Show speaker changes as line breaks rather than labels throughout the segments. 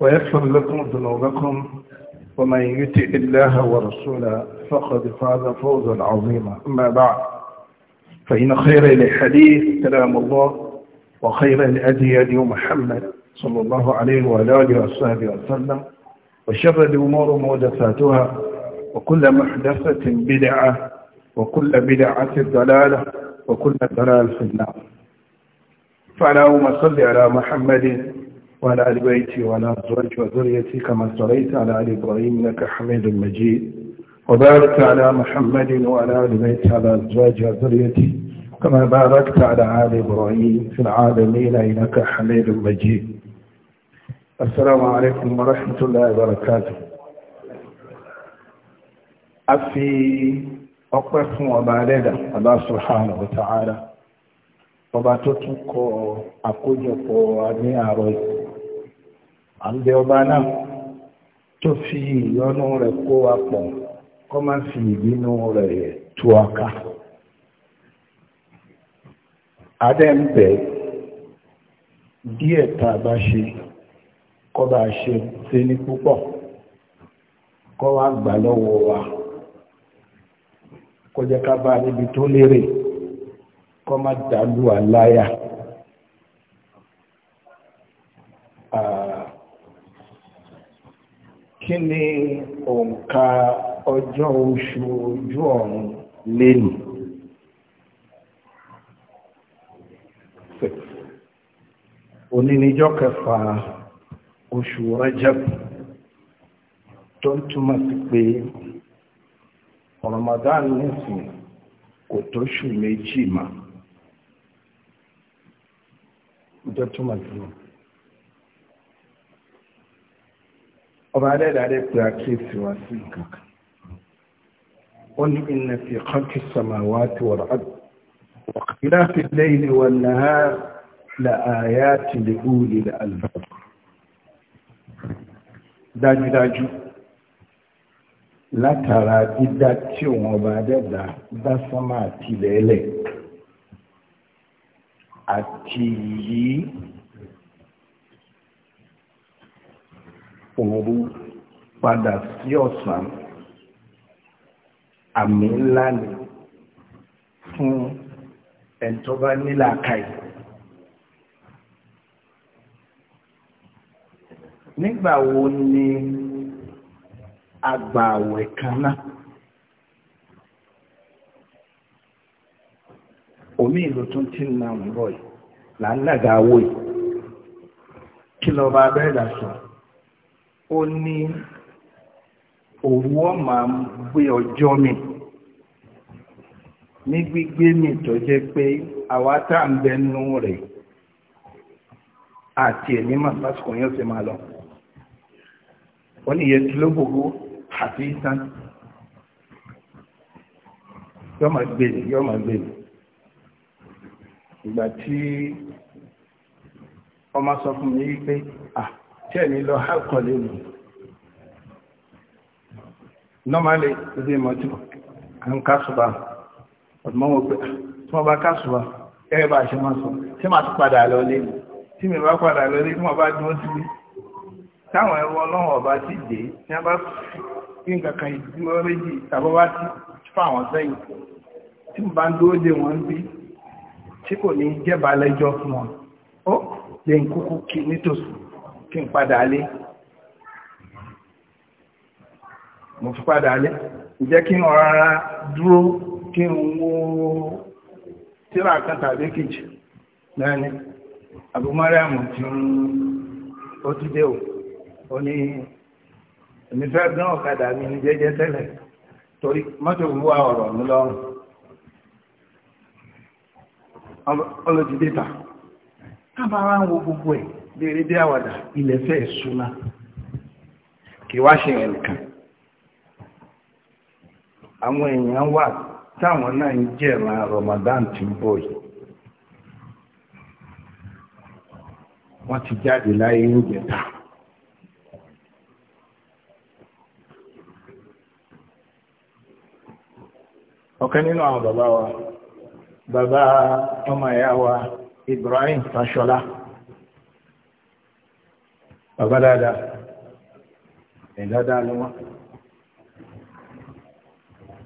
ويغفر لكم ذنوبكم ومن يطع الله ورسوله فقد فاز فوزا عظيما اما بعد فان خير الحديث
كلام الله وخير الهدي هدي محمد صلى الله عليه واله وصحبه وسلم وشر الامور محدثاتها وكل محدثه بدعه وكل بدعه ضلاله وكل ضلال في النار فاللهم صل على محمد وعلى آل بيتي وعلى أزواج وذريتي كما صليت على آل إبراهيم إنك حميد مجيد وبارك على محمد وعلى آل بيتي وعلى أزواج وذريتي كما باركت
على آل إبراهيم في العالمين إنك حميد مجيد السلام عليكم ورحمة الله وبركاته
أفي أقفكم وباردا الله سبحانه وتعالى وباتوتكم أقوجكم وأني أرويكم à ń bẹ ọba náà tó fi ìyọ́nú rẹ̀ kó wa pọ̀ kó má fi ìbínú rẹ̀ tú wa ká adẹ́ ń bẹ̀ díẹ̀ tá bá ṣe kọ́ bá ṣe ṣe ní púpọ̀ kọ́ wá gbà lọ́wọ́ wa kó ká bá níbi tó lérè kọ́ má dàlú àláyà. kí ni òǹkà ọjọ́ oṣù ojú ọ̀run
lẹ́nu oníníjọ́ kẹfà oṣù Rajab
tó ń túmọ̀ sí
pé Ramadan nìsín kò tó ṣù méjì mà ń tó sí pé
ọba adẹ́dàdẹ́ pé àkíyèsí wá sí kankan ó ní inna fi khalqi samawati wal ard wa ikhtilafi al-layli wan nahar la ayati li ulil albab dájúdájú látara dídá tí òun ọba adẹ́dà dá sánmà àti ilẹ̀ àti yìí òru padà sí ọ̀sán àmì ńlá ni fún ẹni tó bá nílà káyì. nígbà wo ni agbààwẹ̀ kan náà omi ìlú tún ti ń na ń yìí là ń nàgàwò yìí kí lọ́ba abẹ́rẹ́ dà sọ̀rọ̀ ó ní òru ọ̀mà gbé ọjọ́ mi ní gbígbé mi tó jẹ́ pé àwa tá à ń bẹnu rẹ̀ àti ẹ̀mí mà lásìkò yóò ti máa lọ wọ́n ní tí ló gbogbo àti ìtàn
yọ́ máa gbèrè yọ́ máa gbèrè ìgbà tí ọmọ sọ fún mi wípé ah
tí ẹni lọ hákọ̀ lẹ́nu normally ṣe mọ́tò à ń kásùbà ọ̀dùnmọ́ wọn pé ah, tí wọ́n bá kásùbà ẹ̀rẹ́ bá ṣe máa sọ tí màá tún padà lọ lẹ́nu tí mi bá padà lọ lẹ́nu tí wọ́n bá dúró sí táwọn ẹrú ọlọ́run ọba ti dé tí wọ́n bá fi nǹkan kan ìdúró méjì tàbí wá sí fáwọn sẹ́yìn tí mo bá ń dúró dé wọn bí tí kò ní jẹ́bàá lẹ́jọ́ fún wọn ó lè ń kúkú kí nítòsí kí n padà lé mo fi padà lé ǹjẹ́ kí n rárá dúró kí n wo tíra kan tàbí kejì lẹ́ni àbúmọ́rẹ́mù tí ó ti dé o ó ní èmi fẹ́ gán ọ̀kadà mi ní jẹ́jẹ́ tẹ́lẹ̀ torí mọ́tò wúwa ọ̀rọ̀ mi lọ́rùn ọlọ́dídé ta tábàrá ń wo gbogbo ẹ̀ léèrè bí àwàdà ilẹ̀ fẹ́ ṣúná kì wá ṣe yẹn nìkan àwọn èèyàn wà táwọn náà ń jẹ̀ran Ramadan tí ń bọ̀ yìí wọ́n ti jáde láyé níjẹta ọ̀kan nínú àwọn bàbá wa bàbá ọmọ ìyá wa Ibrahim Fashola bàbá dáadáa
ẹ̀dá dáadáa wọn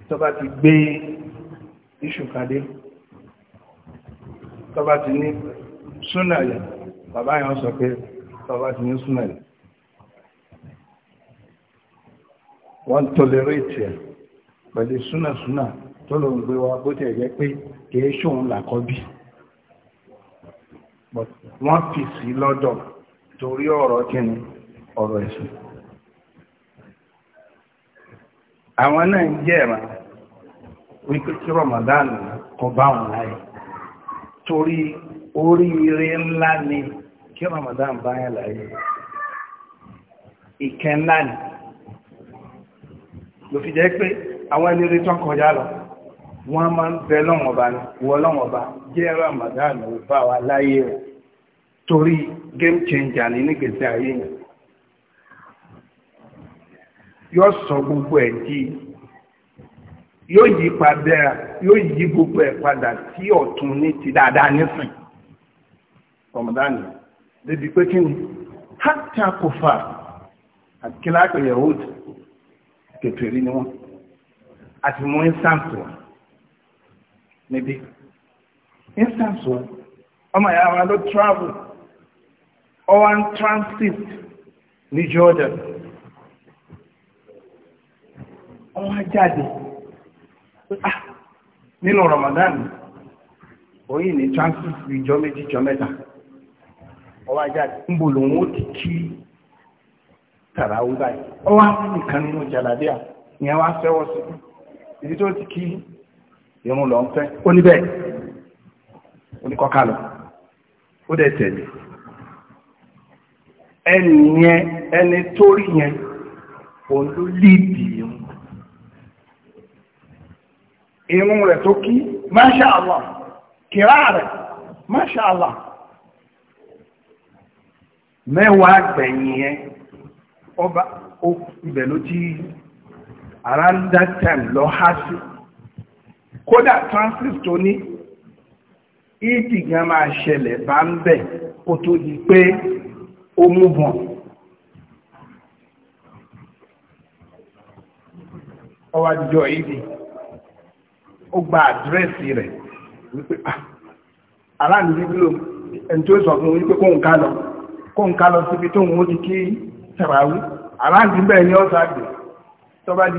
tó bá ti gbé iṣu kadé
tó bá ti ní súnà yẹn bàbá yẹn sọ pé tó bá ti ní súnà yẹn wọ́n tolerate ẹ̀ pẹ̀lú súnà súnà tó ló ń gbé wa bó ti ẹ̀ pé kìí ṣóun làkọ́ bíi.
wọ́n fi sí lọ́dọ̀ torí ọ̀rọ̀ kíni ọ̀rọ̀ ẹ̀sìn àwọn náà ń jẹ́ ẹ̀ràn wípé kí Ramadan kọ bá wọn láyé torí oríire ńlá ni kí Ramadan bá yẹn láyé ìkẹ́ ńlá ni ló fi jẹ́ pé àwọn ẹni rí tán kọjá lọ wọ́n máa ń bẹ lọ́wọ́n ọba ni wọ́n lọ́wọ́n ọba jẹ́ Ramadan ò bá wa láyé o torí game changer ní nígbèsè ayé yẹn yóò sọ gbogbo ẹ̀ di yóò yí padà yóò yí gbogbo ẹ̀ padà sí ọ̀tún ní ti dáadáa nísìn Ramadan débi pé kí ni hátà kò fà àti kíláàpù Yahudi kẹfẹ́rí ni wọ́n àti mú ẹ́ sáǹtì wọn. níbí instance ọmọ ìyá wa ló travel ọwọ́ ń transit ní Jordan ọwọ́ á ah, nínú Ramadan oyin ní transist ìjọ méjì jọ mẹ́ta ọwọ́ á jáde ti kí tàràwù báyìí ọwọ́ á nìkan nínú jàlábíà ìyẹn wá fẹ́wọ́ sí ibi tó irun lọ ń fẹ́ ó ní bẹ́ẹ̀ ó ní lọ ó dẹ̀ tẹ̀lé ẹni yẹn ẹni tó rí yẹn òun ló líìdì irun irun rẹ̀ tó kí kìrá rẹ̀ mẹ́wàá gbẹ̀yìn yẹn kódà transit tó ní ìdì gan máa ṣẹlẹ̀ bá ń bẹ̀ kó tó di pé ó mú bọ̀n ọwọ́ àjọ ìdì ó gba àdírẹ́sì rẹ̀ wípé aláàmì bíbélò ẹni tó sọ fún wípé kóhùn ká lọ kóhùn ká lọ síbi tóhùn ó ti kí tàràwí aláàmì bẹ́ẹ̀ ni ọ̀sà gbé tọ́ba ó ń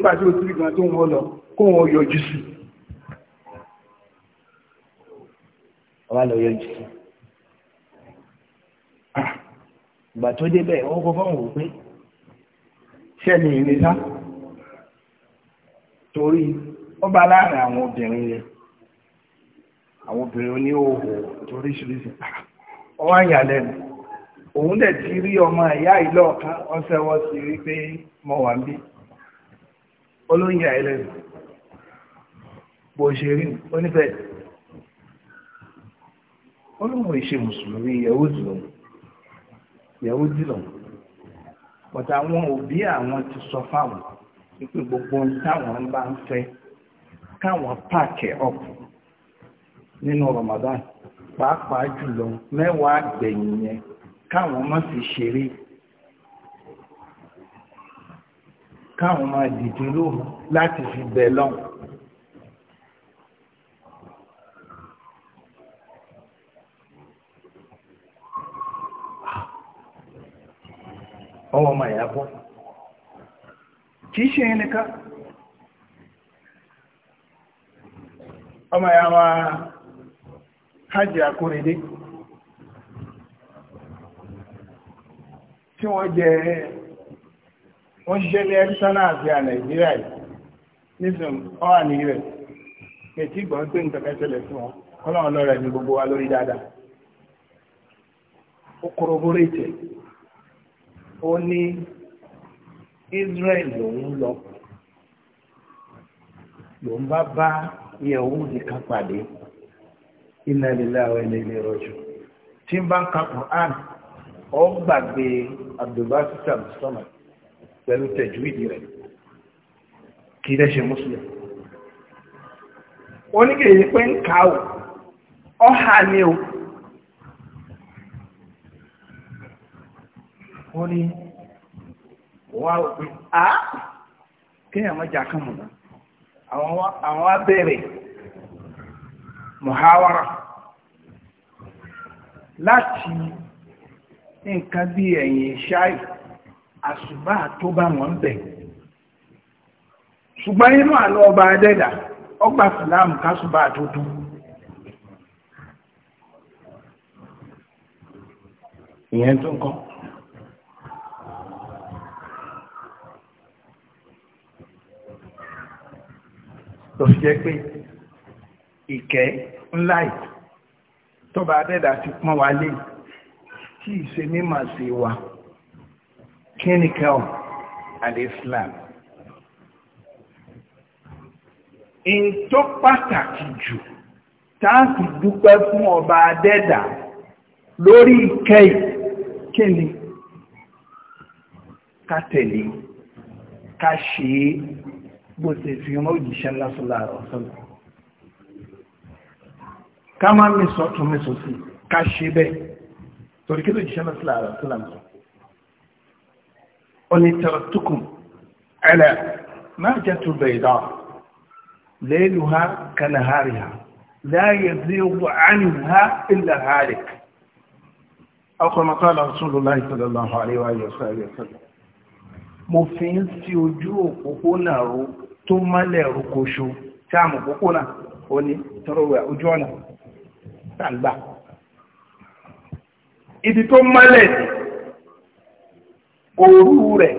gbà tí ó sí ìgbà tóhùn ó lọ kóhùn ó yọjú sí i ọba lọ yọjú sí ah, ìgbà tó débẹ̀ wọ́n kọ́ fọ́n wò pé sẹ́ni ìrìn sá torí wọ́n bá láàrin àwọn obìnrin rẹ̀ àwọn obìnrin oníhòòhò toríṣiríṣi ọwọ́ ah, àyàlẹ́nu òun dẹ̀ ti rí ọmọ ẹ̀yà ìlú ọ̀kan ọ̀sẹ̀ wọ́n sì pé mo wà ń bí olóyìn àìlẹ́nu bó ṣe rí onífẹ̀ẹ́ olóhùn ìṣe mùsùlùmí yahudi lòun yahudi lòun bọ̀tà àwọn òbí àwọn ti sọ fáwọn wípé gbogbo ohun táwọn bá ń fẹ́ káwọn páàkì ọ̀pọ̀ nínú Ramadan pàápàá jùlọ mẹ́wàá gbẹ̀yìn yẹn káwọn má fi ṣeré káwọn máa dìde lóhùn láti fi bẹ̀ lọ́hùn.
ọwọ́ ma ya bọ́
kì í ṣe yẹn nìkan ọmọ ya wa hajj akóredé tí wọ́n jẹ wọ́n ṣiṣẹ́ ní ẹ́rísánà àti nàìjíríà nísìn ní rẹ̀ fún wọn ní gbogbo wa lórí dáadáa ó tẹ̀ ó ní Israel lòun lọ lòun bá bá Yẹhudi kan pàdé inna lillahi wa inna tí ń bá ń ka Qur'an ó gbàgbé abdulbasita musamman pẹ̀lú tẹ̀júwìdì rẹ̀ kì í dẹ́ṣe muslim oníkèyí pé ń kà ó ni o ó ní wá òpin kan mọ̀ àwọn wá bẹ̀rẹ̀ láti nǹkan bí ẹ̀yìn ṣáì àṣùbá tó bá wọn bẹ̀ ṣùgbọ́n inú àlọ́ ọba adẹ́dà ọgbà fìlàmù kásùbá tó dùn ìyẹn tó ń kọ́ ló fi jẹ́ pé ìkẹ́ ńlá ì tọ́ba adẹ́dà ti pọ́n wa lé tí ìṣe mímọ̀ sí wa kí ni in tó pàtàkì jù táàkì dúpẹ́ fún ọba adẹ́dà lórí ìkẹ́ ì kí ni ká tẹ̀lé ká ṣe é bó ṣe fi ọmọ òjìṣẹ́ lásìlá ọ̀sọ́lá ká máa mẹ́sọ̀ tún mẹ́sọ̀ sí ká ṣe bẹ́ẹ̀ torí kí ló jíṣẹ́ lásìlá ọ̀sọ́lá mọ́ ọni tẹ̀rọ̀tukùn ẹ̀lẹ̀ máa jẹ́ tó bẹ̀ẹ̀dá lẹ́lù ha kànà hàrì ha láyé zíwò ánì ha ilẹ̀ hàrì ọkọ̀mọ̀kọ́lá rasulullahi sallallahu alaihi wa sallam mo fi ń sí ojú òpópónà rú tó mọ́lẹ̀ rokoṣo tí a mọ̀ púpọ̀ náà ní tọrọ rẹ̀ ojú ọ̀nà tàǹgbà ibi tó mọ́lẹ̀ òru rẹ̀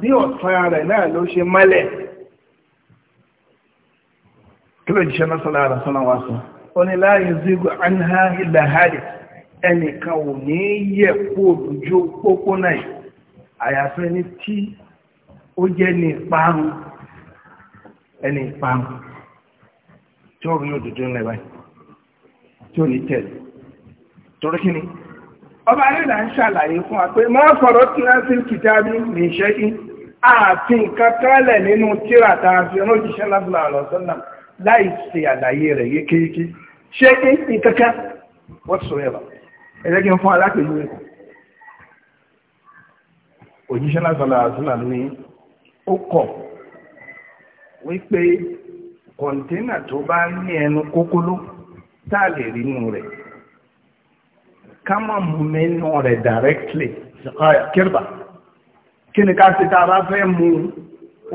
bí ọ̀sán rẹ̀ náà ló ṣe mọ́lẹ̀ kí ló jíṣẹ́ náà sọ́lá sọ́nà wá sọ ní ẹnìkan ò ní kó pópó náà ẹni pam tí ó rí òdòdó tí ó ní tẹ̀lé torí kí ni ọba ń ṣàlàyé fún máa fọ̀rọ̀ tí wọ́n kí àti nǹkan nínú tíra lábúlà láì ṣe àlàyé rẹ̀ yékéyéké ṣé kí sọ ẹ̀rẹ́ kí n fún rẹ̀ lábúlà n'i ó kọ̀ wípé kọ̀ǹtínà tó bá ní ẹnu kókóló tá a lè rí inú rẹ̀ ká má mú nínú rẹ̀ directly kí ni ká a fẹ́ mu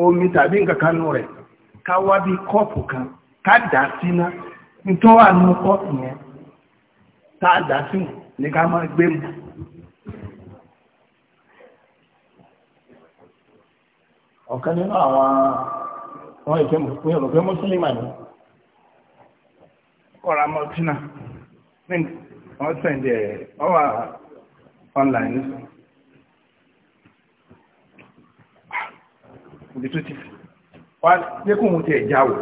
omi tàbí nǹkan rẹ̀ ká wá bí kọ́ọ̀pù kan ká dà síná nítorí wà nínú kọ́ọ̀pù yẹn tá a dà sí ni ká má mu. ọ̀kan nínú wọn ìfẹ́ mùsùlùmí ọ̀rọ̀ fẹ́ mùsùlùmí mà ní. kọ́ra mọ́tínà ní wọ́n sẹ̀ǹdì ẹ̀ wọ́n wà online sọ. ibi tó ti wá lékún mu tiẹ̀ jáwò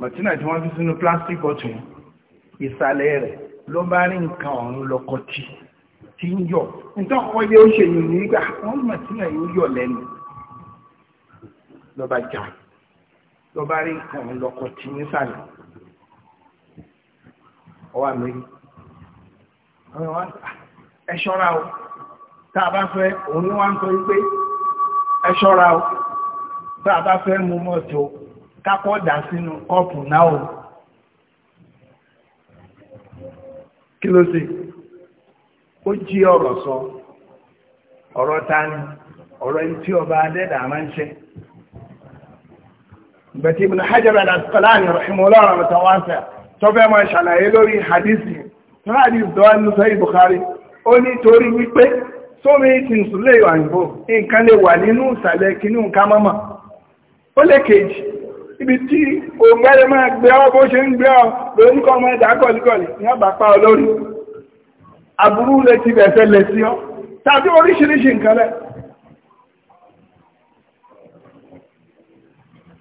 mọ̀tínà tí wọ́n fi sínú plastic bottle ìsàlẹ̀ rẹ̀ ló bá rí nǹkan ọ̀run lọ́kọ̀tì tí ń yọ̀ nítorí ọkọ̀ yẹ ó ṣe yìí nígbà wọ́n mọ̀tínà yóò yọ̀ lẹ́nu. lọba jà lọba rí nǹkan lọ́kọ̀ tí nísàlẹ̀ ọwọ́ àmì ẹ ṣọ́ra o tá a bá fẹ́ òun ni wá ń sọ wípé ẹ ṣọ́ra o tá a bá mú sọ ọrọ ta ni ọ̀rọ̀ ọba adẹ́dà máa ń ṣe ìgbẹ̀tí ibn Hajar al-Asqalani rahimahullah mọ̀tàwáṣà tó fẹ́ máa ṣàlàyé lórí hadisi tó hadisi dọ́wà ní sọ́yí Bukhari ó many things lè wà níbò nǹkan lè wà nínú ìsàlẹ̀ kínú nǹkan mọ́mọ́ ó lè kejì ibi tí òǹgbẹ́rẹ́ máa gbé ọ bó ṣe ń gbé ọ lórí kọ́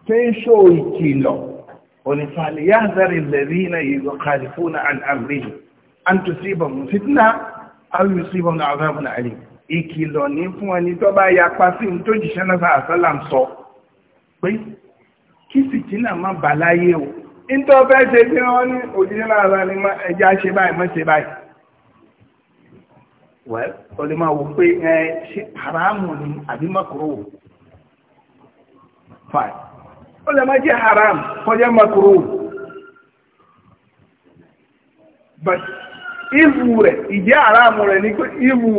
kesho ikilo wani fali ya zari lalina yi khalifuna an amrihi an tusiba fitna aw yusiba na azabun alim ikilo ni fun wani to ba ya pa si to jise sa salam so pe kisi tina ma balaye o in to fe se ti na ara ni ma e ja se bayi ma se bayi well o le ma wo pe eh haramu ni abi makruh ó lè má jẹ́ haram kọjá makuru but ivu ìjẹ́ haram ní pé ivu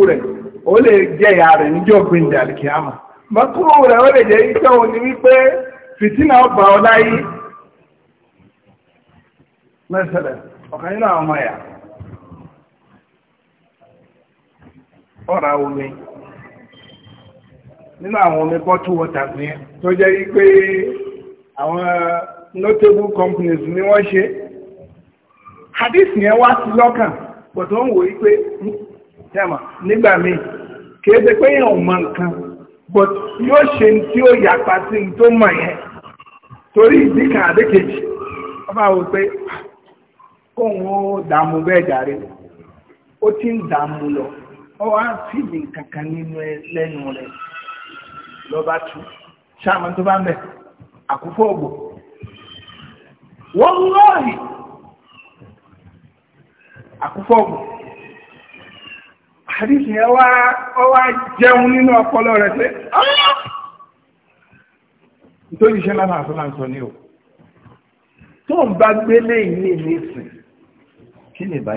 ó lè jẹ́ ìyá níjọ́ makuru ó lè jẹ́ òní wípé fìtínà ọba mẹ́sẹ̀lẹ̀ ọ̀kan nínú àwọn ọmọ omi nínú àwọn omi àwọn notable companies ni wọ́n ṣe hadith yẹn wá sí lọ́kàn but wọ́n wò wípé tẹ́mà nígbà míì kìí ṣe pé èèyàn ò mọ nǹkan but yóò ṣe ní tí ó yàpa sí ní tó mọ̀ yẹn torí ìdí kan àdékejì wọ́n bá wò pé kóun ó dààmú bẹ́ẹ̀ jàre ó ti ń dààmú lọ ó wá fìdí kankan nínú ẹ lẹ́nu rẹ̀ lọ́ba tú ṣáà tó bá ń bẹ̀. àkúfọ́ ògbò wọ́n lọ́ọ̀hì àkúfọ́ ògbò àdìsí yẹn wá jẹun nínú ọpọlọ rẹ̀ pé ọ́nà ah! nítorí iṣẹ́ ni o tó ń bá gbélé ìní ìnísìn
kí bá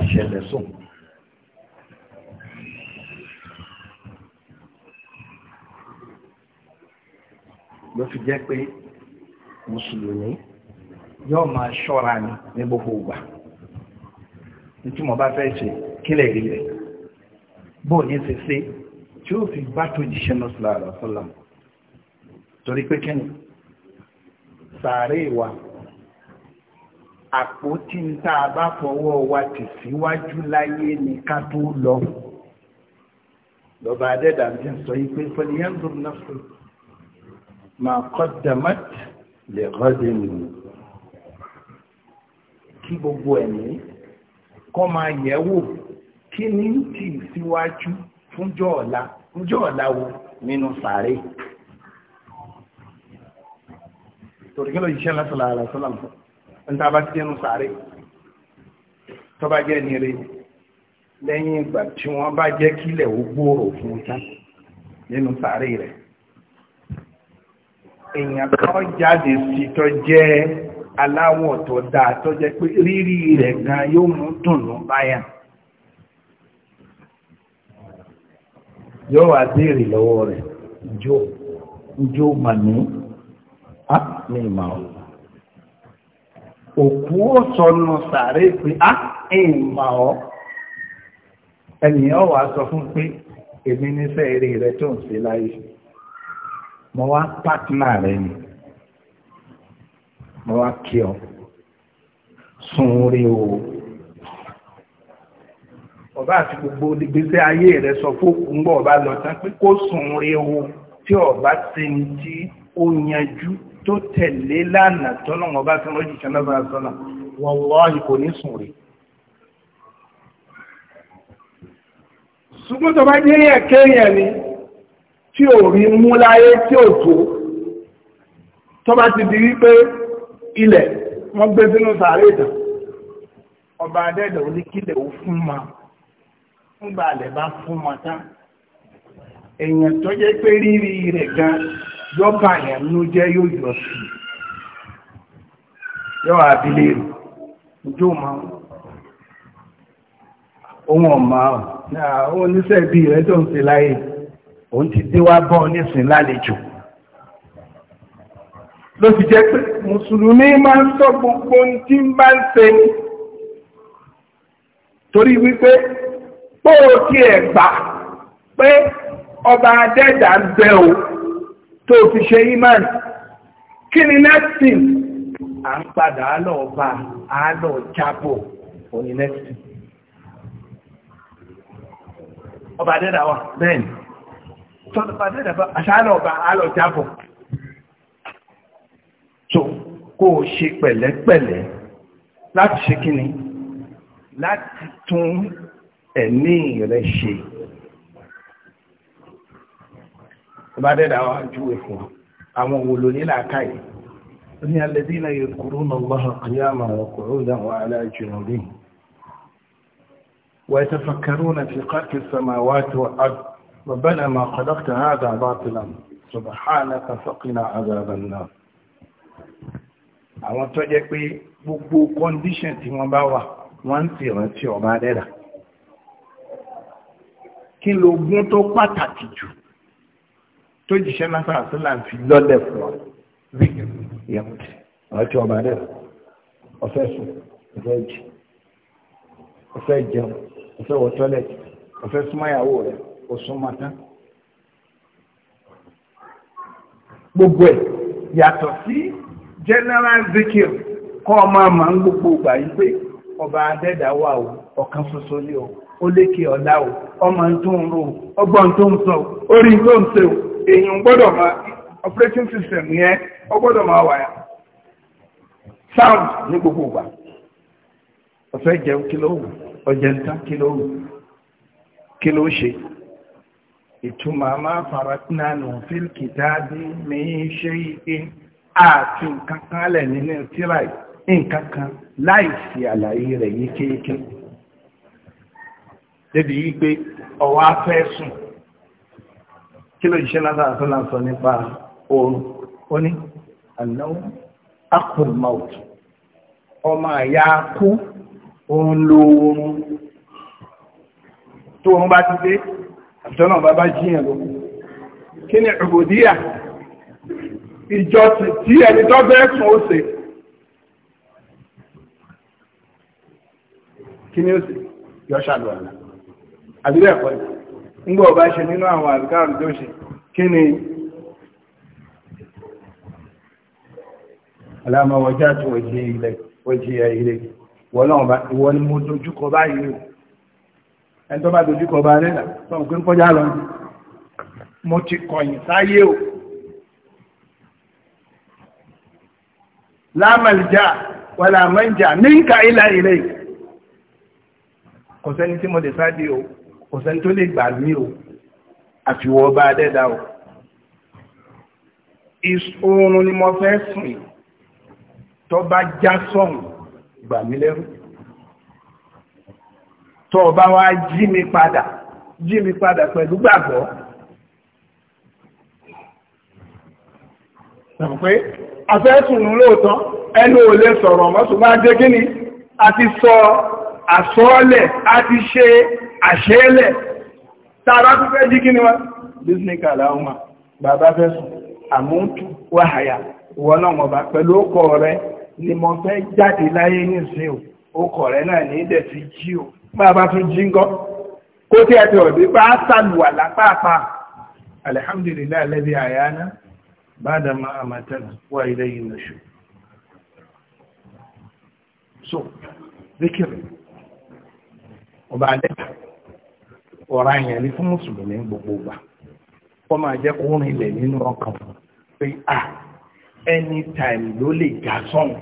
fi jẹ́ pé
mùsùlùmí yóò máa ṣọ́ra ni ní gbogbo ìgbà tí mo bá fẹ́ ṣe kílẹ̀ rí rẹ̀ bó ní ṣe ṣe tí ó fi bá tó jíṣẹ́ náà sílá rẹ̀ sọ́lá torí pé kí ni sàárè wa àpótí ń tá a bá fọwọ́ wa tì síwájú láyé ní ká tó lọ lọ́ba adẹ́dàbí sọ yí pé fọlíyàn tó náà máa qaddamat le rọ́dẹ̀ nìyí kí gbogbo ẹ̀mí kọ́ máa yẹ̀ wò kí ní tì síwájú fúnjọ́ ọ̀la fúnjọ́ ọ̀la wo nínú sàárè torí kí ló yíṣẹ́ lásìlá àlàsílà ń tá a bá ti dénú sàárè tó bá jẹ́ nire lẹ́yìn ìgbà tí wọ́n bá jẹ́ kílẹ̀ ó gbòòrò fún un tán nínú sàárè rẹ̀ èèyàn kan jáde sí tó jẹ́ aláwọ̀ tó dáa tó jẹ́ pé rírí rẹ̀ gan yóò mú dùnnú báyà
yóò wá béèrè lọ́wọ́ rẹ̀ jó jó màmí á mi mà ọ́
òkú ó sọnù sàárè pé á ìmà ọ́ ẹnìyàn wà sọ fún pé èmi nífẹ̀ẹ́ rí rẹ tó ń ṣe láyé mo wá pátínà rẹ ni
mo wá kí ọ sun orí o
ọba àti gbogbo ìgbésẹ̀ ayé rẹ sọ fún òkúńgbọ ọba lọ tán pé kó sun orí o tí ọba ti ń tí ó yanjú tó tẹ̀lé lánàá tọ́nà ọba tí wọ́n jìkan náà bá sọ́nà wallahi kò ní sùn rí. ṣùgbọ́n tó bá jẹ́ yẹn kéèyàn ni tí ò rí mú láyé tí ò tó tó bá ti di wípé ilẹ̀ wọ́n gbé sínú sàárè ìtàn ọba adẹ́dẹ̀ oníkílẹ̀ ò fún ma ńgbà alẹ̀ bá fún ma tán èèyàn tó jẹ́ pé rírí rẹ̀ gan yọba yẹn ló jẹ́ yóò yọ sí yọ àbílẹ̀ rẹ̀ ìjọ máa ohun ọ̀ma ọ̀ oníṣẹ́ ibi rẹ̀ tó ń ṣe láyé òun ti dé wá bọ́ nísìn lálejò ló fi jẹ́ pé mùsùlùmí máa ń sọ gbogbo ohun tí ń bá ń ṣe ni torí wípé póò tí ẹ̀ gbà pé ọba adẹ́dà ń bẹ o tó fi ṣe imán kí ni nẹ́sìn à ń padà àlọ́ ọba àlọ́ jábọ̀ òní nẹ́sìn ọba adẹ́dà wà bẹ́ẹ̀ tọ́nà bá dẹ́dà bá aṣáálọ̀ bá alọ̀ jábọ̀ tó kó o ṣe pẹ̀lẹ́pẹ̀lẹ́ láti ṣe kí ni láti tún ẹ̀mí rẹ̀ ṣe bá dẹ́dà wá júwe fún àwọn wo ló ní làákàyè ní alladhina yadhkuruna Allaha qiyaman wa qu'udan wa ala junubihim ويتفكرون في ربنا ما خلقت هذا باطلا سبحانك فقنا عذاب النار àwọn tó jẹ́ pé gbogbo kọ́ndíṣàn tí wọ́n bá wà wọ́n ń ti rántí ọba dẹ́dà kí ló gún tó
pàtàkì jù
tó jìṣẹ́ náà sàásílà ń fi lọ́lẹ̀ fún ọ
rí ìyàwótì rántí ọba dẹ́dà ọ̀fẹ́ sùn
ọ̀fẹ́ jẹun ọ̀fẹ́ wọ tọ́lẹ̀tì ọ̀fẹ́ súnmọ́ ìyàwó rẹ̀ kò gbogbo ẹ̀ yàtọ̀ sí general zikir kọ́ ọmọ àmà ń gbogbo ìgbà yìí ọba adẹ́dà o ọ̀kan ṣoṣo ni o ó lékè ọ̀la o ọmọ tó ń ro ọgbọ́n tó ń sọ orí tó ń o èèyàn gbọ́dọ̀ máa operating system yẹn ọ gbọ́dọ̀ máa wà sound ní gbogbo ìgbà ọ̀fẹ́ jẹun kí ló ìtumọ̀ máa faratna nù fil kitabi min shay'in àti nǹkan kan lẹ̀ nínú tíra nǹkan kan láì sí àlàyé rẹ̀ yékéyéké débi wípé ọwọ́ afẹ́ sùn kí ló ṣiṣẹ́ náà sọ náà sọ nípa oorun ó ní ànáwó akùnmọ́ọ̀t ọmọ àyà kú òun lo oorun tó oorun bá ti dé àtọ́nà bàbá jíyàn ló kí ni ìbòdíyà ìjọ tí ẹni tó bẹ́ẹ̀ fún ó ṣe kí ni ó ṣe yọ ṣàlùwàlà àbílẹ̀ ẹ̀kọ́ ẹ̀ ńgbọ́ ọba ṣe nínú àwọn àdúgbò tó ṣe kí ni aláàmọ̀ wọjá tó wọjẹ́ ilẹ̀ wọjẹ́ ilẹ̀ wọ́n náà wọ́n ni mo dojúkọ báyìí o ẹni tó bá dojú kọ bá rẹ̀ sọ pé ń kọjá lọ mo ti kọ̀yìn sáyé o lámàlìjà wàlà mọ́njà níǹkà ilà ilẹ̀ kò sẹ́ni tí mo lè sáde o kò sẹ́ni tó lè gbà mí o àfiwọ́ bá dẹ́dà o oorun ni mo fẹ́ sùn tó bá já sọ̀hún gbà mí lẹ́rù tó o bá wá jí mi padà jí mi padà pẹ̀lú gbàgbọ́. Sọ̀rọ̀ pé afẹ́sùnú lóòótọ́ ẹnu ò lè sọ̀rọ̀ mọ́sùn máa jẹ́ gíní àti sọ àsọ́ọ́lẹ̀ àti ṣe àṣẹ́lẹ̀ tààrà tó fẹ́ jí gíní wọn. Bísíníkà láhùnmá, bàbá fẹ́sùn, àmúntù, wáhàyà, ìwọ́n náà mọ̀ bá pẹ̀lú ọkọ̀ rẹ ni mo fẹ́ jáde láyé ní ìsìn ò, ọkọ̀ rẹ náà ní ìdẹ̀ ti jí ò bàbá tún jí ń gọ́ kó tí ẹ̀tẹ̀ ọ̀dí bá sàlùwà lápáàpá alhamdulillah alladhi ahyana ba'dama amatana wa ilayhi nushur so zikiri ọba adẹ́ta ọ̀rọ̀ àyàn ní fún mùsùlùmí gbogbo gbà wọ́n máa jẹ́ kó rìn nínú ọkàn pé à anytime ló lè já sọ́hùn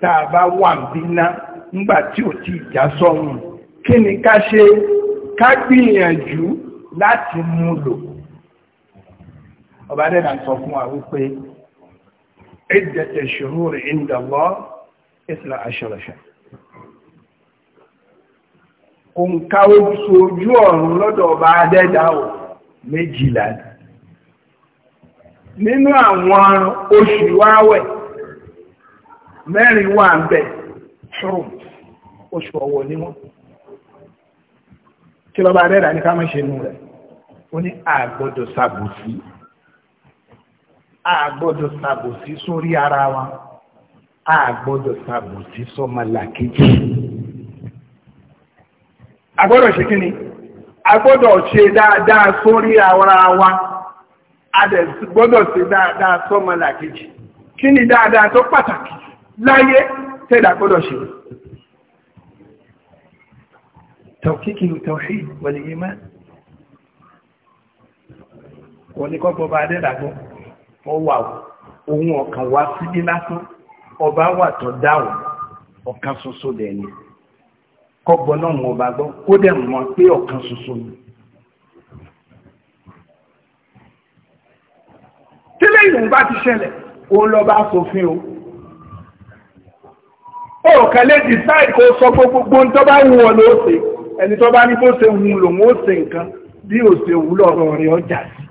tá a bá wà bí náà ńgbà tí ò ti ìjà sọ́run kí ni ká ṣe ká gbìyànjú láti mú lò ọba dẹ́nà sọ fún wa wípé ẹ̀dẹ̀tẹ̀ ṣòro rẹ̀ ìndàlọ́ ìsìlá aṣọ́rọ̀ṣà òǹkà oṣù ojú ọ̀run lọ́dọ̀ ọba adẹ́dà ò méjìlá nínú àwọn oṣù wáwẹ̀ mẹ́rin wà ń bẹ̀ ṣùrùt oṣù ọ̀wọ̀ ni wọ́n kí lọ́ba rẹ̀ rà ní ká má ṣe nù rẹ̀ ó ní àgbọ́dọ̀ ṣàbòsí àgbọ́dọ̀ ṣàbòsí sórí ara wa àgbọ́dọ̀ ṣàbòsí sọ́mọlàkejì àgbọ́dọ̀ ṣe kí ni àgbọ́dọ̀ ṣe dáadáa sórí ara wa àgbọ́dọ̀ ṣe dáadáa sọ́mọlàkejì kí ni dáadáa tó pàtàkì láyé tẹ́dà gbọ́dọ̀ ṣe tawkiki tawhid wal iman wọ́n ní kọ́gbọ́ bá adẹ́dàgbọ́ wọ́n wà ohun ọ̀kan wá síbí lásán ọba wà tó dáwọ̀ ọ̀kan ṣoṣo dẹ̀ ni kọ́gbọ́ náà mọ̀ ọba gbọ́ kó dẹ̀ mọ̀ pé ọ̀kan ṣoṣo ni. tílé ìlú bá ti ṣẹlẹ̀ òun lọ́ba aṣòfin o ó kàn lè decide kó sọ gbogbo ń tọ́ bá wù ọ lóṣèlú. ẹni tó bá ní bó ṣe wù lòun ó ṣe nǹkan bí ò ṣe wù lọ́rọ̀ rẹ̀ ọjà sí.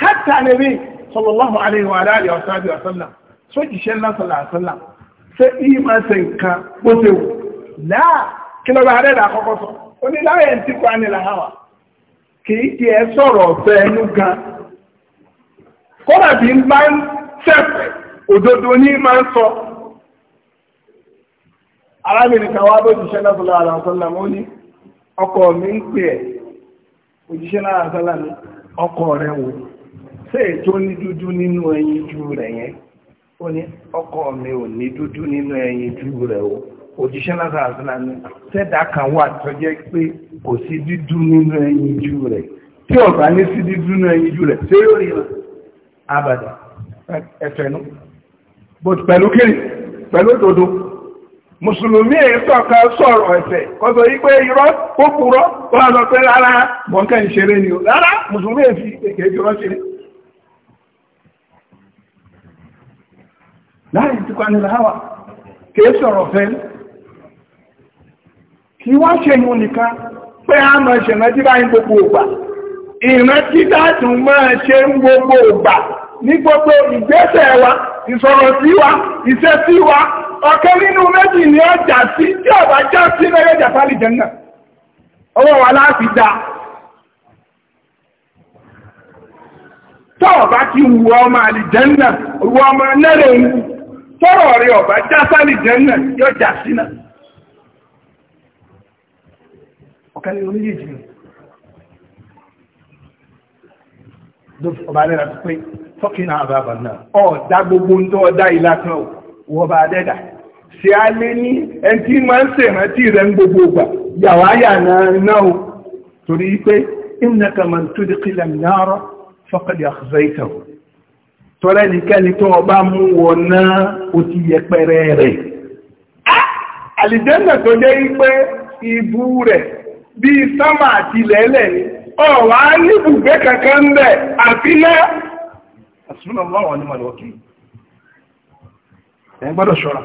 hátà níbi sallallahu alaihi wa alihi wa wa sallam sójìṣẹ́ ṣe nǹkan wù láà kí bá kọ́kọ́ sọ ó ní ń tíkọ́ ánìlà hàwà kì í tiẹ̀ sọ̀rọ̀ ọ̀fẹ́ ẹnu gan sọ arábìnrin kan wá bó jíṣẹ́ lọ́sọ̀lọ́ àlàsọ́lá mọ́ ní ọkọ mi ń pè ẹ̀ òjíṣẹ́ lọ́sọ̀lá ní ọkọ rẹ̀ wò ṣé ètò ní dúdú nínú ẹyin jú rẹ̀ yẹn ó ní ọkọ mi ò ní dúdú nínú ẹyin jú rẹ̀ o òjíṣẹ́ lọ́sọ̀lá ní sẹ́dá kan wà tó jẹ́ pé kò sí dúdú nínú ẹyin jú rẹ̀ tí ọ̀gá ní sí dúdú nínú ẹyin jú rẹ̀ ṣé yóò rí rẹ̀ abàdà ẹ̀fẹ̀ nú pẹ̀lú kiri pẹ̀lú òdodo musulumi èyí sọ̀kan sọ̀rọ̀ ẹ̀sẹ̀ kọ́sọ̀ yí irọ́ ó purọ́ ó wá sọ pé rárá ni o rárá mùsùlùmí èyí fi èké ìjọba ṣeré. láàrin tí kwani láwà kìí sọ̀rọ̀ fẹ́ kí wá ṣe gbogbo ògbà ìrántí dátùn máa ṣe gbogbo ògbà ní gbogbo ìgbésẹ̀ wa ọ̀kẹ́ nínú méjì ni ó jà sí tí ọ̀bá já sí mẹ́rẹ́ jàpá lè jẹ́ ọwọ́ wa láti dá wù ọmọ àlìjẹ́nà wù ọmọ nẹ́rẹ̀ ń tọ́rọ̀ rẹ̀ ọ̀bá já sálìjẹ́nà yóò sí gbogbo ń tọ́ ṣe á lé ní ẹni tí máa ń ṣèrántí rẹ̀ ń gbogbo ìgbà yàwá yà náà o torí pé innaka man tudkhila an-nara faqad akhzaytahu tọ́rẹ́ nìkẹ́ni tó ọba mú wọ náà ó ti yẹpẹrẹ rẹ̀ àlìjẹ́nà tó jẹ́ pé ibú rẹ̀ bí sánmà àti lẹ́lẹ̀ ni ọ̀wà níbùgbé kankan bẹ̀ àti náà àsúnà lọ́wọ́ ní màlúwọ́kì ẹ̀ gbọ́dọ̀ ṣọ́ra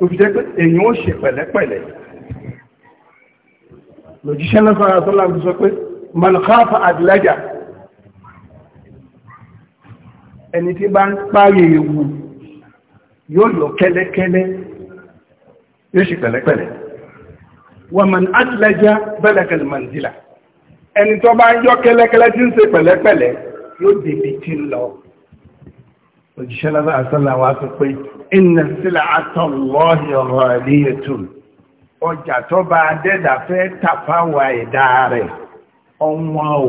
tó fi jẹ́ pé èyàn ó ṣe pẹ̀lẹ́pẹ̀lẹ́ lòjíṣẹ́ lọ́sọ̀rọ̀ sọ pé malkhafa adlaja ẹni tí bá ń páyè ewu yóò lọ kẹ́lẹ́kẹ́lẹ́ yóò ṣe pẹ̀lẹ́pẹ̀lẹ́ wa man adlaja balaka almanzila ẹni tó bá ń yọ kẹ́lẹ́kẹ́lẹ́ tí ń ṣe pẹ̀lẹ́pẹ̀lẹ́ yóò dèbì tí ń lọ òjíṣẹ́ lábẹ́ àṣálà wa sọ pé iná sílẹ̀ àtọ̀lọ́hì ọ̀rọ̀ àdíyẹ̀tù ọjà tó bá dẹ́dà fẹ́ tàfáwà ẹ̀dá rẹ̀ ọwọ́n o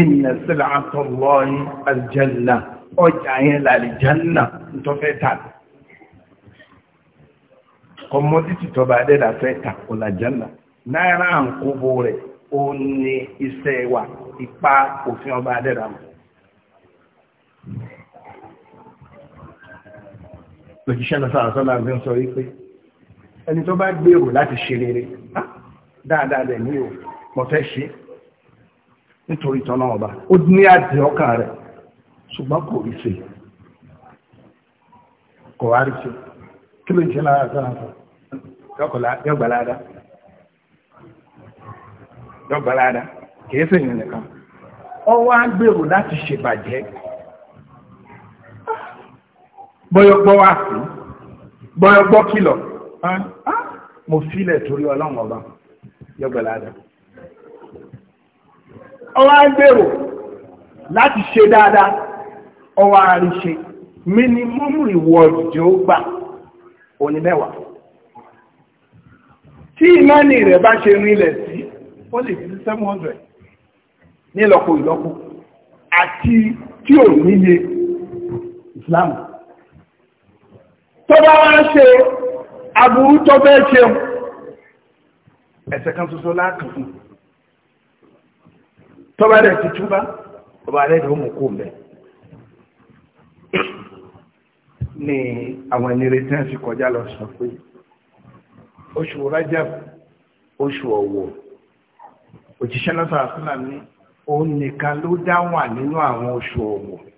iná sílẹ̀ àtọ̀lọ́hì àjẹ́nà ọjà yẹn làlìjẹ́nà tó fẹ́ tà kọmọdítì tó bá lòjíṣẹ́ lọ́sọ̀ àṣọ́lá fi ń sọ wípé ẹni tó bá gbèrò láti ṣe rere dáadáa rẹ̀ ní o fẹ́ ṣe nítorí tọ́nà ọba ó ní àdì ọkàn rẹ̀ ṣùgbọ́n kò rí ṣe
kò wá rí ṣe kí ló ń ṣe lára sọ́nà sọ kì í
nìkan gbèrò láti ṣèbàjẹ́ bọ́yọ́gbọ́ wà sí bọ́yọ́gbọ́ kìlọ̀ ah, ah, mo sílẹ̀ torí ọlọ́run ọba yọ́gbẹ̀láàdà ọwá ń gbèrò láti ṣe dáadáa ọwá àríṣe minimum reward jẹ́ ó gbà onímẹ́wàá tí ìmánì rẹ̀ bá ṣe rinlẹ̀ sí ó lè fi 700 nílọ́po ìlọ́po àti tí ò níye Islam tó bá wá ń ṣe aburú tó fẹ́ ṣeun ẹ̀ṣẹ̀ kan ṣoṣo láàkàn fún tó bá rẹ̀ ti túbá ọba rẹ̀ ló mú kó mẹ́ ni àwọn ẹni retí ẹ̀ fi kọjá lọ sọ pé oṣù Rajab oṣù ọ̀wọ̀ òjíṣẹ́ lọ́sọ̀ ní òun nìkan ló dá nínú àwọn oṣù ọ̀wọ̀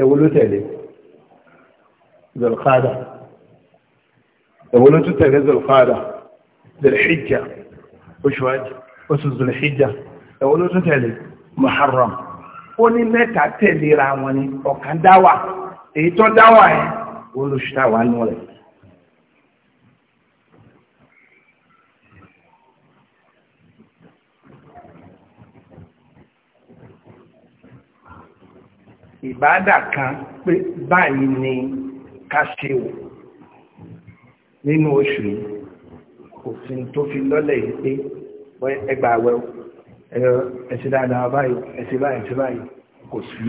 èwo ló tẹ̀lé zulqada èwo ló tún tẹ̀lé zulqada zulhijja oṣù àjì oṣù zulhijja èwo ló tún tẹ̀lé muharram ó ní mẹ́ta tẹ̀léra wọn ni ọ̀kan dáwà èyí tó dáwà yẹn olùṣùtà wà nù rẹ̀. ìbádà kan pé báyìí ni ká ṣe wò nínú oṣù yìí òfin tó fi lọ́lẹ̀ yìí pé ẹgbà àwẹ̀ ẹ̀sìn dáadáa báyìí ẹ̀sìn báyìí ẹ̀sìn báyìí kò sí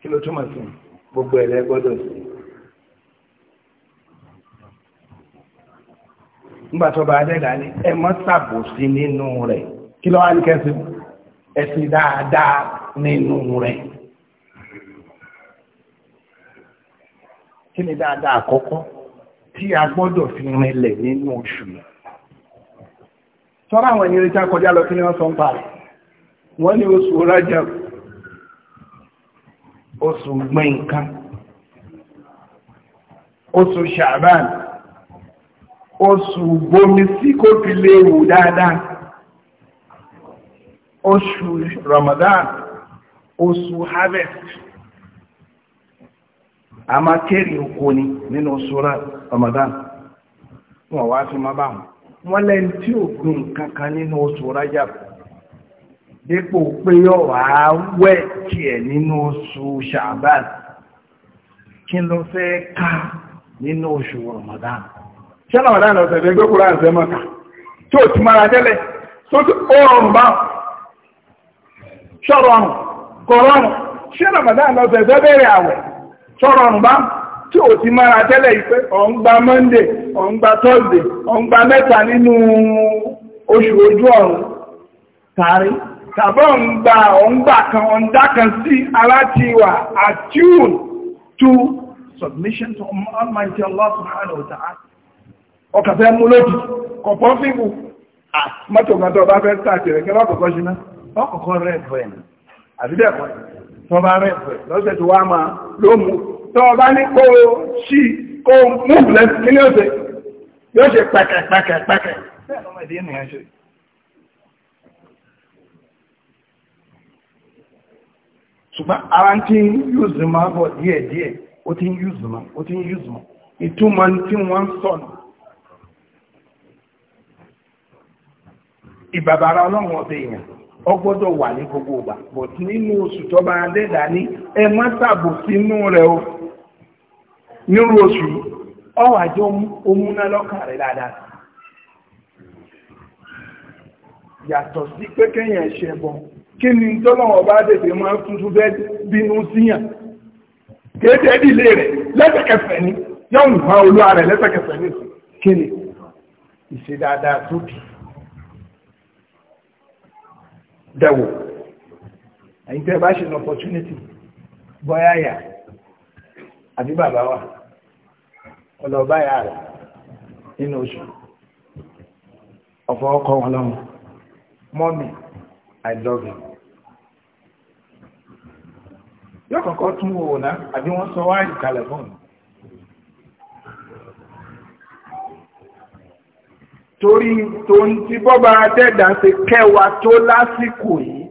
kí ló túmọ̀ sí gbogbo ẹ̀rẹ́ gbọ́dọ̀ sí. nígbà tó bá dẹ́gà ní ẹ mọ́ ṣàbòsí nínú rẹ̀ kí ló wá ní kẹ́sìn ẹ̀sìn dáadáa nínú rẹ̀. kí ni dáadáa àkọ́kọ́ tí a gbọ́dọ̀ fi rinlẹ̀ nínú oṣù sọ́rọ̀ àwọn ènìyàn tí a kọjá lọ kí ni wọ́n sọ ń wọ́n ní oṣù Rajab oṣù gbọ́n oṣù Ṣàbán oṣù gbomi sí kó fi lè wù dáadáa oṣù Ramadan oṣù harvest a máa kéré oko ni nínú sura Ramadan wọn wá fi máa bá wọn wọn tí ò gbìn kankan nínú oṣù rájà dípò pé yóò wẹ̀ tiẹ̀ nínú oṣù Sha'ban kí ló fẹ́ ká nínú oṣù Ramadan ṣé Ramadan ọ̀sẹ̀ lè gbé kúrò mara tẹ́lẹ̀ tó ti bá ọ̀rùn ṣé Ramadan tọrọ ọ̀nbá tí ò ti mára tẹ́lẹ̀ ìpé ọ̀n gba monday ọ̀n gba thursday ọ̀n gba mẹ́ta nínú oṣù ojú ọ̀run tààrí tàbí ọ̀n gba ọ̀n gbà kan sí alátiwà attuned to submission to Almighty Allah subhanahu wa ta'ala ọkàfẹ́ mú lóbi kọ̀pọ̀ fífù mọ́tò kan tó bá fẹ́ sáà tẹ̀rẹ̀ kí lọ́kọ̀ọ́kọ́ ṣe náà lọ́kọ̀ọ́kọ́ rẹ̀ bẹ̀rẹ̀ àbíbẹ̀kọ́ tó bá rẹ̀fẹ̀ lọ́sẹ̀ tó wá máa ló mú tó bá ní kó sí kó mú lẹ́sì kí ní ọ̀sẹ̀ yóò ṣe pẹ̀kẹ̀ pẹ̀kẹ̀ pẹ̀kẹ̀ ṣùgbọ́n ara tí ń yúzù máa bọ̀ díẹ̀díẹ̀ ó ti ń yúzù máa ó ti ń yúzù máa ìtumọ̀ tí wọ́n sọ̀nà ìbàbára ọlọ́run ọ̀bẹ̀ èèyàn ọgbọ́dọ̀ wà ní gbogbo ìgbà but nínú oṣù tọba adẹ́dà ní ẹ má tàbò sínú rẹ̀ o nínú oṣù ọwàjọ́ omúná lọ́kà rẹ̀ dáadáa yàtọ̀ sí pé kẹ́yìn ẹ̀ṣẹ̀ bọ̀ kí ni tọ́lọ́wọ́ bá dẹ̀dẹ̀ máa tuntun fẹ́ bínú síyàn kéde ìdílé rẹ̀ lẹ́sẹ̀kẹsẹ̀ ni yóò hàn olúwa rẹ̀ lẹ́sẹ̀kẹsẹ̀ ní kí ni ìṣe dáadáa tó kìí dẹ̀wò ẹ̀yin tẹ́ bá ṣe ní opportunity bọ́yá yà àbí bàbá wa ọlọ́ọ̀bá yà rẹ̀ nínú oṣù i love you yóò kọ́kọ́ tún wò náà àbí wọ́n sọ wáyé kalẹ̀ fún torí tóun ti bọ́ba adẹ́dà ṣe kẹwàá tó lásìkò yìí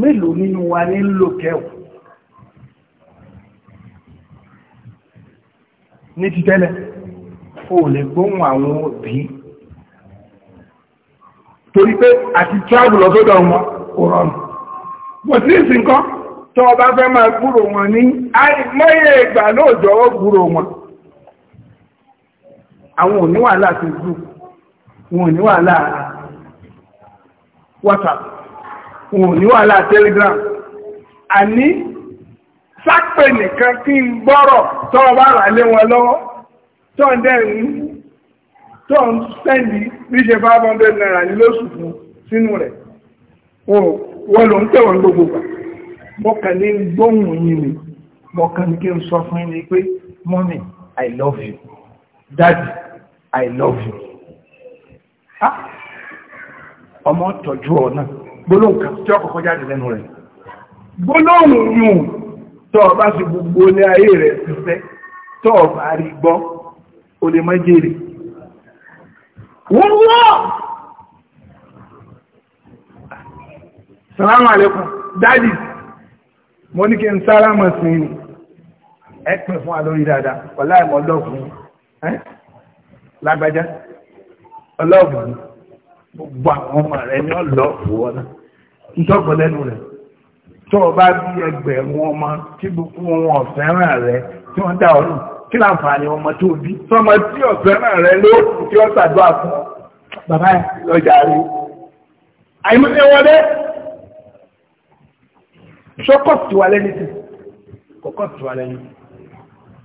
mélòó nínú wa ní ń lò kẹwàá ní ti tẹ́lẹ̀ o lè gbóhùn àwọn òbí torí pé àti travel lọ́sọ́dọ̀ wọn kò rọrùn bọ̀ sí ìsìn kan tó o fẹ́ máa gbúrò wọn ní àìmọye ìgbà lóòjọ́ gbúrò wọn àwọn òníwà láti gbúrò wọn ní wàhálà whatsapp wọn ní wàhálà telegram àní sápẹ̀ nìkan kí n gbọ́rọ̀ tọ́ ọ bá rà lé wọn lọ́wọ́ tọ́ ń dẹ́rìn tọ́ ń sẹ́ndì bí ṣe five hundred naira ní lóṣù fún sínú rẹ̀ wọ́n ló ń tẹ̀wọ̀n gbogbo gbà mọ́kànlé gbóhùn yìí ni mọ́kànlé kí n sọ fún yín ni pé mommy i love you daddy i love you ọmọ tọ́jú ọ̀nà gbólóhùn kan tí ó kọ́kọ́ jáde lẹ́nu rẹ̀ gbólóhùn yùn tọ́ ọ gbogbo ní ayé rẹ̀ ṣiṣẹ́ tọ́ ọ rí gbọ́ o lè má jèrè wọ́n wọ́ salamu alaikum dadi mo ní kí n sára mọ̀ sí ni ẹ pẹ̀ fún wa dáadáa wọ́n lọ́ọ̀fún lágbájá ọlọ́ọ̀fún gbogbo àwọn ọmọ rẹ̀ ní ọ̀lọ́ òwò náà ìjọba lẹ́nu rẹ̀ tó o bá bí ẹgbẹ̀rún ọmọ tí gbogbo wọn ọ̀fẹ́ràn rẹ̀ tí wọ́n dá ọ̀rùn kí láǹfààní ọmọ tó bí sọmọ tí ọ̀fẹ́ràn rẹ̀ ló tí ó ṣàdúrà fún bàbá lọ́jà rí àìmọ́lé wọlé ṣọ́kọ̀ tí wà lẹ́ni tí kọ́kọ́ tí wà lẹ́ni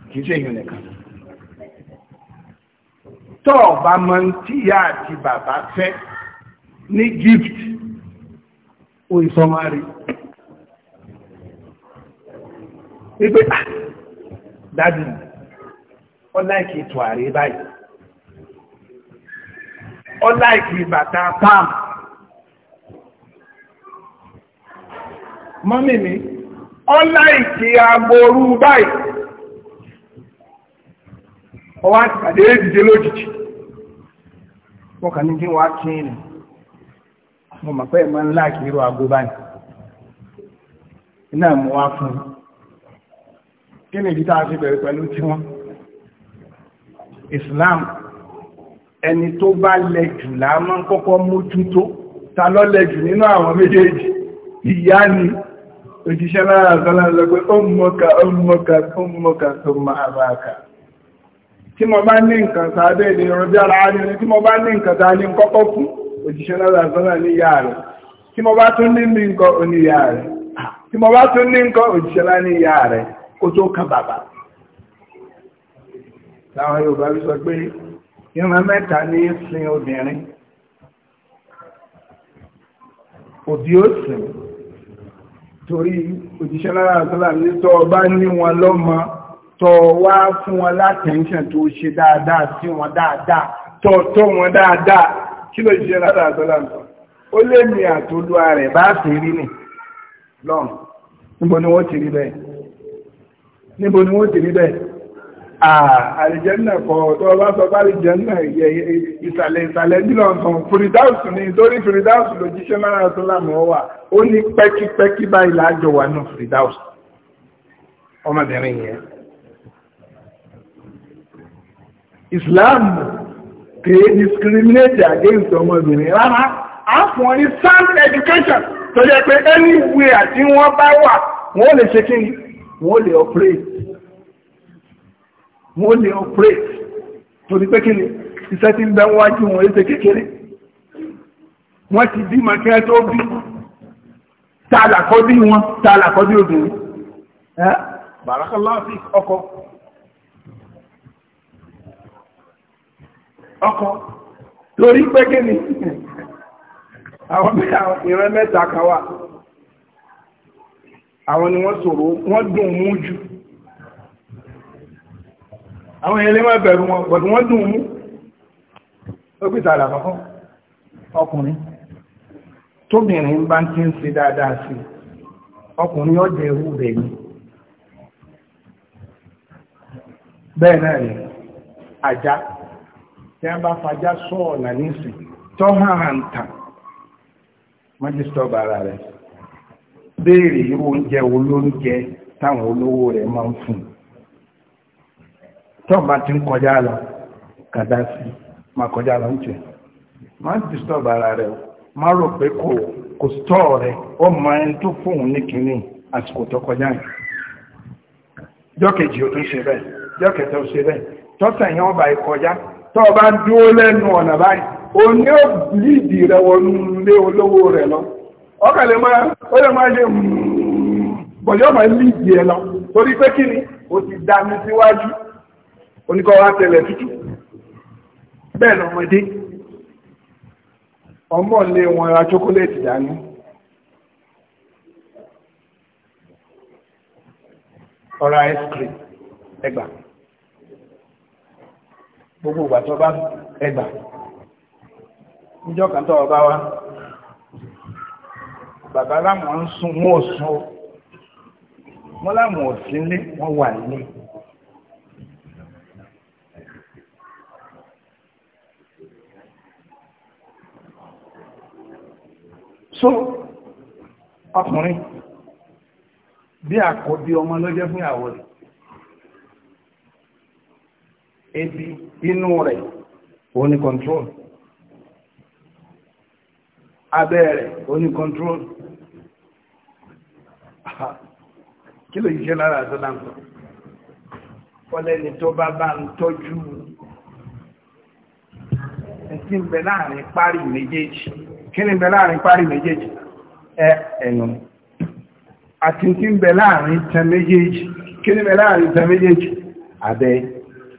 kì í ṣe èèyàn nìkan tọ́ ọ̀bá mọ́ tí ìyá àti bàbá fẹ́ ni gift òìsọmárì ìgbé dájú it ètò ààrẹ báyìí ọláìkì bàtà pam mọ́mí mi ọláìkì agbòrú báyìí ọwá àti àdéhìdìdé lójijì wọ́n kà ní kí wọ́n á kí ní mo mọ̀ pé ẹ̀ máa ń láàkì irú aago báyìí iná mo wá fún un kí ni ìdí tá a fi bẹ̀rẹ̀ pẹ̀lú tiwọn Islam ẹni tó bá lẹ jù láà máa ń kọ́kọ́ mójútó ta ló lẹ jù nínú àwọn méjèèjì ìyá ni òjíṣẹ́ lára sọ́lá lọ pé ó mọ́ka ó mọ́ka ó mọ́ka tó máa bá ka tí mo bá ní nǹkan sáadé ìdè bí ara ní tí mo bá ní nǹkan sáadé ń fún òjíṣẹ́ lára sọ́nà ní ìyá rẹ̀ tí mo bá tún ní ní nǹkan òní ìyá rẹ̀ tí mo bá tún ní nǹkan òjíṣẹ́ lára ní ìyá rẹ̀ kó tó kan bàbá. Táwọn Yorùbá bí sọ pé ìran mẹ́ta ní sin obìnrin. Òbí ó sìn torí òjíṣẹ́ lára sọ́nà ní tọ́ ọba ní wọn lọ́mọ tọ́ wá fún wọn látẹ̀ńṣẹ̀ tó ṣe dáadáa sí wọn dáadáa tọ́ tọ́ wọn dáadáa kí ló ṣe lára àtọ́lá ń sọ ó lé mi àtolúwa rẹ̀ bá sì rí nì lọ́n níbo ni wọ́n ti rí bẹ́ẹ̀ níbo ni wọ́n ti rí bẹ́ẹ̀ àlìjẹ́nà kọ̀ tó ọba sọ bá àlìjẹ́nà ìsàlẹ̀ ìsàlẹ̀ nílò ọ̀sán fìrìdáùsù ni torí fìrìdáùsù ló jíṣẹ́ lára tó lámọ̀ wà ó ní pẹ́kípẹ́kí báyìí láàjọ wà náà fìrìdáùsù ọmọbìnrin yẹn Islam They discriminate against ọmọbìnrin rárá a fún ọ ní sound education tó jẹ́ pé anywhere tí wọ́n bá wà wọ́n lè ṣe kí wọ́n lè operate wọ́n lè operate torí pé kí ni iṣẹ́ tí ń bẹ wájú wọn èsẹ kékeré wọ́n ti bí ma kí ẹ tó bí tààlàkọ́ bí wọn tààlàkọ́ bí obìnrin bàrákọ́lá ọkọ̀ ọkọ lórí pẹ́kẹ́ ni àwọn ìran mẹ́ta kan wà àwọn ni wọ́n sọ̀rọ̀ wọ́n dùn mú jù àwọn ilé máa bẹ̀rù wọn pẹ̀lú wọ́n dùn mú ó pìtà àlàkọ́kọ́ ọkùnrin tóbìnrin bá ti ń ṣe dáadáa sí ọkùnrin ọjẹ́ ewu rẹ̀ ni bẹ́ẹ̀ náà ni ajá tí a bá fajá n'isi nísìn tọ́ hàn tàn májísítọ́bà ara rẹ̀ béèrè oúnjẹ olóúnjẹ táwọn olówó rẹ̀ máa ń fún ti ń kọjá lọ kàdá sí máa kọjá lọ ń jẹ májísítọ́bà ara rẹ̀ má rò pé kò kò stọ́ rẹ̀ ó máa ń tó fóun ní kínní àsìkò tó kọjá yìí jọ́kejì tún ṣe bẹ́ẹ̀ ṣe bẹ́ẹ̀ tọ́sẹ̀ tó bá dúó lẹ́nu ọ̀nà báyìí o ní ó lìdì rẹ̀ wọnú lé olówó rẹ̀ lọ ọkàlẹ̀ máa ó lè máa ṣe hmm, bọ̀jọ́ máa lìdì ẹ̀ lọ torí pé kí ni o ti dá mi síwájú oníkọ́ wa tútù bẹ́ẹ̀ lọ́mọdé gbogbo ìgbà tó bá ẹgbà níjọ́ kan tó ọba wa bàbá láwọn ń sún wọn ò sún o wọn láwọn ò sí nílé wọn wà nílé. so ọkùnrin bí àkọ́bí ọmọ ló fún ìyàwó rẹ̀ ebi inú rẹ̀ ó ní control abẹ́ rẹ̀ ó ní control kí ló yíṣẹ́ lára àtọ́láńtọ́ fọ́lẹ́ni tó bá bá ń tọ́jú kí bẹ láàrin méjèèjì ẹ ẹ̀nù àti tí bẹ láàrin tẹ méjèèjì kí ni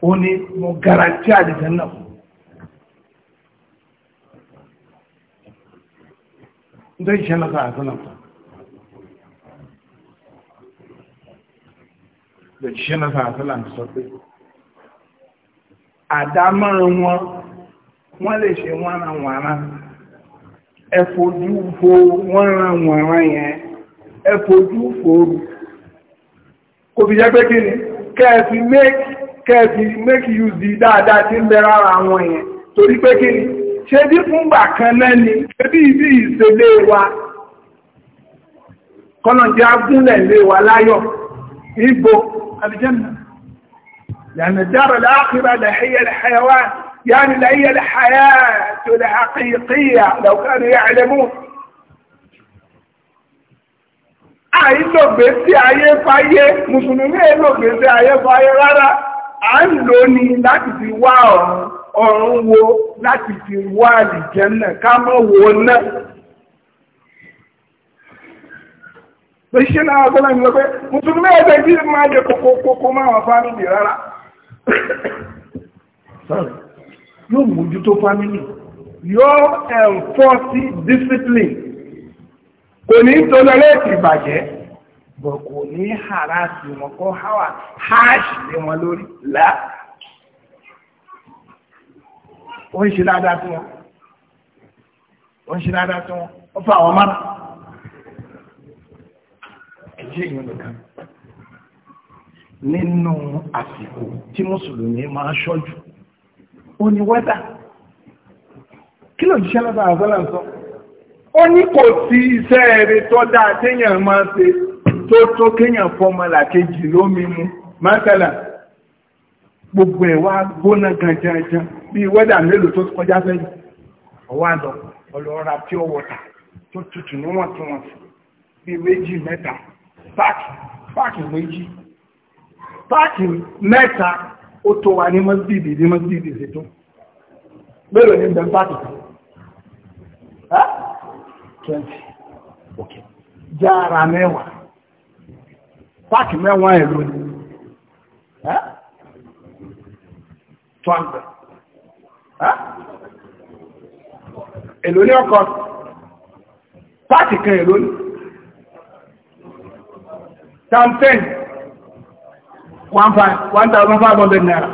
ó ní mo garanti àdìsẹ́ náà nítorí ìṣẹ́ náà sọ̀rọ̀ àtúnà lòjíṣẹ́ náà sọ̀rọ̀ àtúnà sọ pé àdámọ́rin wọn wọ́n lè ṣe wọ́n ra wọ̀nra ẹfojú fo wọ́n ra wọ̀nra yẹn ẹfojú fo kò fi jẹ́ pé kí ni kẹ́ẹ̀fì méjì kẹ́ẹ̀sì make use di dáadáa tí ń bẹ rárá àwọn èèyàn torí pé kí ni ṣe bí fúngbà kan lẹ́ni ṣe bí ibi ìṣẹ̀lẹ̀ wa kọ́nà jẹ́ agúnlẹ̀ lè wà láyọ̀ ìgbò alìjẹ́nà yàmì dára láàkírà lẹ́hìyà lẹ́hàyàwá yàmì lẹ́hìyà lẹ́hàyà tó lẹ́hàkìyà lọ́kàrí a ń lò ní láti fi wá ọ̀run ọ̀run wo láti fi wá àlìjẹ́nà ká mọ́ wo náà pèsè náà gbọ́nà ìlú pé mùsùlùmí ẹgbẹ́ tí ó máa jẹ kókó máa wà fámìlì rárá yóò mójútó fámìlì yóò enforce discipline kò ní tó lọ lẹ́ẹ̀kì ìbàjẹ́ bọ̀ kò ní haraasi wọn kọ́ hawa haasi lé wọn lórí là ó ń ṣe dáadáa sí wọn ó ń ṣe dáadáa sí wọn ó fa àwọn mara ẹ̀jẹ̀ yìí nìkan nínú àsìkò tí mùsùlùmí máa ṣọ́jú ó ní wẹ́dà kí ló jíṣẹ́ lọ́dọ̀ àgbọ́lá ń sọ ó ní kò sí iṣẹ́ rẹ̀ tó dáa téèyàn máa ṣe tó tó kéèyàn fọmọlà kejì lómi mu mọ́tàlá gbogbo ẹ̀ wá gbóná ganjanjan bí wẹ́dà mélòó tó kọjá sẹ́yìn ọwọ́ àlọ́ ọlọ́ra pure water tó tutù níwọ̀ntúnwọ̀nsì bí méjì mẹ́ta páàkì páàkì méjì páàkì mẹ́ta ó tó wà ní mọ́sídìdì ní mọ́sídìdì ṣètò mélòó ní bẹ́ẹ̀ páàkì kan twenty okay jára mẹ́wàá páàkì mẹ́wọ́n ẹ̀lú ni two hundred èlò ní ọkọ̀ páàkì kan èlò ní tampen one five one thousand five hundred naira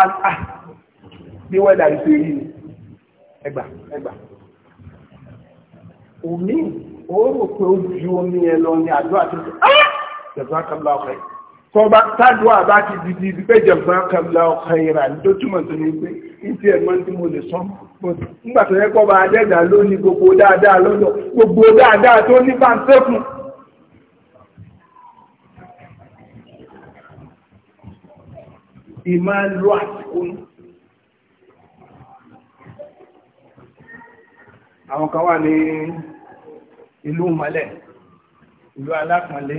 one ah bí wẹ́dà ìṣe yìí ni ẹgbà ẹgbà omi ó rò pé ó ju omi ẹ lọ ní àjọ àti ọ̀sẹ̀ jazakallahu khair tó bá tájú àbá ti di di pé jazakallahu khairan ní tó túmọ̀ tó ní pé ní tí ẹ̀mọ́ tí mo lè sọ nígbà tó yẹ kọ́ bá adẹ́gà ló ní gbogbo dáadáa lọ́dọ̀ gbogbo dáadáa tó ní bá ń sẹ́kùn ìmá lọ àsìkò ní àwọn kan wà ní ìlú mọ́lẹ̀ ìlú alápọ̀nlé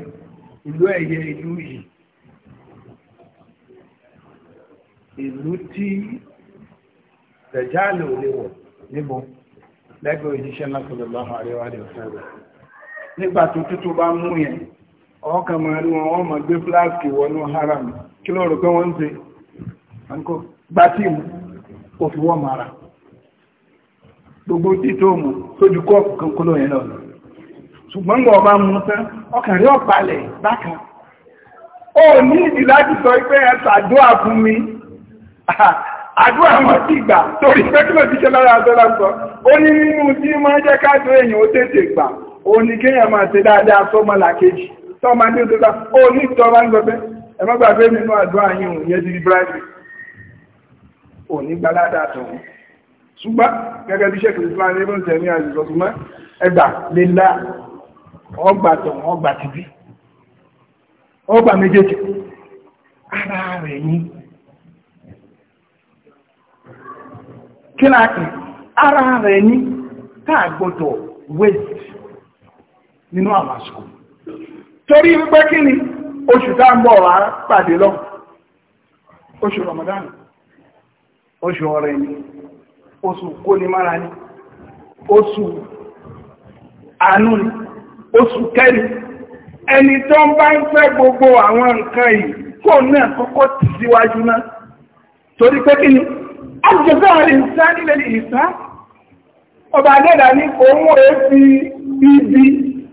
ìlú ẹ̀yẹ ìlú yìí ìlú tí dẹ̀jáàlì ò lè wọ̀ níbo lẹ́gbẹ̀ẹ́ òjíṣẹ́ sallallahu alaihi wa sallam nígbà tó tútù bá mú yẹn ọkàn máa rí wọn wọ́n máa gbé fúláàkì wọnú haram kí ló rò pé wọ́n ń ṣe gbá tí kò fi wọ́n mara gbogbo tí mu sójú kọ́ọ̀kù kan kúlò yẹn lọ́nà ṣùgbọ́n gbọ́ ọba mú tán ọkàn rí ọ̀pálẹ̀ bákan ó ní ìdí láti sọ pé ẹ ṣàdúrà fún mi àdúrà wọn ti gbà torí pé kí ló ti ṣe lára àtọ́lá sọ ó ní nínú tí máa jẹ́ káàdùn èèyàn ó tètè gbà ó ní kéèyàn máa ṣe dáadáa sọ́mọ làkejì tọ́mọ ní oṣù tó ó ní ìtọ́ba ń gbọ́gbẹ́ ẹ má gbàgbé nínú àdúrà yìí ò yẹ di bribery ò ní gbaládà tọ̀hún ṣùgbọ́n gẹ́gẹ́ bí ṣe kìrìsìláà ní ibùsùn ẹ̀mí àjùsọ̀ ṣùgbọ́n ẹgbà lè la ọgbà tọ̀hún ọgbà ti bí ọgbà méjèèjì ara rẹ̀ ní kíláàkì ara rẹ̀ ní káàgbọ́tọ̀ wait nínú àwọn torí wípé kí ni oṣù tá ń bọ̀ rárá pàdé lọ oṣù Ramadan oṣù ọrẹ ni oṣù kónimára ni oṣù àánú ni oṣù kẹrin ẹni tó ń bá ń fẹ́ gbogbo àwọn nǹkan yìí kó náà kọ́kọ́ tì síwájú náà torí pé kí ni àjọ̀gá ìsán nílẹ̀ ìsá ọba adẹ́dà ní òun èéfi bíbí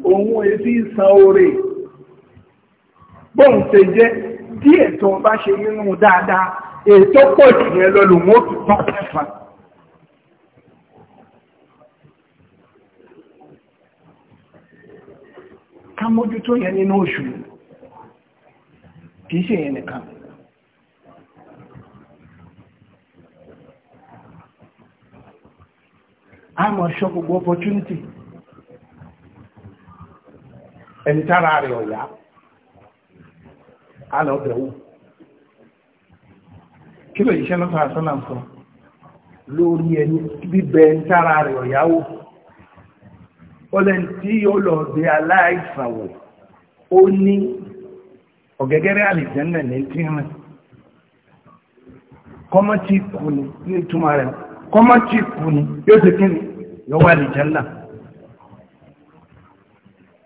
òun èéfi san oore bóun ṣe jẹ́ díẹ̀ tó bá ṣe nínú dáadáa ètò pọ̀ jù yẹn lọ lòun ká mójútó yẹn nínú oṣù kìí ṣe yẹn nìkan a mọ̀ ṣọ́ gbogbo opportunity ẹni tára rẹ̀ ọ̀yá a lọ bẹ̀wò kí lè ṣiṣẹ́ lọ́pàá sọ́nà sọ lórí ẹni bíbẹ̀ ẹni tára rẹ̀ ọ̀yáwó ọlẹ́ni tí yóò lọ bí aláìsàwò ó ní ọ̀gẹ́gẹ́rẹ́ àlìjẹ́nà ní tí rìn kọ́mọ́ tí kù ní ní ìtumà rẹ̀ kọ́mọ́ tí kù ní yóò ti kí ni yóò wà àlìjẹ́nà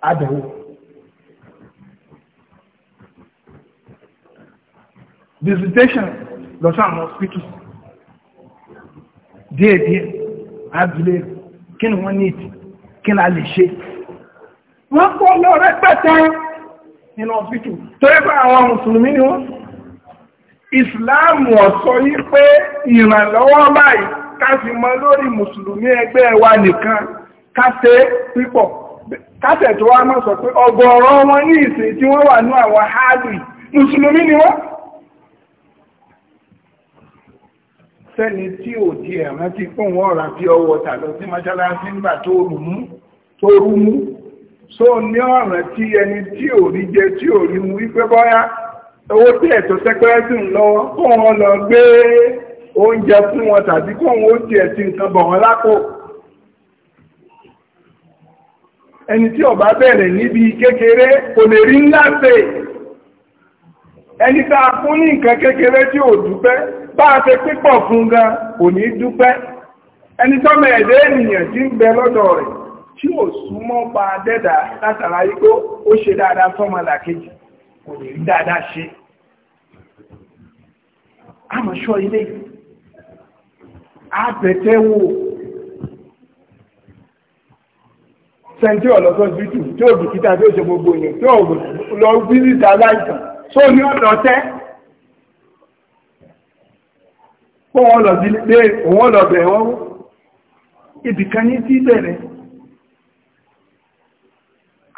àdàwò visitation lọ sí àwọn hospital díẹ̀díẹ̀ abilé kí ni wọ́n ní ìtì kí la lè ṣe wọ́n kọ́ lọ rẹpẹtẹ nínú ọ̀fíìtù tó yẹ pé àwọn mùsùlùmí ni wọ́n ìsìláàmù ọ̀sọ́ yìí pé ìrànlọ́wọ́ báyìí ká fi mọ lórí mùsùlùmí ẹgbẹ́ wa nìkan ká ṣe pípọ̀ kásẹ̀ tó wá mọ́ sọ pé ọgọ́rọ̀ wọn ní ìsìn tí wọ́n wà ní àwọn hálì mùsùlùmí ni wọ́n sẹ́ni tí ò di ẹ̀rántí fún wọn ọ̀rà bí ọwọ́ tàbí sí mọ́ṣáláṣí nígbà tó rù mú tó rú mú só ní ọ̀ràn tí ẹni tí ò rí jẹ tí ò rí mú wípé bọ́yá owó tí ẹ̀tọ́ sẹ́pẹ́rẹ́ dùn lọ́wọ́ kó wọn lọ gbé oúnjẹ fún wọn tàbí kó wọn ó tiẹ̀ ti nǹkan bọ̀ wọn lápò ẹni tí ó bá bẹ̀rẹ̀ níbi kékeré kò lè rí ńlá pè ẹni tá a fún ní nǹkan kékeré tí ò dúpẹ́ bá a ṣe pípọ̀ fún gan kò ní dúpẹ́ ẹni tọ́mọ ẹ̀dẹ́ ènìyàn tí ń bẹ lọ́dọ̀ rẹ̀ tí ò súnmọ́ bá dẹ́dà látara wípé ó ṣe dáadáa fọ́mọ làkejì kò lè rí dáadáa ṣe àmọ́ṣọ́ ilé àbẹ̀tẹ́ wò sẹ́ńtì ọ̀lọ́tọ́ bìtù tí ò bìkítà tí ò ṣe gbogbo èèyàn tí ò lọ bí níta láìsàn tó ní ọ̀nà tẹ́ pọ́ lọ bí lé òun lọ bẹ̀ wọ́n ibìkan ní sí bẹ̀rẹ̀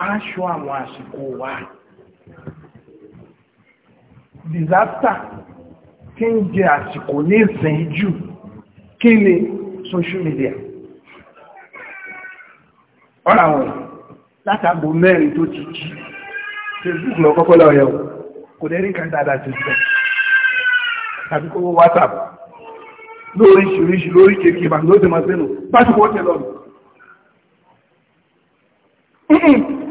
aṣọ àwọn àsìkò wa disaster kí ń jẹ àsìkò ní ìsìn jù kí ni social media ọ̀rọ̀ àwọn látàgbò mẹ́rin tó ti jí facebook lọ kọ́kọ́ lọ yẹ̀ kò dẹ̀ rí kan dáadáa ti sọ tàbí kó wọ́n whatsapp lóríṣiríṣi lórí kèkè ìbàmì ló dẹ̀ máa sẹ́nu bá ti kọ́ tẹ̀ lọ́nà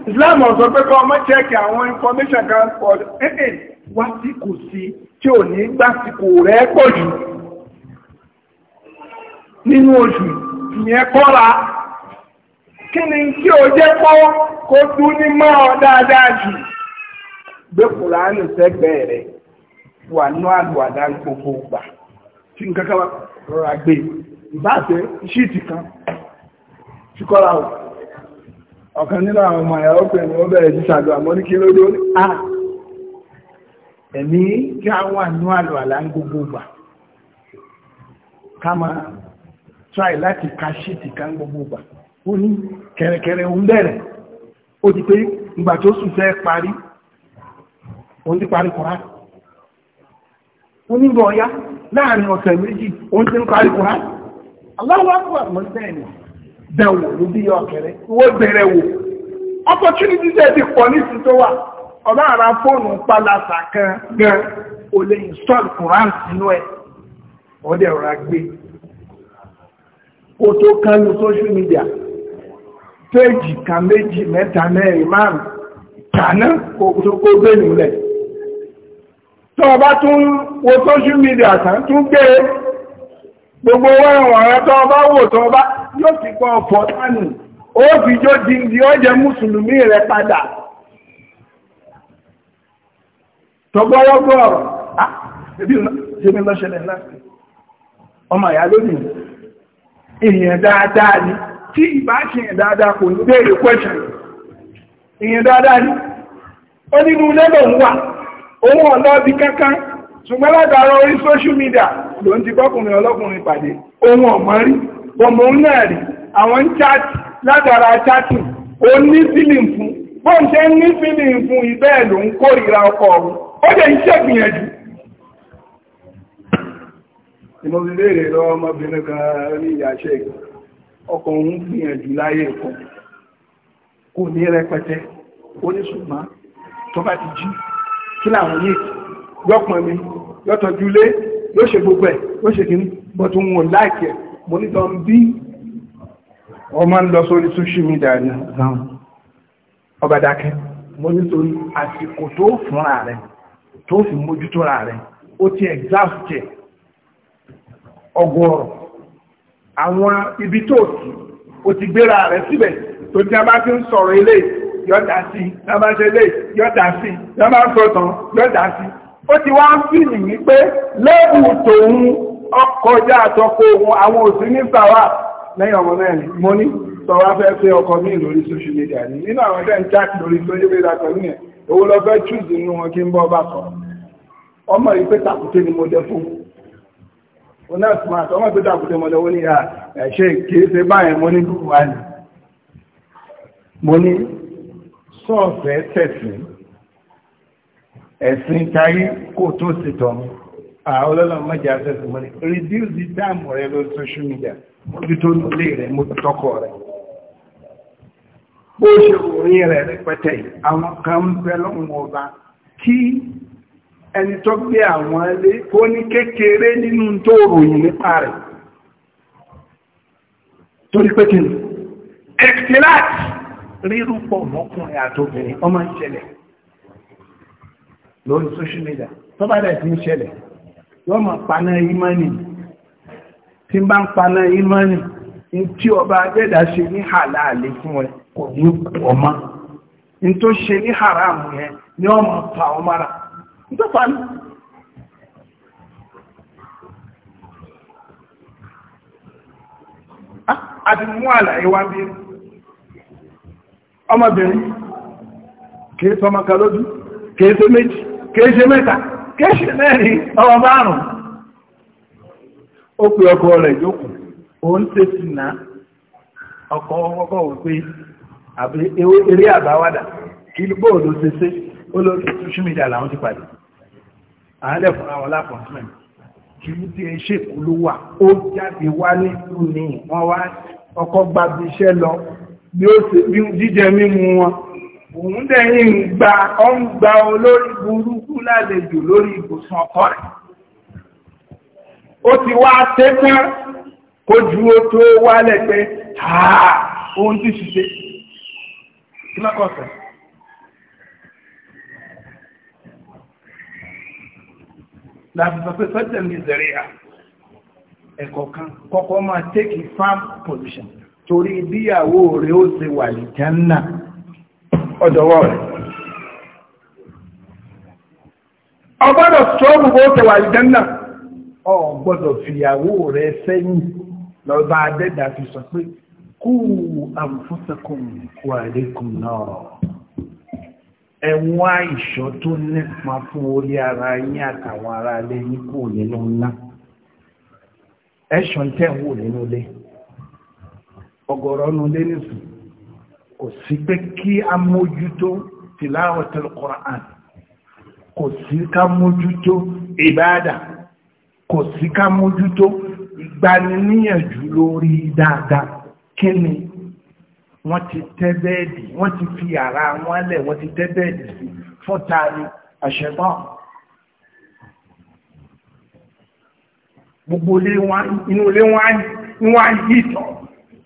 Islam ọ̀sọ̀ pé kọ́ ọmọ chẹ́kì àwọn information kan pọ̀ ẹ́ẹ̀ wá sí kò sí tí ò ní gbásìkò rẹ̀ pọ̀ jù nínú oṣù ìyẹn kọ́ra kí ni tí ó jẹ́ pọ́ kó tú ní mọ́ ọ dáadáa jù gbé kùránù sẹ́gbẹ̀ẹ́ rẹ̀ wà ní àlùwàdá gbogbo gbà tí nǹkan kan rọra gbé ìbáṣe ṣíìtì kan tí kọ́ra ọ̀kan nínú àwọn ọmọ ẹ̀yà ọ̀pẹ̀ ni wọ́n bẹ̀rẹ̀ sí ló dé ah, ẹ̀mí kí a wà ní àlọ́ ń gbogbo ká máa try láti ka ṣíìtì ká ń gbogbo gbà ó ní kẹ̀rẹ̀kẹ̀rẹ̀ òun bẹ̀rẹ̀ ó ti pé ìgbà tó sùn fẹ́ parí parí kùrá ó ní bọ̀ ọ̀yá láàrin ọ̀sẹ̀ dẹ̀wò ló bí ọ̀kẹ́rẹ́ owó bẹ̀rẹ̀ wò opportunity ṣe ti pọ̀ ní wà ọba ara fóònù palasa kan gan o lè install Quran sínú ẹ̀ ọdẹ ọ̀rá agbé o tó kán lu social media péèjì kan méjì mẹ́ta mẹ́rin márùn tàná kó tó kó gbé nílẹ̀ tó tún gbogbo wọn wò tó yóò fi ọpọ ọ̀pọ̀ sánù ó fi jó dìndì ọjẹ́ mùsùlùmí padà tọgbọ́wọ́gbọ́ ah ṣebí lọ́ṣẹlẹ̀ láti ọmọ ìyá lónìí dáadáa ni tí ìbá ṣe èèyàn dáadáa kò ní béèrè kwẹ́ṣẹ̀ èèyàn dáadáa ni ó nínú lẹ́bọ̀ ń wà òun kankan ṣùgbọ́n látara orí ló ń ti ọlọ́kùnrin pàdé bọ̀mọ̀ náà rí àwọn chaati látara chaati ó ní fílìm fún bọ́n ṣe ní fílìm fún ìbẹ́ẹ̀ ló ń kórìíra ọkọ ọ̀run ó dẹ̀ ń ṣègbìyànjú ìmọ̀bílẹ̀rẹ̀ lọ ọmọbìnrin kan ní ìyàṣẹ́ ọkọ òun gbìyànjú láyé ẹ̀kọ́ kò ní rẹpẹtẹ ó ní ṣùgbọ́n tó bá ti jí kí láwọn yìí yọ́pọ̀ mi yọ́tọ̀jú lé yóò ṣe gbogbo ẹ̀ yóò ṣe kìíní bọ́tún wọn láìkẹ̀ẹ́ mo ní tọ́ ń bí wọ́n máa ń lọ sórí social media ní ọ̀sán ọba dákẹ́ mo ní torí àsìkò tó fúnra rẹ̀ tó fi mójútó ra rẹ̀ ó ti exhaust ọgọ́rọ̀ àwọn ibi tó ti ó ti gbéra rẹ̀ síbẹ̀ tó ti a bá ti ń sọ̀rọ̀ ilé yọ́dá sí lábáṣẹ́ ilé yọ́dá sí lábáṣẹ́ ọ̀tàn yọ́dá sí ó ti wá ń fìlì wípé lẹ́bù tòun ọkọjá àtọ́kọ ohun àwọn òsì ní sàwà lẹ́yìn ọmọ náà mo ní sọ̀rọ̀ afẹ́ fẹ́ ọkọ mi lórí social media ní nínú àwọn ẹgbẹ́ ń chat lórí social media pẹ̀lú yẹn owó lọ fẹ́ choose nínú wọn kí n bọ́ bá kọ̀ ọmọ yìí pé tàkùté ni mo dẹ fún un náà smart ọmọ yìí pé tàkùté mo dẹ wọ́n ní ṣe kìí ṣe báyẹn mo ní dùn wá ní mo ní sọ́ọ̀fẹ́ tẹ̀sìn ẹ̀sìn kárí kò tó ṣètọ́
mi. Ah, ọlọ́lọ́run mọ́jà
access money reduce the time rẹ lórí social media mójútó nílé rẹ mójútọ́kọ̀ rẹ bó ṣe orí rẹ rẹpẹtẹ àwọn kan ń bẹ lọ́wọ́ ọba kí ẹni tó gbé àwọn ilé kó ní kékeré nínú tó ròyìn nípa rẹ̀ torí pé kí ni ẹ̀kìláàtì rírúpọ̀ mọ́kùnrin àtòbìnrin ọmọ ìṣẹ̀lẹ̀ lórí social media tó bá dẹ̀ ti ń ṣẹlẹ̀ yọ́ ma paná imani tí bá ń paná imani ní tí ọba adẹ́dà ṣe ní hàláàlè fún ẹ kò ní ọmọ ní tó ṣe ní haramu yẹn ní ọmọ pa ọmọ ọmọbìnrin kìí kéṣì mẹ́rin ọwọ́ márùn-ún ó pe ọkọ rẹ̀ jókòó ó ń tètè ná ọkọ ọkọ wò pé àbí eré àbáwádà kí bóòlù ṣe ṣe ó lórí social media làwọn ti pàdé àálẹ̀ fún àwọn lápọ̀ntmẹ̀ kì í ti ṣèkú ló wà ó jáde wá nílùú ni wọ́n wá ọkọ̀ gbàgbé iṣẹ́ lọ bí ó ṣe jíjẹ mímu wọn òun dẹ̀ ń gba ọ ń gba olórí burúkú lálejò lórí ibùsùn ọkọ rẹ̀ ó ti wá tẹ́tán kó ju ó tó wálẹ̀ pé àà ohun tí ṣiṣẹ́ kí lọ́kọ̀ ọ̀sẹ̀. láti sọ pé sọ́jà ní ìzẹ̀rẹ̀ ẹ̀kọ̀ kan kọ́kọ́ máa take a firm position torí bíyàwó rẹ̀ ó ṣe wà lìjánná. ọ̀dọ̀wọ́ ọgbọ́dọ̀ sọ́ọ̀bù bó tẹ̀wà ìdánná ọgbọ́dọ̀ fìyàwó rẹ̀ sẹ́yìn lọ́ba adẹ́dà fi sọ pé kú àǹfọ́sẹ̀kùn kú náà ẹ̀wọ̀n àìṣọ́ tó nípa fún orí ara yín àtàwọn nínú ńlá nínú nínú nìsín kò sí pé kí a mójútó tilawatul Qur'an kò sí ká mójútó ìbáàdà kò sí ká mójútó ìgbaniníyànjú lórí dáadáa kí ni wọ́n ti tẹ́ bẹ́ẹ̀dì wọ́n ti fi ara wọn lẹ̀ wọ́n ti tẹ́ sí fọ́ta ni àṣẹ́gbọ́n gbogbo inú ilé wọn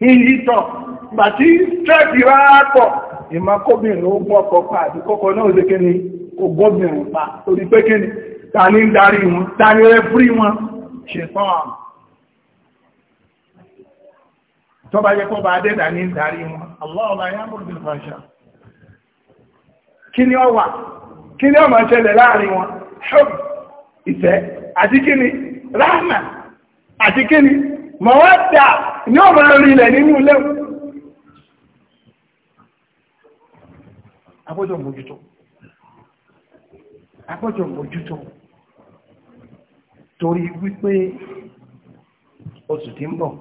yìí tọ̀ bàtí tẹ́ẹ̀kì raakọ ịma ó gbọ́ kọpa àti kọ́kọ́ náà kí ni kò gbọ́bìnrin pa torí pé kí ni ta ní ń darí wọn ta ní rẹ́fúrí wọn ṣetán àmì tọ́ba yẹ kọ́ bá dẹ́dà ní ń darí wọn aláwọ̀lá yá mú bí fàṣà kí ni wà kí ni ṣẹlẹ̀ láàrin wọn ṣọ́b ìfẹ́ àti kí ni ráhmà àti agbọ́dọ̀ mójútó agbọ́dọ̀ mójútó torí wípé oṣù tí ń bọ̀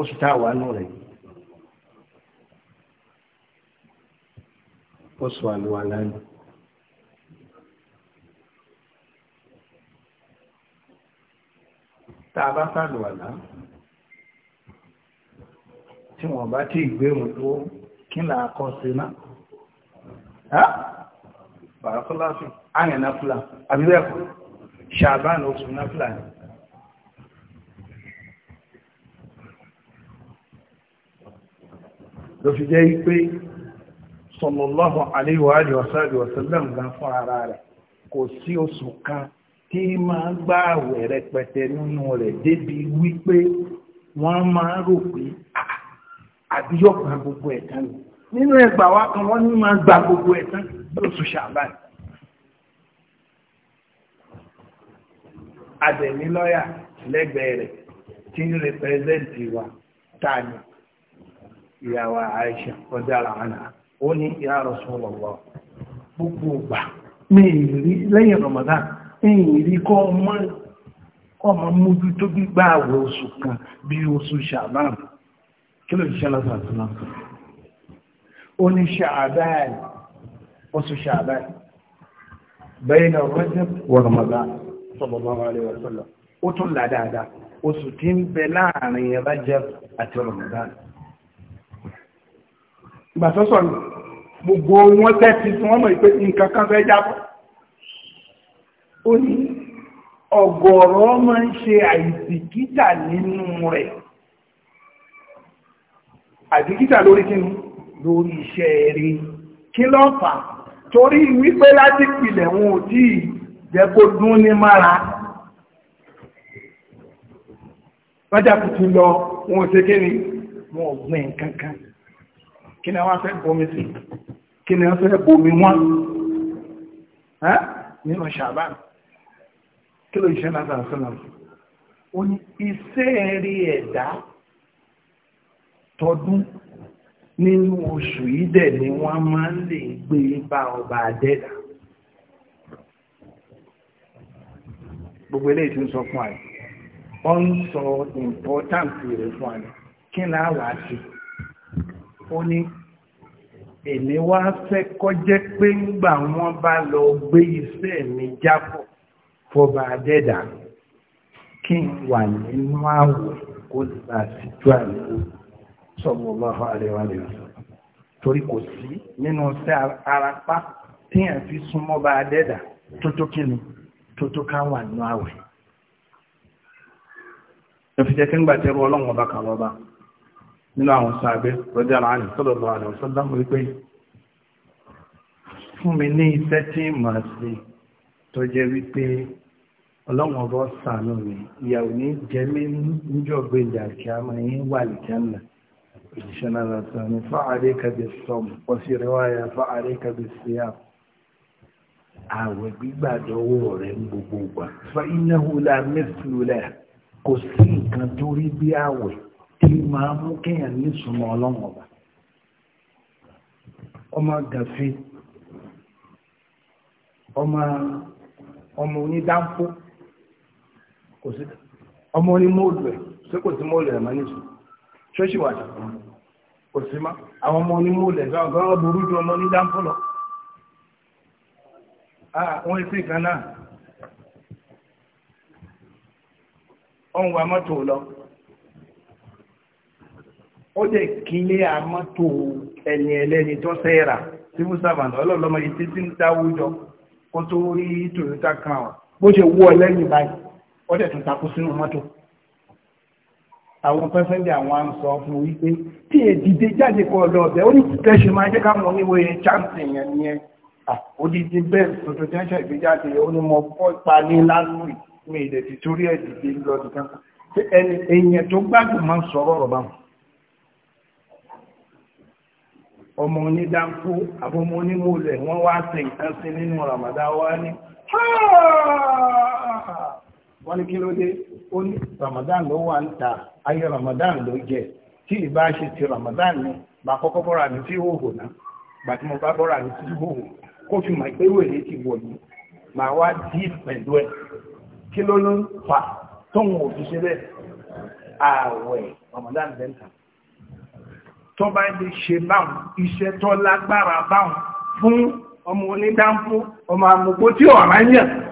oṣù tá nù rẹ̀ oṣù àlùwàlá ni. tá a bá sàlùwàlá
tí wọ́n bá tí ìgbérùn tó kí n là kọ́ sí náà ha bàrákọ́láfì àyàn náà fúlà àbíbẹ́ẹ̀kọ́ ṣàbáàlì oṣù náà fúlà ni ló fi jẹ́ pé sallallahu alaihi wa alihi wa sallam gan fún ara rẹ̀ kò sí oṣù kan tí máa gbá rẹpẹtẹ nínú rẹ̀ débi wípé wọ́n máa rò pé àbí yóò gba gbogbo ẹ̀ tán nínú ẹgbà wa kan wọ́n ní máa gba gbogbo ẹ̀ tán yóò sùn ṣàbá àdẹ̀mí lọ́yà lẹ́gbẹ̀ẹ́ rẹ̀ tí ń rẹpẹrẹsẹ̀ntì wa táà ní ìyàwó Àìṣà ọjà làwọn àná ó ní ìyá Rasulullah gbogbo ọgbà lẹ́yìn Ramadan ní ìrí kọ́ ọmọ mójútó gbígbà àwẹ̀ oṣù kan bí oṣù ṣàbáàmù
kí ló ṣiṣẹ́ lọ́sàtúnà
ó ní ṣàbáyì oṣù ṣàbáyì bẹ́yìn rọ́jẹ́ wọ̀rọ̀mọ̀dá sọ̀bọ̀bọ̀ àríwọ̀sọ́lọ̀ ó tún là dáadáa oṣù tí ń bẹ láàrin rọ́jẹ́ àti rọ̀mọ̀dá gbàsọ́sọ̀ gbogbo wọn tẹ́tí tí wọ́n mọ̀ pé nǹkan kan fẹ́ jábọ̀ ó ní ọ̀gọ̀ọ̀rọ̀ máa ń ṣe àìsìkítà nínú rẹ̀ àdìkítà lórí kínú lórí iṣẹ́ rí kí ló fà torí wípé láti pìlẹ̀ wọn ò tí ì jẹ́ kó dún ní mára lọ́jà lọ wọn ò ṣe kí ni wọn ò gbìn kankan kí ni wọ́n fẹ́ bomi sí kí ni wọ́n fẹ́ bomi wọn nínú ṣàbá kí ló iṣẹ́ náà sàrásọ́nà ó ní iṣẹ́ rí ẹ̀dá tọdún nínú oṣù yìí dẹ̀ ni wọ́n máa ń lè gbé bá ọba àdẹ́dà gbogbo eléyìí tí ń sọ fún àyè wọ́n ń sọ important rẹ̀ fún àyè kí ni àwà sí ó ní èmi wá fẹ́ kọjẹ́ pé ńgbà wọ́n bá lọ gbé iṣẹ́ mi jábọ̀ fọba àdẹ́dà kí n wà nínú àwọ̀ kó lè bá a sì tó sallallahu alaihi wa sallam torí kò sí nínú sí arapá téèyàn fi súnmọ́ bá a dẹ́dà tó tó kínu tó tó ká wà nínú àwẹ̀ ẹ̀fìjẹ́ kí ń gbà tẹ́rù ọlọ́run ọba kan lọ́ba
nínú àwọn sàbẹ́ rọ́jà láàrín sallallahu alaihi wa sallam wípé fún mi ní iṣẹ́ tí màá ṣe tó jẹ́ wípé ọlọ́run ọba sànú mi ìyàwó ní jẹ́mí níjọ́ gbé ìjà kí a máa ń wà lìjẹ́
náà òjíṣẹ́ náà sọ ní fa'alayka bis-sawm wọ́n sì riwaya fa'alayka bis-siyam àwẹ̀ gbígbàdọ́wọ́ rẹ̀ ń gbogbo gbà fa innahu la mithlu lahu kò sí nǹkan tó rí bí àwẹ̀ tí máa mú kéèyàn ní súnmọ́ ṣọ́ṣì wà ní kò sí má àwọn ọmọ onímọ̀lẹ̀ gbọ́n burú jù ọlọ́ ní dáńpọ̀lọ́ àwọn etí kan náà wọ́n wa mọ́tò lọ ó dẹ̀ kílé àmọ́tò ẹni ẹlẹ́ni tó sẹ́ra civil servant ọlọ́lọ́mọ etí tí ń dáwújọ kó tó rí Toyota kan bó ṣe wú ọ lẹ́yìn báyìí ó dẹ̀ tún takú sínú mọ́tò àwọn pẹ́sẹ́ndì àwọn à ń sọ fún wípé tí è dìde jáde kọ lọ ọ̀bẹ̀ ó ní tẹ̀sí máa jẹ́ káwọn oníwòye chánsì yẹn ni ẹ òdìdí bẹ́ẹ̀ tuntun tí ń ṣe ìgbéjáde ó ní mo bọ́ ipa ní lásìkò mi ìdẹ̀ ti torí ẹ̀ dìde lọ nìkan tí ẹni èèyàn tó gbádùn máa ń sọ̀rọ̀ ọ̀rọ̀ báwọn ọmọ onídáńkó àbọmọ onímọ̀lẹ̀ wọ́n wá sí nǹkan sí nínú Ramadan wá ní wọ́n ní kí ló dé ó ní Ramadan ló wà ń ta ayé Ramadan ló jẹ tí ìbá ṣe ti Ramadan ni bá kọ́kọ́ bọ́ra mi sí hòhò náà gbà tí mo bá bọ́ra mi sí hòhò kó fi mọ̀ pé wèrè ti wọ̀ yìí màá wá dí pẹ̀lú ẹ̀ kí ló ló ń fà tóun ò fi ṣe bẹ́ẹ̀ ààwẹ̀ Ramadan lẹ́ńtà tó bá lè ṣe báhùn iṣẹ́ tó lágbára báhùn fún ọmọ onídáńfó ọmọ àmùkó tí ọ̀rá yàn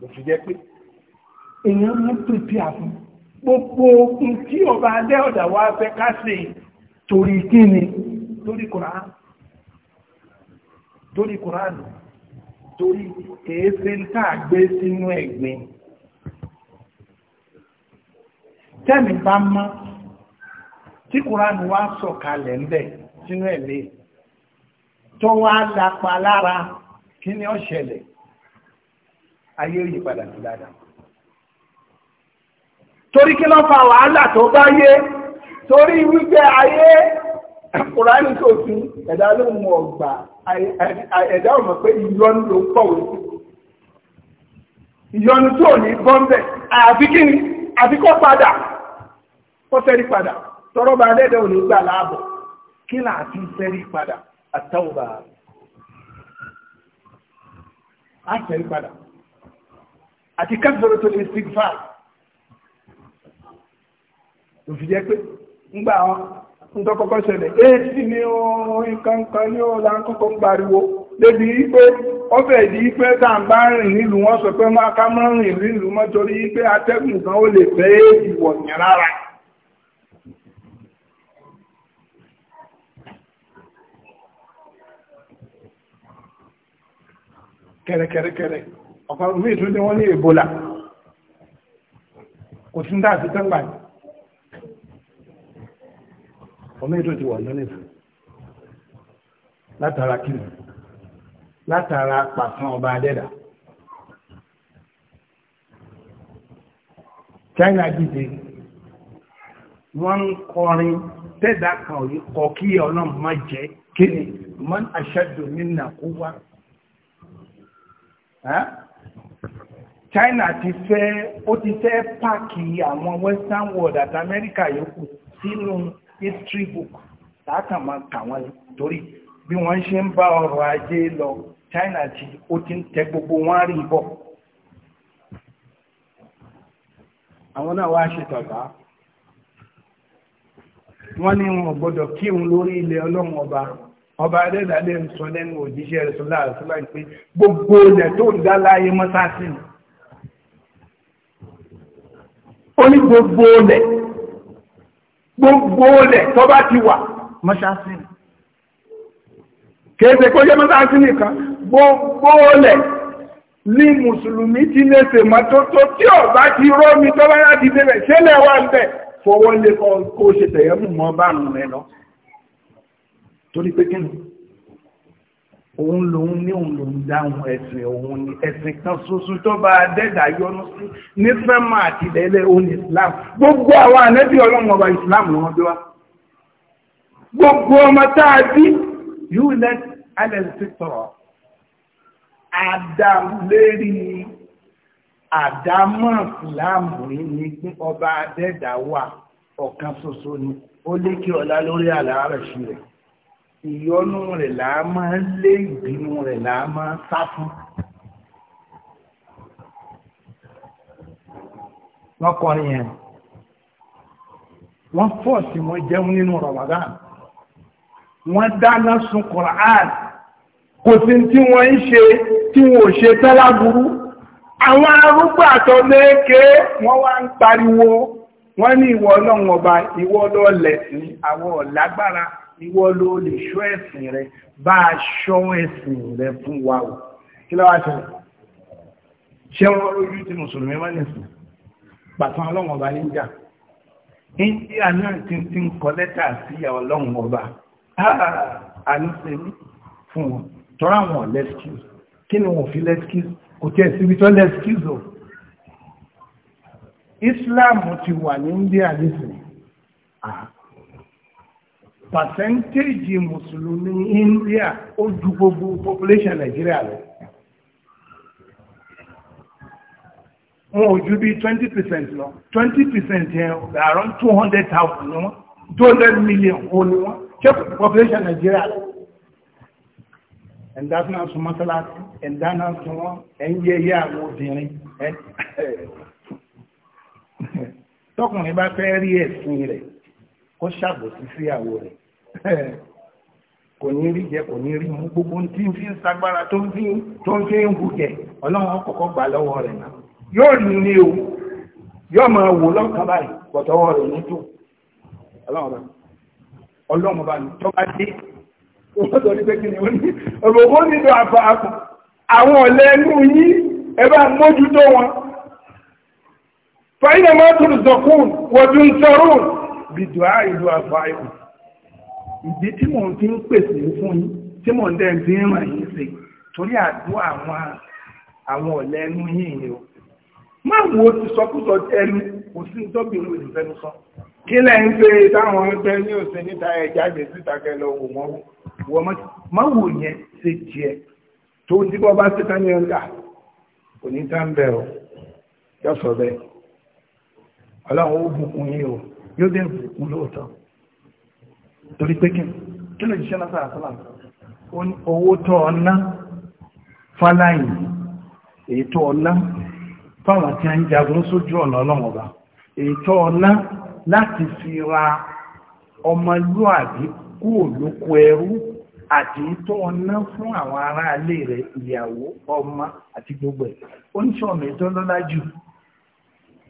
ló fi jẹ́ pé èèyàn mú pèpè àfún gbogbo ohun tí ọba alẹ́ ọ̀dà wa fẹ́ ká ṣe torí kí ni lórí kùránù lórí kùránù torí èéfé ń gbé sínú ẹ̀gbin tẹ́mi bá mọ́ tí kùránù wá sọ̀kalẹ̀ ńbẹ̀ sínú ẹ̀mí tó wá lápa lára kí ni ó ayé yìí padà sí dáadáa torí kí ló fa wàhálà tó bá yé torí wípé ayé kùránì tó fi ẹ̀dá ló mọ̀ ọ̀gbà ẹ̀dá ọ̀mọ̀ pé ìyọnu ló kọ̀wé sí ìyọnu tó ní bọ́m̀bẹ̀ àbí kí ni àbí kọ́ padà kọ́ tẹ́rí padà tọrọ bá lẹ́dẹ̀ ò ní gbà láàbọ̀ kí là á ti tẹ́rí padà àtàwọn bá a tẹ́rí padà àti kẹfìsọ̀rọ̀ tó lè stigfà òfìjẹ́ pé ńgbà wọn ń tọ́kọ́kọ́ ṣẹlẹ̀ èsì ni orin kankan ní ọ̀la ń kọ́kọ́ ń gbariwo débi pé ó fẹ́ di pé tá à ń bá rìn nílùú wọn sọ pé máa ká mọ́ rìn nílùú mọ́ torí pé atẹ́gùn kan ó lè fẹ́ èdè wọ̀nyẹn rárá. kẹrẹkẹrẹkẹrẹ ọ̀kan omi ìtún tí wọ́n ní Ebola kò tún dá àti tẹ́ngbà ní omi ìtún ti wà lónìí látara kí látara pàtàn ọba adẹ́dà China dìde wọ́n ń kọrin tẹ́dà kan òyìn kọ kí ọlọ́run má jẹ́ kí ni man ashaddu minna quwwa ha China ti fẹ́ ó ti fẹ́ paaki àwọn western world àti America yòókù sínú history book láàkà máa kà torí bí wọ́n ṣe ń bá ọrọ̀ ajé lọ China ti ó ti ń tẹ gbogbo wọn rí àwọn náà wá ṣe tọ̀gá ní wọn lórí ọba ọba ń sọ gbogbo tó dá ó ní gbogbo olẹ̀ gbogbo olẹ̀ tó bá ti wà mọ́ṣáṣí kéèsè kó jẹ́ mọ́ṣáṣí nìkan gbogbo olẹ̀ ní mùsùlùmí ti lè fè mọ́tótó tí ò bá ti rómi tó bá láti débẹ̀ ṣẹlẹ̀ wà ń bẹ̀ fọwọ́ lé kó ṣe tẹ̀yẹ́mù mọ́ bá rùn rẹ lọ torí pé kí ni òun lòun ní òun lòun dáhùn ẹ̀sìn òun ni ẹ̀sìn kan ṣoṣo tó bá dẹ́dà yọnu sí ní fẹ́mà àti ìdẹ́lẹ̀ òun islam gbogbo àwọn ànẹ́bí ọlọ́run ọba islam ni wọ́n bí wá gbogbo ọmọ tá a bí yóò lẹ́ alẹ́sì sọ̀rọ̀ adam lérí àdámọ́ ìsìláàmù ní pé ọba dẹ́dà wà ọ̀kan ṣoṣo ni ó lékè ọlá lórí àlàárẹ̀ sí rẹ̀ ìyọnu rẹ̀ là á máa ń lé ìbínú rẹ̀ là á máa ń sá fún. wọ́n kọrin yẹn wọ́n fọ́ọ̀sì wọn jẹun nínú Ramadan wọ́n dáná sun Quran kò sí tí wọ́n ń ṣe tí wọ́n ò ṣe tẹ́lágúrú àwọn arúgbó àtọ́ wọ́n wá ń pariwo wọ́n ní ìwọ ọlọ́run ọba ìwọ ọlọ́ọ̀lẹ̀ sí àwọn ọ̀lágbára ìwọ ló lè ṣọ́ ẹ̀sìn rẹ bá a ṣọ́ ẹ̀sìn rẹ fún wa o kí ló wá ṣẹlẹ̀ ṣé wọ́n rójú tí mùsùlùmí wọ́n nìsín bàtàn ọlọ́run ọba níjà india náà ti ti ń kọ lẹ́tà sí ọlọ́run ọba àníṣẹ́ni fún wọn tọ́ra wọn lẹ́skíù kí ni wọ́n fi lẹ́skíù kò tẹ́ síbi tó lẹ́skíù o islam ti wà ní india nísìn percentage mùsùlùmí India ó ju gbogbo population Nigeria lọ wọn ò ju bí twenty percent lọ twenty percent yẹn around two hundred thousand ni wọn two hundred million wo ni wọn check population Nigeria lọ ẹ̀dá náà sún mọ́sálásí ẹ̀dá náà sún wọn ẹ̀yẹ yẹ àwọn obìnrin tọkùnrin bá fẹ́ rí ẹ̀sìn rẹ̀ kó ṣàbòsí síyàwó rẹ̀ kò ní rí jẹ kò ní rí mú gbogbo tí ń fi ń sagbára tó ń fi ń hù jẹ ọlọ́run kọ́kọ́ gbà lọ́wọ́ rẹ̀ náà yóò rí ní o yóò máa wò lọ́kàn báyìí pọ̀tọ́wọ́ rẹ̀ ní tó ọlọ́run bá ní tọ́ bá dé òwòtò ní pé kí ni ó ní òbòbó nílò àfààfà àwọn ọ̀lẹ́ ẹnu yí ẹ bá mójútó wọn fàyínà mọ́tò zọkùn wọ̀dùn sọrùn bìdùá ìlú àfà ìkù ìdí tí mò ń fi ń pèsè fún yín tí mò ń dẹ̀ fi ń ràn yín sí torí àdúrà àwọn àwọn ọ̀lẹ́ ẹnu yín ni o máa wo ti sọkúsọ ẹnu kò sí tóbìnrin olùfẹ́nu sọ kí lẹ́ ń pé táwọn ẹgbẹ́ ní òsè níta ẹ̀já ìgbè síta kẹlọ wò wọ́n wọ́n máa wò yẹn ṣe tiẹ̀ tó ti bọ́ bá ṣe tán ní ẹ̀ńgà kò ní tá ń bẹ̀rù ọlọ́run ó bùkún yín o yóò dẹ̀ bùkún lóòótọ́ torí pé kí kí lè jíṣẹ́ lásán àtọ́là owó tọ́ ọ̀nà fáláyìn èyí tọ́ ọ̀nà fáwọn tí a ń jagun sójú ọ̀nà ọlọ́wọ̀n ọba èyí tọ́ ọ̀nà láti fi ra ọmọlúàbí kúrò lóko ẹrú àti tó ọ̀nà fún àwọn aráalé rẹ̀ ìyàwó ọmọ àti gbogbo ẹ̀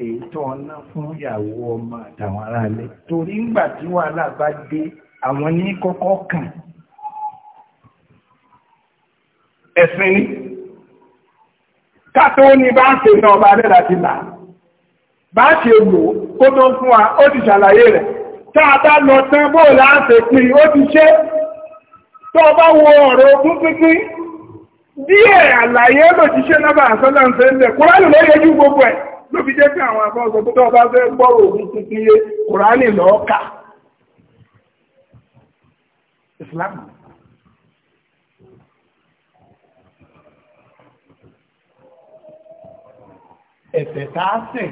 èyí tó ọ̀nà fún ìyàwó ọmọ àtàwọn aráalé torí ńgbà tí wàhálà bá dé àwọn ní kọ́kọ́ kàn ẹ̀sìn ni kátó ní bá ń pè náà ọba adẹ́dà ti là bá ṣe lò kó tó fún wa ó ti ṣàlàyé rẹ̀ tá a bá lọ tán bóòlù á ṣe pin ó ti ṣe tó o bá wo ọ̀rọ̀ ogún pínpín díẹ̀ àlàyé lòjíṣẹ́ náà bá àṣọ́lá ń fẹ́ ń bẹ̀ kúránù ló yẹjú gbogbo ẹ̀ ló fi jẹ́ pé àwọn afọ́sọ tó tọ́ bá fẹ́ gbọ́rọ̀ òun tuntun yé Islam ẹ̀fẹ̀ tá a sìn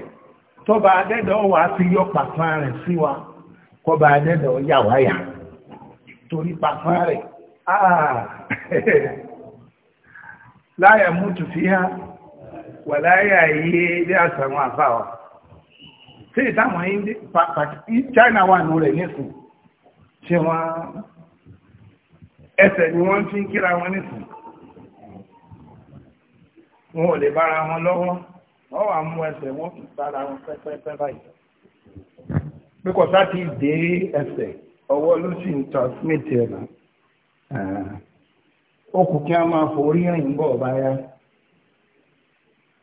yọ rẹ̀ sí wa adẹ́dọ̀ torí rẹ̀ ah, fi hàn wà láyà yé ilé àtàwọn àfà wa tí ìtàwọn China wà nù rẹ̀ nísìn ṣe wọ́n ẹsẹ̀ ni wọ́n fi ń kíra wọn nísìn wọn ò lè bára wọn lọ́wọ́ wọ́n mú ẹsẹ̀ wọ́n fi sára wọn
pẹ́pẹ́pẹ́ báyìí
pé kò dé ẹsẹ̀ ọwọ́ ló sì ń transmit ẹ̀ náà ó kù kí a máa forí ẹ̀yìn bọ̀ báyá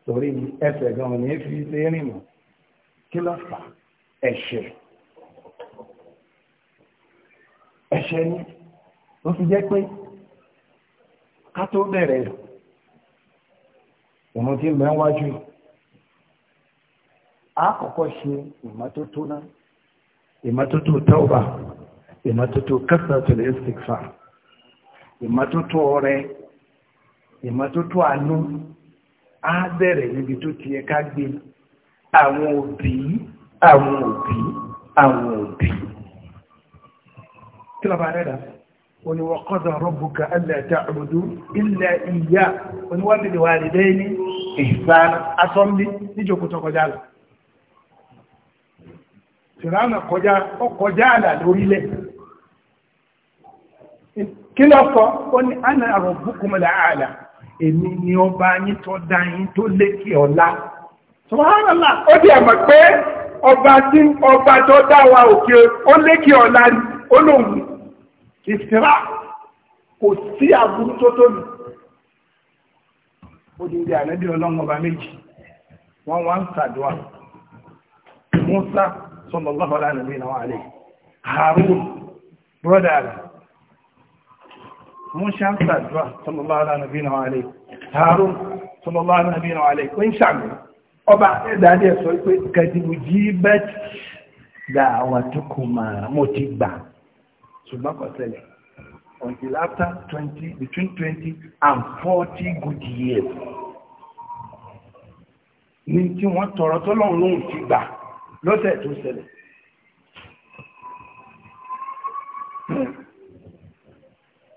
torí ẹsẹ̀ gan ní fi lé rìn mọ́ kí ló fà ẹ̀ṣẹ̀ ẹ̀ṣẹ̀ ni ló fi jẹ́ pé ká tó bẹ̀rẹ̀ ìmọ̀ tí mẹ́ wájú a kọ́kọ́ ṣe ìmọ́tótó náà ìmọ́tótó tọ́wà ìmọ́tótó kẹsàtòlẹ̀ istighfar ìmọ́tótó ọrẹ ìmọ́tótó àánú á bẹ̀rẹ̀ níbi tó ti yẹ ká gbé àwọn òbí àwọn òbí àwọn òbí kí lọ́ba rẹ̀ dà oníwọ̀kọ́dọ̀ rọ́bùkà aláta àrùdú ilẹ̀ ìyá oníwàbìlìwà àrídẹ́ ní ìsára asọ́mbí níjòkútọ̀ kọjá lọ. tìránà kọjá ó kọjá àlà lórílẹ̀ kí lọ́kọ́ ó ní àná àrùbùkùnmọ̀lá àlà èmi ni ọba yín tó dá yín tó lékè ọlá sọ́hánàlá ó dẹ̀ pé ọba tí ọba dá wa òkè ó lékè ọlá ni ó ìsìnrá kò sí àbúrú tó tóbi ó di ìdí ànábì ọlọ́run ọba méjì wọ́n wá ń ṣàdúrà Musa sallallahu Harun Musa ṣàdúrà sallallahu ala nabina wa alayhi Harun sallallahu ala nabina wa alayhi kò ń ṣàmì ọba ẹ̀dàdì ẹ̀sọ́ pé kàdìbò jí bẹ́ẹ̀tì dáàwà tó kò máa mo ti gbà ṣùgbọ́n kò ṣẹlẹ̀ until after twenty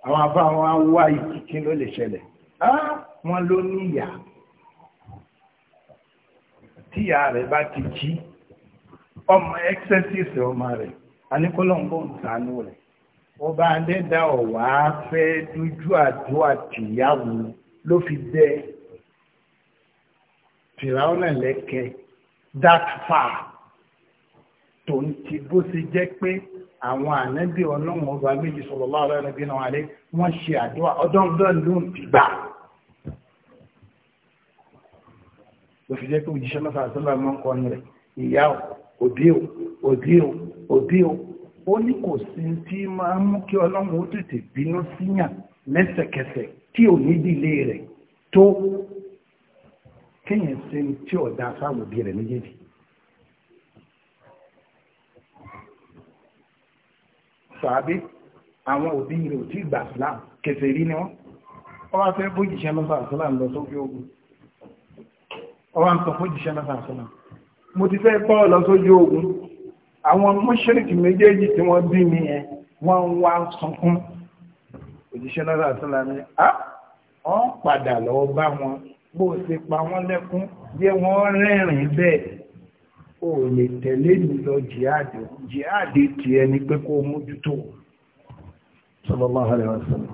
àwọn afá wọn wá ìkìkí ló lè ṣẹlẹ̀ wọ́n ló ní ìyá tí ìyá rẹ̀ bá ti jí ọmọ ẹ́kṣẹ́sìsì ọmọ rẹ̀ aníkọ́lọ́mbọ̀ ń sànú rẹ̀ ó bá dẹ́dà ọ̀wá fẹ́ dójú àdó àtìyàwó ló fi bẹ́ fìràwọ́nà lẹ́kẹ́ that far tòun ti bó ṣe jẹ́ pé àwọn ànábì ọlọ́run ọba méjì sallallahu alaihi wa sallam wọ́n ṣe àdúrà ọdọ́ọdún ló ń gbà ló fi jẹ́ pé òjíṣẹ́ náà sàtọ́lá mọ́ ń kọrin rẹ̀ ìyá ò òbí ò òbí ò òbí ò ó ní kò sí tí máa mú kí ọlọ́run ó tètè bínú síyàn lẹ́sẹ̀kẹsẹ̀ tí ò ní dìlé rẹ̀ tó kéèyàn ṣe tí ọ̀dà sáwọn rẹ̀ méjèèjì sàábé àwọn òbí rẹ̀ ò tí gbà islam kẹsẹ̀ rí ni wọ́n wọ́n wá fẹ́ bójìṣẹ́ lọ́sà àṣọ́là lọ sókè ogun wọ́n wá ń sọ bójìṣẹ́ lọ́sà àṣọ́là mo ti fẹ́ bọ́ lọ sójú ogun àwọn mọ́ṣẹ́rìkì méjèèjì tí wọ́n bí mi ẹ wọ́n ń wá sunkún òjíṣẹ́ lọ́sà àṣọ́là ni a wọ́n padà lọ bá wọn bó ṣe pa wọ́n lẹ́kún jẹ́ wọ́n rẹ́rìn bẹ́ẹ̀ o lè tẹ̀lé mi jiade jihadi jihadi ti ẹni pé kó mójútó sallallahu alaihi wasallam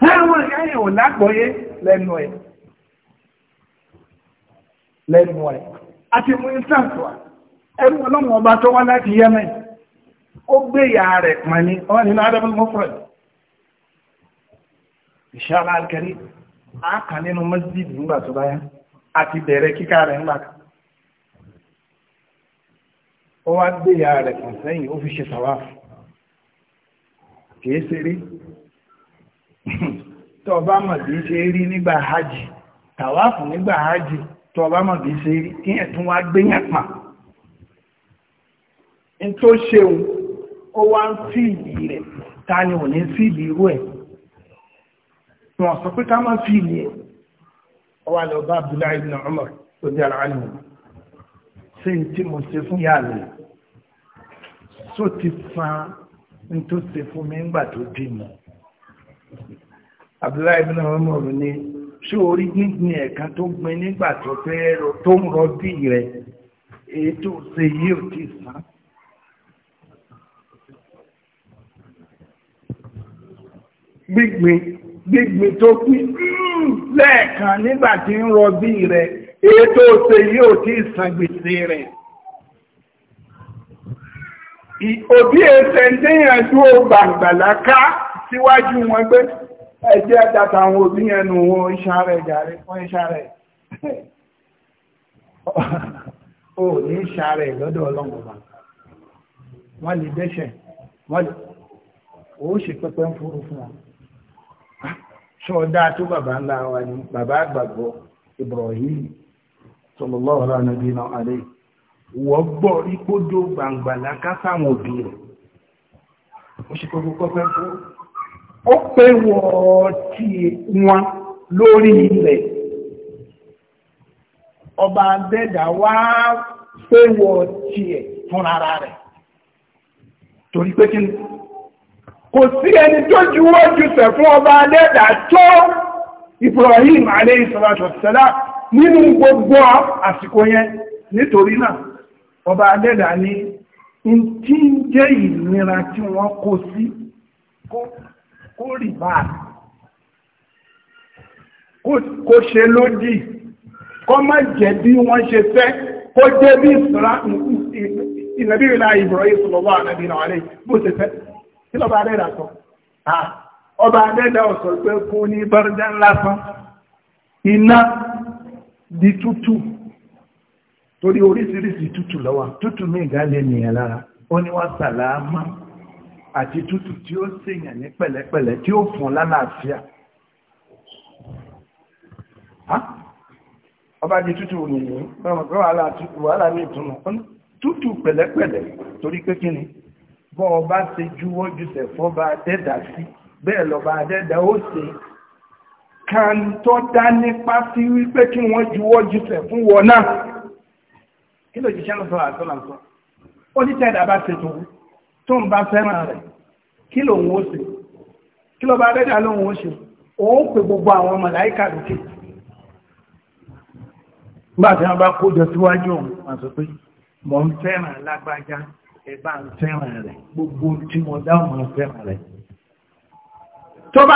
táwọn ìyáyẹ̀ ò lágbọ́yé lẹ́nu ẹ̀ lẹ́nu ẹ̀ àti mú ìsànfà ẹrù ọlọ́mọ ọba tó wá láti Yemen ó gbé ìyá rẹ̀ pọ̀ ní ọwọ́ nínú adabul mufrad insha Allah al a kà nínú masjid ó wá gbé ìyá rẹ̀ kàn sẹ́yìn ó fi ṣe sàwáfù kìí ṣeré tó bá mọ̀ kìí ṣe rí nígbà hajj tàwáfù nígbà hajj tó bá mọ̀ kìí ṣe rí kí ẹ̀ tún wá gbéyàn pa n tó ṣeun ó wá ń fìlì rẹ̀ ta ni ò ní fìlì irú ẹ̀ wọ́n sọ pé ká má fìlì ẹ̀ ó wá lọ bá Abdullahi ibn Umar tó jẹ́ ara ànìyàn sí ti mo ṣe fún yàrá
só ti san ní
tó ṣe fún mi ńgbà tó dì mọ́ Abdullahi ibn Umar ní ṣé orí gbígbin ẹ̀kan tó gbin nígbà tó fẹ́ tó ń rọbí rẹ̀ èyí tó ṣe yìí ò ti san. gbígbin gbígbin tó pín hmm, lẹ́ẹ̀kan nígbà tí ń rọbí rẹ̀ èyí tó ṣe yìí ò ti san gbèsè rẹ̀ òbí ẹsẹ̀ déyàn dúró gbàǹgbàláká síwájú wọn gbé ẹjẹ́ àtàtà àwọn òbí yẹn nù wọn iṣẹ́ rẹ̀ jàre fún iṣẹ́ rẹ̀ ò ní iṣẹ́ rẹ̀ lọ́dọ̀ ọlọ́mọba wọ́n lè dẹ́ṣẹ̀ wọ́n lè ó ṣe pẹ́pẹ́ ń fúru fún wọn ṣọ́ọ́dá tó bàbá ńlá wa ni bàbá àgbàgbọ́ Ibrahim sallallahu alaihi wa sallam wọ́n gbọ́ ipódó gbàǹgbàlá kásáwọn òbí rẹ̀ ó ṣe fún ó pé wọ́n ti wọn lórí ilẹ̀ ọba rẹ̀ torí pé kí kò sí ẹni tó juwọ́ jùsẹ̀ Ibrahim salatu nínú gbogbo àsìkò yẹn nítorí náà ọba adẹ́dà ní tí ń jẹ́ ìnira tí wọ́n kó sí kó rí bá kó ṣe lódì kó má jẹ́ bí wọ́n ṣe fẹ́ kó jẹ́ bí ìnàbírílà Ibrahim sọlọ́wọ́ ànàbírílà wà lè bó ṣe fẹ́ kí lọ́ba adẹ́dà sọ ọba adẹ́dà ọ̀sọ̀ pé kó ní bọ́rọ̀dá lásán iná di tútù torí oríṣiríṣi tútù lọ́wà tútù mí ìgálẹ̀ ènìyàn lára ó ní wá sàlámà àti tútù tí ó sèyàn ní pẹ̀lẹ́pẹ̀lẹ́ tí ó fún lálàáfíà ọba di tútù òyìnbó ọmọkọ wàhálà ní ìtumọ̀ tútù pẹ̀lẹ́pẹ̀lẹ́ torí pé kí ni bọ́ ọba ṣe juwọ́ jùsẹ̀ fọ́ba dẹ́dà sí bẹ́ẹ̀ lọ́ba dẹ́dà ó ṣe kàńtọ́ dá nípa sí wípé kí wọ́n juwọ́ jùsẹ̀ fún wọn náà kí ló jíṣẹ́ lọ́sọ̀ àtọ́nà sọ ó ní tẹ́ẹ̀dá bá ṣe tó tó ń bá fẹ́ràn rẹ̀ kí ló ń ó ṣe kí ló bá rẹ́dà ló ń ó ṣe òun pè gbogbo àwọn màláíkà lókè nígbà tí wọ́n bá kójọ síwájú òun wọ́n sọ pé mọ̀ ń fẹ́ràn lágbájá ẹ ń fẹ́ràn rẹ̀ gbogbo tí mo dáhùn ń fẹ́ràn rẹ̀ tọ́ba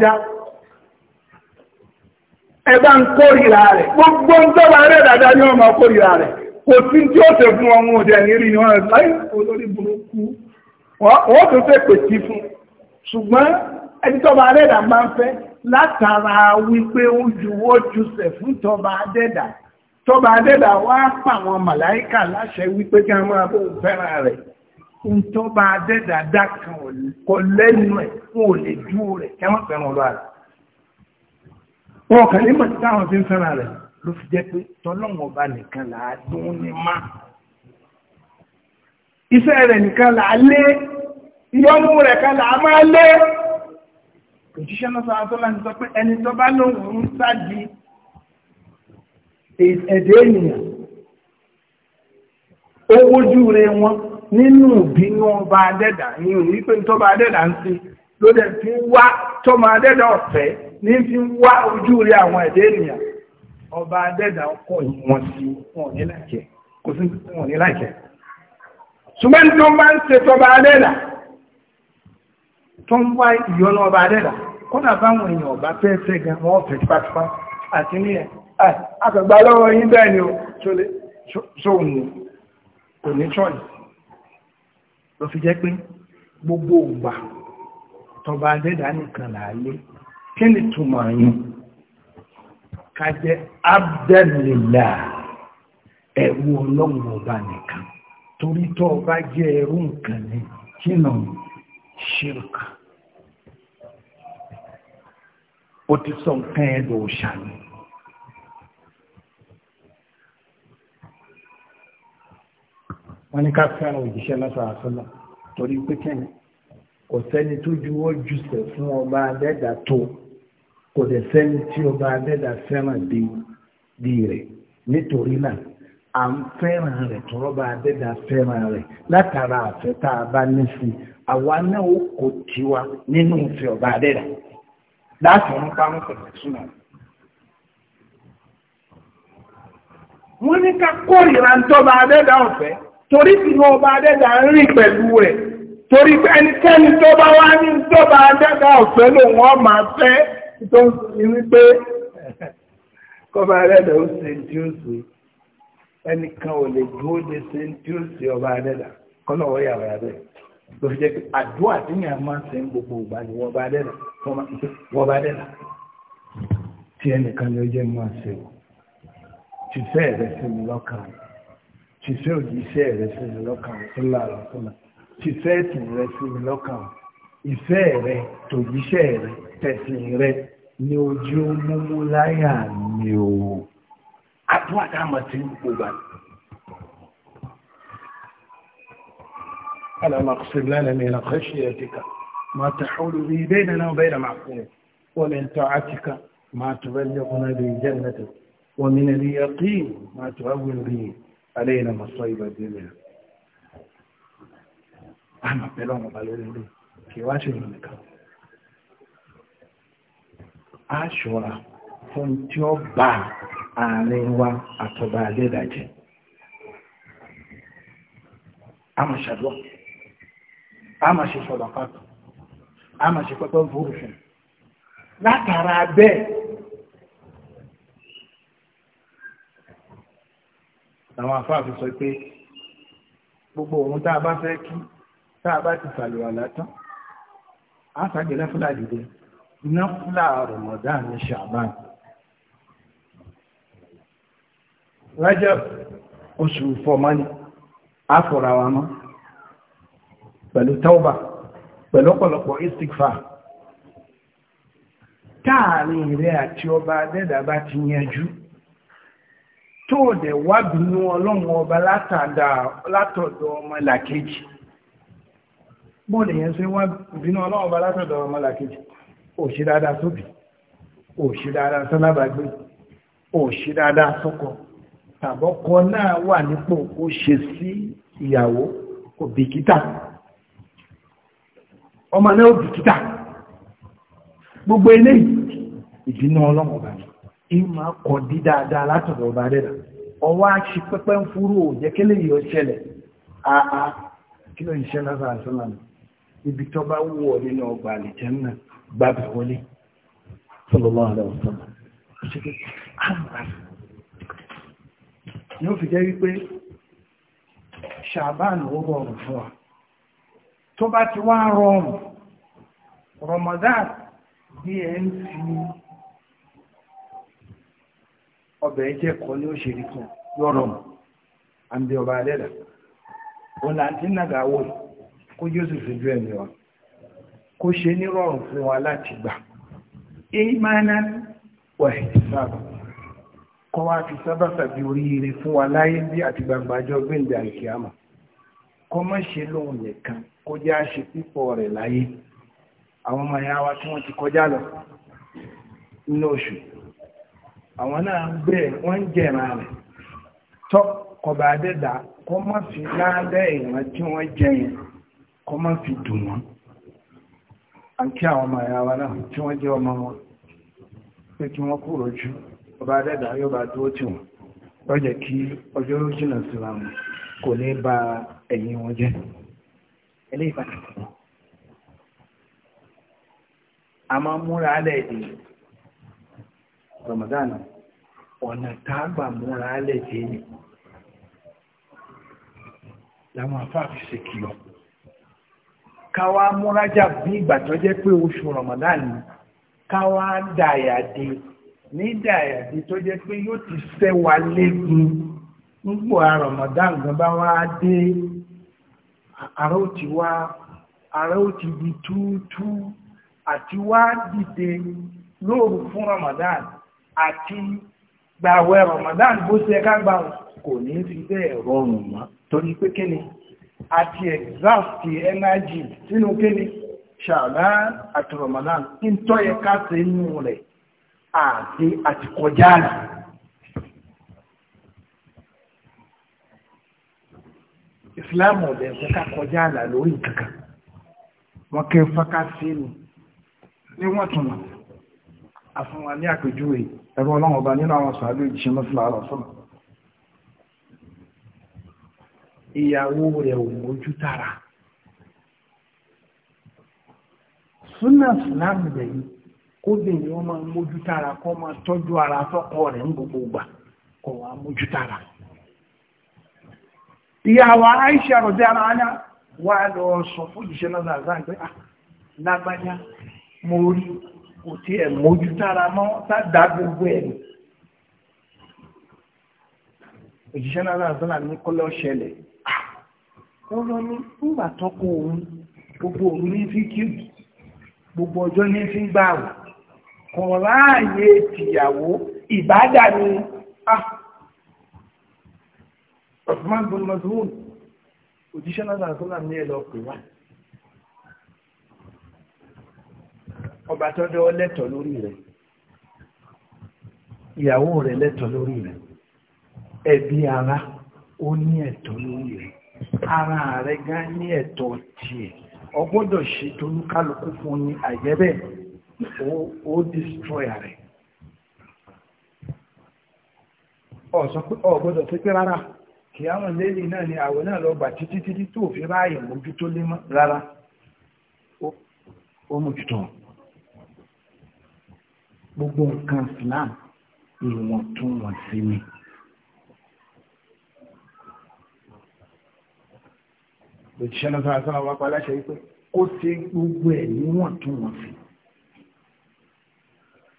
dẹ̀ ẹ̀bá ń kórìíra rẹ̀ gbogbo ń tọ́ba rẹ̀ dáadáa ní ọmọ kórìíra rẹ̀ kò sí tí ó tẹ̀ fún ọmọ òdẹ̀ ní rí ni wọ́n láì olórí burúkú wọ́n tó fẹ́ pè sí fún ṣùgbọ́n ẹni tọ́ba rẹ̀ dà máa ń fẹ́ látara wípé ó juwọ́ jùsẹ̀ fún tọ́ba adẹ́dà tọ́ba adẹ́dà wá pa àwọn màláìkà láṣẹ wípé kí a máa bó fẹ́ràn rẹ̀ ń tọ́ba adẹ́dà dá kọ lẹ́nu ẹ̀ fún òlè dúró rẹ̀ kí a máa fẹ́ràn ọlọ́run wọn kàn ní mọ̀tí táwọn fi ń sára rẹ̀ ló fi jẹ́ pé tọ́lọ́wọ̀n ọba nìkan làá dún ní má iṣẹ́ rẹ̀ nìkan làá lé ìyọ́nú rẹ̀ kan làá máa lé òjíṣẹ́ náà sọ àtọ́lá ti sọ pé ẹni tó bá lóhùn ń sáàdì ẹ̀dẹ́ ènìyàn ó wójú rẹ̀ wọn nínú ìbínú ọba adẹ́dà ní òní pé tó adẹ́dà ń sí ló dẹ̀ wá tó adẹ́dà ọ̀fẹ́ ní fi wá ojú rí àwọn ẹ̀dẹ́ ènìyàn ọba adẹ́dà ọkọ̀ ìwọ̀n sí wọn ní láìkẹ́ kò sí wọn ní láìkẹ́ ṣùgbọ́n tó bá ń ṣe tọba adẹ́dà tó ń wá ìyọnu ọba adẹ́dà kọ́nà báwọn èèyàn ọba fẹ́ fẹ́ gan wọ́n fẹ́ tipátipá àti ní ẹ̀ àgbàgbà lọ́wọ́ yín bẹ́ẹ̀ ni ó ṣóun ni kò ní ṣọ́ọ̀lì lọ fi jẹ́ pé gbogbo ògbà tọba adẹ́dà nìkan là á lé kí ni túmọ̀ yín ká jẹ́ abdẹ́lélà ẹ̀wù ọlọ́run ọba nìkan torí tọ́ ọba jẹ́ ẹrú nǹkan ní kínà ṣírkà ó ti sọ nǹkan ẹ̀dọ̀ òṣàlẹ̀ wọ́n ní ká fẹ́ràn òjíṣẹ́ lọ́sọ̀ àṣọ́lá torí pé kẹ́ni kò sẹ́ni tó juwọ́ jùsẹ̀ fún ọba adẹ́dà tó kò dẹ̀ sẹ́ni tí ọba adẹ́dà fẹ́ràn bí bí rẹ̀ nítorí náà à ń fẹ́ràn rẹ̀ tọ́rọ́ba adẹ́dà fẹ́ràn rẹ̀ látara àfẹ́ tá a bá ní sí àwa náà ó kò tiwa nínú ìfẹ́ ọba adẹ́dà láti ọ̀run pamọ́ pẹ̀lú súnmọ́. wọ́n ní ká kórìíra ń tọ́ba adẹ́dà ọ̀fẹ́ torí tí wọ́n bá adẹ́dà ń rìn pẹ̀lú rẹ̀ torí pé ẹnikẹ́ni tó bá wá ní tọ́ba adẹ́dà ọ̀fẹ́ lòun ọ̀ máa fẹ́ tó ń wípé kọba rẹ̀dà ó ṣe tí ó ṣe ẹnìkan ò lè dúró lè ṣe tí ó ṣe ọba rẹ̀dà kọ́lọ̀wọ́ yàrá rẹ̀ tó fi jẹ́ pé àdúrà tí ní a máa ṣe ń gbogbo ìgbà ni wọ́n bá rẹ̀dà wọ́n bá rẹ̀dà tí ẹnìkan ló jẹ́ máa ṣe o tìṣẹ́ rẹ̀ sí mi lọ́kàn tìṣẹ́ òjíṣẹ́ rẹ̀ sí mi lọ́kàn tó lára fún mi tìṣẹ́ ẹ̀sìn rẹ̀ sí mi lọ́kàn ìfẹ́ rẹ̀ tòjíṣẹ́ rẹ̀ tẹ̀sìn rẹ ní ojú múmú láyà mi ò àdúrà dáàmà tí ń gbogbo àná. اللهم اقسم لنا من خشيتك ما تحول به بيننا وبين معصيتك ومن طاعتك
ما تبلغنا به جنتك ومن اليقين ما تهون به علينا مصيبة الدنيا أما بلوم بلوم كي واشر منك
á ṣọ́ra fún tí ó bá àárín wa àtọ̀bà àdẹ́dàjẹ́ a máa ṣàdúrà a máa ṣe sọ̀rọ̀ pàtó a máa ṣe pẹ́pẹ́ búrú fún látara bẹ́ẹ̀ àwọn àfáàfin sọ pé gbogbo ohun tá bá fẹ́ kí tá bá ti sàlùwà látán a sàgbé dìde Nafla Ramadan ní Ṣàbán Rajab oṣù fọmọ́ni àfọ̀rà wa mọ́ pẹ̀lú tauba pẹ̀lú ọ̀pọ̀lọpọ̀ istikfa táàrin rẹ̀ àti ọba adẹ́dàbá ti yanjú tó dẹ̀ wábìnú ọlọ́run ọba látọ̀dọ̀ ọmọ làkejì bóòlù yẹn sí wábìnú ọlọ́run ọba látọ̀dọ̀ ọmọ làkejì òṣì dáadáa sóbì òṣì dáadáa sálábàgbé òṣì dáadáa sọ́kọ tàbọ́kọ náà wà nípò ó ṣe sí ìyàwó kò ọmọ náà gbogbo eléyìí ìdínà ọlọ́run ọba ìmọ̀ akọ dí dáadáa látọ̀dọ̀ ọba rẹ̀ ọwọ́ àṣì pẹ́pẹ́ ń fúrú òjẹ́kẹ́lẹ́ yìí ṣẹlẹ̀ àà kí ṣẹlẹ̀ sọ́lá ibi tó bá wù ọ nínú ọgbà àlìjẹ́ gbàgbà wọlé sallallahu alaihi wasallam yóò fi jẹ́ wípé ṣàbáàlù ó rọrùn fún wa tó bá ti wá rọrùn Ramadan bí ẹ ń fi ọbẹ̀ ẹjẹ́ kọ́ ní òṣèré kan yọ̀rọ̀ mọ́ kó ṣe nírọ̀rùn fún wa láti gbà imanan wa ihtisaba kọ́ wá fi sábàfà bí oríire fún wa láyé bí àti gbangbàjọ́ gbẹ̀ǹdẹ̀ àìkíyàmà kọ́ mọ́ ṣe lóhun nìkan kó jẹ́ àṣẹ pípọ̀ rẹ̀ láyé àwọn ọmọ ìyá wa tí wọ́n ti kọjá lọ nínú oṣù àwọn náà ń bẹ́ẹ̀ wọ́n ń jẹ̀ràn rẹ̀ tọ́ kọba adẹ́dà kọ́ mọ́ fi láàbẹ̀ ìrántí wọ́n jẹ yẹn kọ́ mọ́ fi dùn wọ́n àǹkí àwọn ọmọ ẹ̀yà náà tí wọ́n jẹ́ ọmọ wọn pé kí wọ́n kúrò jù ọba adẹ́dà yóò bá tó tì wọ́n lọ́jẹ́ kí ọjọ́ jìnà síra kò ní ba ẹ̀yìn wọn jẹ́ a múra alẹ́ Ramadan ọ̀nà tágbà múra alẹ́ ni làwọn káwá múrájà bí ìgbà tó jẹ́ pé oṣù Ramadan ni káwá dàyàdé ní dàyàdé tó jẹ́ pé yóò ti ṣẹ́ wa léegun nígbò Ramadan gan bá wá dé ara ó ti wá ara ó ti di túútú àti wá dìde lóòrù fún Ramadan àti gbàwẹ̀ Ramadan bó ṣe ká gbà kò ní fi bẹ́ẹ̀ rọrùn mọ́ torí pé kí àti exhaust energy sínú kíni ṣàlán àti Ramadan ń tọ́yẹ káàkiri inú rẹ̀ àti àtikọjá rẹ̀ Islam ọ̀dẹ̀ ẹ̀fẹ́ kákọjá àlà lórí kankan wọ́n kẹ́ fákà sí ni níwọ̀ntúnwọ̀n àfihàn ní àpèjúwe ẹ̀rọ ọlọ́run ọba nínú àwọn sàádù ìjíṣẹ́ mọ́sílá àrọ̀ sọ́nà ìyàwó rẹ̀ ò mójú tara súnà islam lẹ́yìn kóbìnrin wọn máa mójú tara kó máa tọ́jú ara tọ́kọ rẹ̀ ń gbogbo gbà wá ìyàwó Aisha ara ányá wà lọ sọ fún ìṣẹ́ náà ah, lágbájá mo rí kò tí ẹ̀ mójú tara mọ́ sádà gbogbo ẹ̀ wọ́n lọ ní fúngbà tọ́kọ òun gbogbo òun ní fi kí gbogbo ọjọ́ ní fi gbà wò kò ráàyè tìyàwó ìbádà ni ah! Osman bin Mazun òjíṣẹ́ náà tó náà ní ẹ̀ lọ pè wá ọba tọ́jọ́ lẹ́tọ̀ lórí rẹ̀ ìyàwó rẹ̀ lẹ́tọ̀ lórí rẹ̀ ẹbí ara ó ní ẹ̀tọ́ lórí rẹ̀ ara rẹ̀ gan ní ẹ̀tọ́ tiẹ̀ ọgbọ́dọ̀ ṣètò olúkálukú fún ní àyẹ́bẹ̀ ó destroy rẹ̀ ọ̀gbọ́dọ̀ sí pé rárá kì áwọn lẹ́yìn náà ni àwẹ̀ náà lọ gbà títí títí tó fi ráàyè mójútó lé mọ́ rárá ó mójútó gbogbo nǹkan Islam ìwọ̀ntúnwọ̀nsí ni. lòjíṣẹ́ náà sọ́nà sọ́nà wá pa aláṣẹ wípé kó ṣe gbogbo ẹ̀ níwọ̀ntúnwọ̀nsì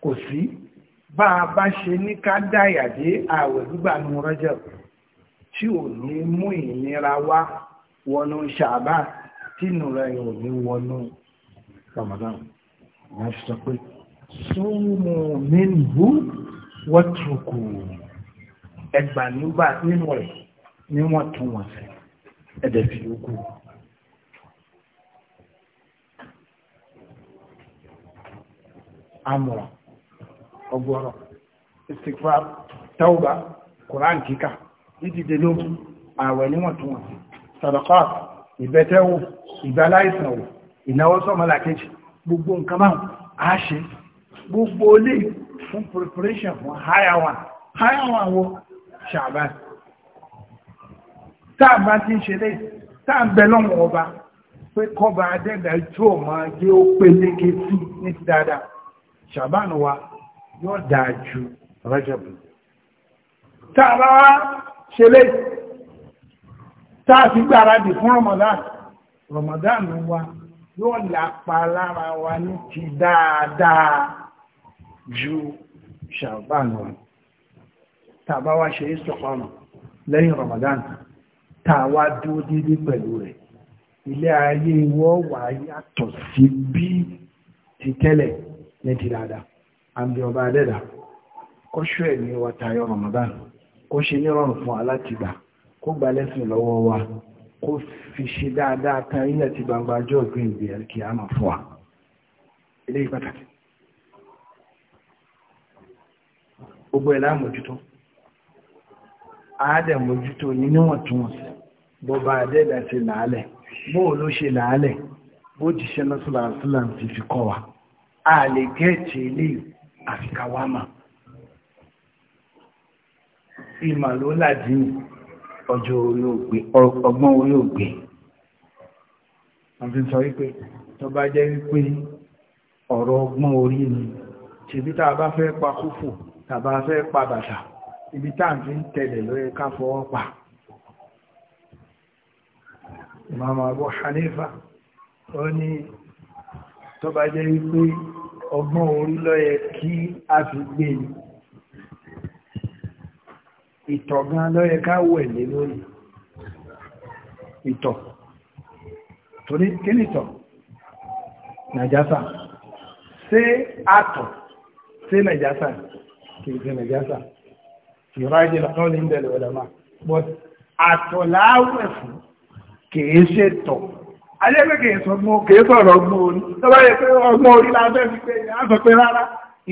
kò sí bá a bá ṣe ní ká dáyà dé ààwẹ̀ gbígbà nu rọ́jọ̀ tí ò ní mú ìnira wá wọnú ṣàbá tí ìnura ẹ̀ ò ní wọnú Ramadan wọ́n sọ pé súnmù mínú wọ́tùkù ẹgbà nígbà nínú rẹ̀
níwọ̀ntúnwọ̀nsì ẹ̀dẹ̀ fi yókù amúra
ọgbọ́rọ̀ istikfar tauba koran kíkà dídìde lóru ààwẹ̀ níwọ̀ntúnwọ̀nsì sadaqat ìbẹ̀tẹ́wò ìgbàláìsànwò ìnáwó sọ́mọlàkejì gbogbo nǹkan máa a ṣe gbogbo olè fún preparation fún higher one higher one wo ṣàbáyé táà bá ti ń ṣe lé táà ń bẹ lọ́wọ́ ọba pé kọba adẹ́gbà tí ó máa jẹ́ ó peléke sí ní ti dáadáa ṣàbánu wa
yóò dáa ju rẹ́jọ̀bù
táà bá wá gbáradì fún Ramadan Ramadan wa yóò lápa lára wa ní ti dáadáa ju ṣàbánu wa tàbá wá ṣe ìsọ̀kọ̀ọ̀nà lẹ́yìn Ramadan tá a wá dúró dédé pẹ̀lú rẹ̀ ilé ayé wọ́ wà yàtọ̀ sí bí ti tẹ́lẹ̀ ní ti dáadáa àmì ọba adẹ́dà kọ́ṣọ́ ẹ̀ ní wa tayọ Ramadan kó ṣe nírọ̀rùn fún alátìgbà kó gba lẹ́sìn lọ́wọ́ wa kó fi ṣe dáadáa ta ilé àti gbangba ọjọ́ ìgbé ìgbé kí a máa fún wa ilé pàtàkì gbogbo ẹ̀ láàmójútó àádẹ́ mójútó yìí níwọ̀ntúnwọ̀nsì bọba àdẹ́dà ti làálẹ̀ ló ṣe làálẹ̀ bó ti ṣe ti fi kọ́ wa a lè gẹ́ẹ̀tì ló ọjọ́ orí ògbé ọgbọ́n orí ògbé wọ́n fi sọ wípé tó bá jẹ́ wípé ọ̀rọ̀ ọgbọ́n orí ni bá fẹ́ pa tàbá fẹ́ pa ibi tá à ń fi ń Imam Abu Hanifa ó ní tó bá jẹ́ wípé ọgbọ́n orí lọ́yẹ kí a fi gbé ni ìtọ̀gán lọ́yẹ ká wẹ̀ lé lórí ìtọ̀ torí kí ni ìtọ̀ nàjásà ṣé àtọ̀ ṣé nàjásà kì í ṣe nàjásà ìrájì lọ́nà ní ìbẹ̀lẹ̀ but àtọ̀ láwẹ̀ fún kìí ṣètò alẹ́gbẹ́ kìí sọgbọ́n kìí sọ̀rọ̀ ọgbọ́n orí tọ́bá yẹ pé ọgbọ́n orí lábẹ́ fi pé a sọ pé rárá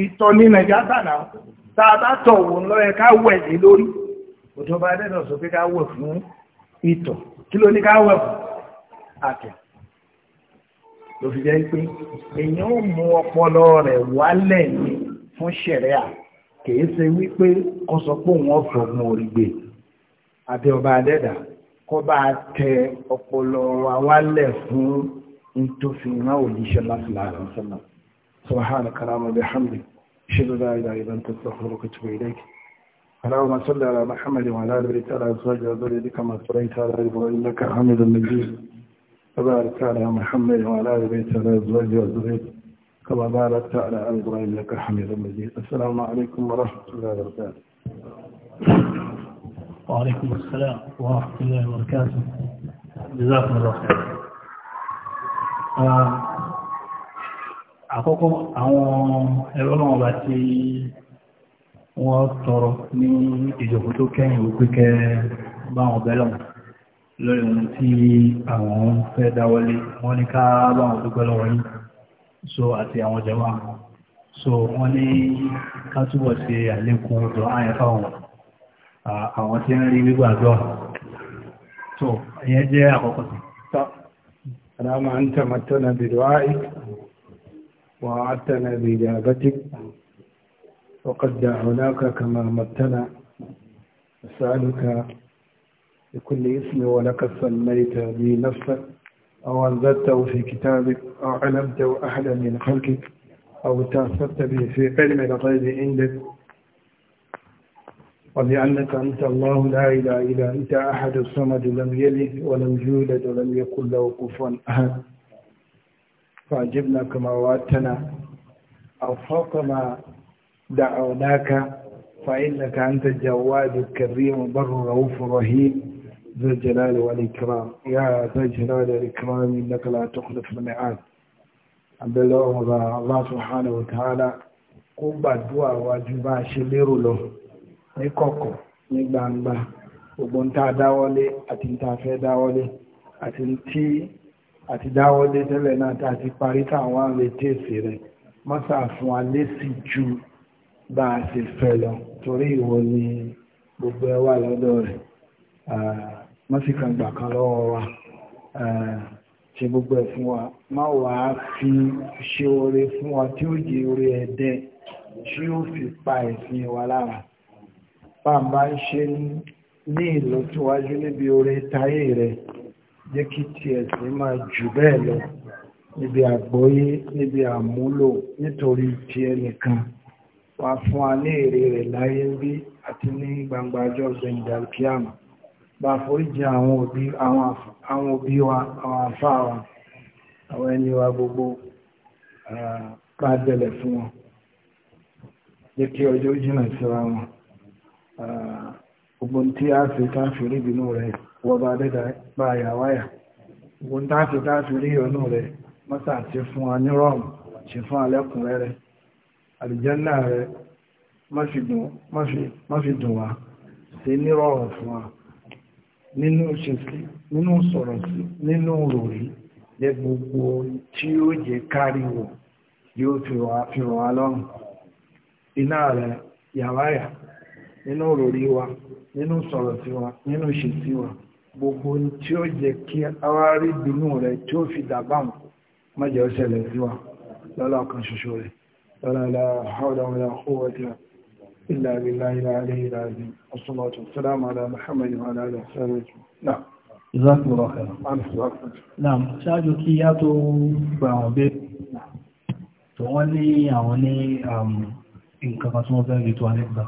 ìtọ́ ní nàìjíríà tànà tàbá tọ̀ òun lọ́yẹ ká wẹ̀ lé lórí òjọba sọ fún ìtọ̀ kí ló fún àtẹ̀ ló fi jẹ́ pé èèyàn mú ọpọlọ rẹ̀ wálẹ̀ ní fún ṣe wípé sọ pé kó bá tẹ ọpọlọ wa wálẹ̀ fún ntòfinna òjíṣẹ́ láti láàrin sọ́nà سبحانك اللهم وبحمدك اشهد ان
لا اله الا انت استغفرك واتوب اليك اللهم صل على محمد وعلى ال بيت على ازواج وذريتك كما صليت على ابراهيم انك حميد مجيد وبارك على محمد وعلى ال بيت على ازواج وذريتك كما باركت على ابراهيم انك حميد مجيد السلام عليكم ورحمه الله وبركاته وعليكم السلام ورحمة الله وبركاته جزاكم الله خير àkọ́kọ́ àwọn ẹ̀rọ náà bá tí
wọ́n tọrọ ní ìjọkù tó kẹ́yìn ó pẹ́kẹ́ bá wọn lórí ohun tí àwọn fẹ́ dáwọlé wọ́n ní ká
bá tó pẹ́lọ̀ wọ́n yìí so àti àwọn jẹ́wà so wọ́n ní ká túbọ̀ ṣe àlékún ọ̀dọ̀ àyẹ̀fà àwọn tí ń rí wígbàgbọ́ tó ẹ̀yẹn jẹ́ àkọ́kọ́ tó aláàmà ń tàmàtọ́ na bìdọ́áì وعدتنا بإجابتك وقد دعوناك كما متنا أسألك
بكل اسم ولك سميت به نفسك أو أنزلته في كتابك أو علمته أحدا من خلقك أو تأثرت به في علم الغيب عندك وبأنك أنت الله لا إله إلا أنت أحد الصمد لم يلد ولم يولد ولم يكن له كفوا أحد فأجبنا كما وعدتنا أو فوق ما دعوناك فإنك أنت الجواد الكريم البر الرؤوف الرحيم ذو الجلال والإكرام يا ذا الجلال والإكرام إنك لا تخلف الميعاد عبد الله الله سبحانه وتعالى قم بدوا واجبا شلير له ní kọ̀kọ̀ ní gbangba gbogbo ń tá a dáwọ́lé àti ń tá a fẹ́ dáwọ́lé àti ń tí àti dáwọ́lé tẹ́lẹ̀ náà tá a ti parí táwọn àwọn retí èsì rẹ̀ mọ́sà fún wa lésì ju bá a ṣe fẹ́ lọ torí ìwọ ni gbogbo ẹ wà lọ́dọ̀ rẹ̀ mọ́sìkan gbà kan lọ́wọ́ wa ṣe gbogbo ẹ̀ fún wa má wà fi ṣe oore fún wa tí ó jẹ́ oore ẹ̀dẹ́ tí ó fi pa ẹ̀sìn wa lára pàmbá ń ṣe ní ìlọsíwájú níbi oore táyé rẹ̀ jẹ́ kí ti ẹ̀sìn máa jù bẹ́ẹ̀ lọ níbi àgbọ́yé níbi àmúlò nítorí ti ẹnìkan wà fún a ní èrè rẹ̀ láyé ń bí àti ní gbangba ọjọ́ gbẹ̀ndàlkíàmù bá foríjì àwọn òbí wa àwọn àfáà wa àwọn ẹni wa gbogbo pàdẹ̀lẹ̀ fún wọn jẹ́ kí ọjọ́ jìnà síra wọn gbogbo tí a fi tá fi rí ìbínú rẹ̀ wọ́n bá dẹ́dà bá àyà wáyà gbogbo tá fi tá fi rí ìyọnú rẹ̀ mọ́sà ti fún wa ní rọ́ọ̀mù ṣe fún alẹ́kùnrẹ́ rẹ̀ àlùjánnà rẹ̀ má fi dùn wá ṣe ní rọ́ọ̀rùn fún wa nínú ṣèṣì nínú sọ̀rọ̀ sí nínú ròrí jẹ́ gbogbo tí ó jẹ́ káríwò yóò fi rọ̀ wá lọ́rùn iná rẹ̀ yàwáyà nínú òròrí wa nínú sọ̀rọ̀ sí wa nínú ṣe sí wa gbogbo tí ó jẹ kí ara rí bínú rẹ tí ó fi dàbáhùn mọ́jẹ̀ ó ṣẹlẹ̀ sí wa lọ́lá ọ̀kan ṣoṣo rẹ̀ lọ́lá aláhàwọ̀dá wọn lọ́wọ́ kówọ́tí wa ṣáájú kí yá tó
gba àwọn bẹ́ẹ̀ tó wọ́n ní àwọn ní um, nǹkan kan tí wọ́n fẹ́ rí tó alẹ́gbàá.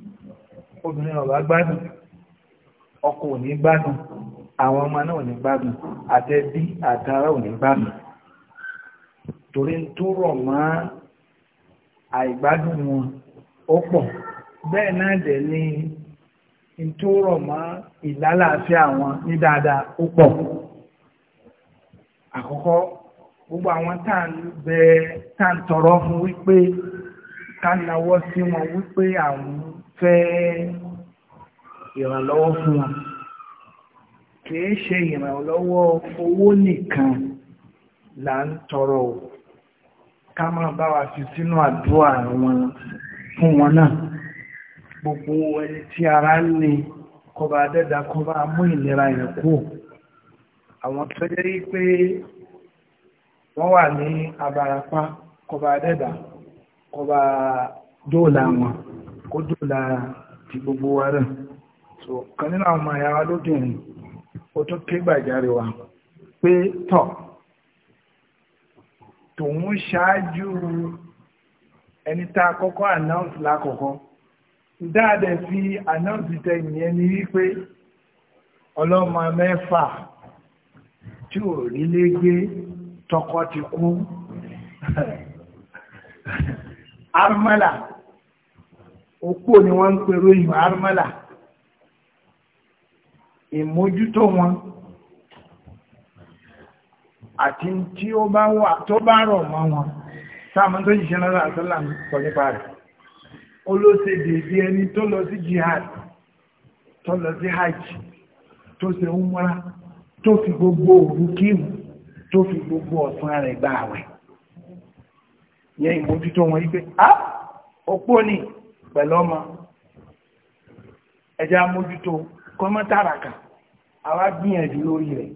obìnrin ọba gbadun ọkụ ò gbádùn àwọn ọmọ náà ní gbádùn àtẹbí àtàrà ò gbádùn torí ń tó rọ̀ mọ́ àìgbádùn wọn ó pọ̀ bẹ́ẹ̀ náà dẹ̀ ni ń tó rọ̀ mọ́ ní dáadáa ó pọ̀ àkọ́kọ́ gbogbo àwọn tá à fẹ́ ìrànlọ́wọ́ fún wa kìí ṣe ìrànlọ́wọ́ owó nìkan là ń tọrọ o ká má bá wa fi sínú àdúrà
wọn fún wọn náà
gbogbo ẹni tí ara ń ní kọba adẹ́dà kọba mú ìlera yẹn kú àwọn tó jẹ́ pé wọ́n wà ní abarapá kọba adẹ́dà kọba dóòlà wọn kó dùnlá ti gbogbo wa rẹ̀ so kan nínú àwọn ọmọ ìyáwá lóbìnrin ó tún ké gbàjáre wa pé tọ̀ tòun ṣáájú ẹni tá a kọ́kọ́ announce lákọ̀ọ́kọ́ dáadẹ̀ fi announce tẹ̀yìn yẹn ni wípé ọlọ́mọ mẹ́fà tí ò rí gbé tọkọ ti kú armala òpó ni wọ́n ń pèrò ìhùn armala ìmójútó wọn àti tí ó bá wà tó bá rọ̀ mọ́ wọn sáàmù tó jíṣẹ́ lọ́rọ̀ àtọ́là sọ nípa rẹ̀ ó ló ṣe dèbí ẹni tó lọ sí jihad tó lọ sí hajj tó ṣe umra tó fi gbogbo òru kíhù tó fi gbogbo ọ̀sán rẹ̀ gbà àwẹ̀ yẹn ìmójútó wọn yí ah òpó ni pẹ̀lú ọmọ ẹjẹ́ amójútó kọ́mọ́tàrà kan àwa gbìyànjú lórí rẹ̀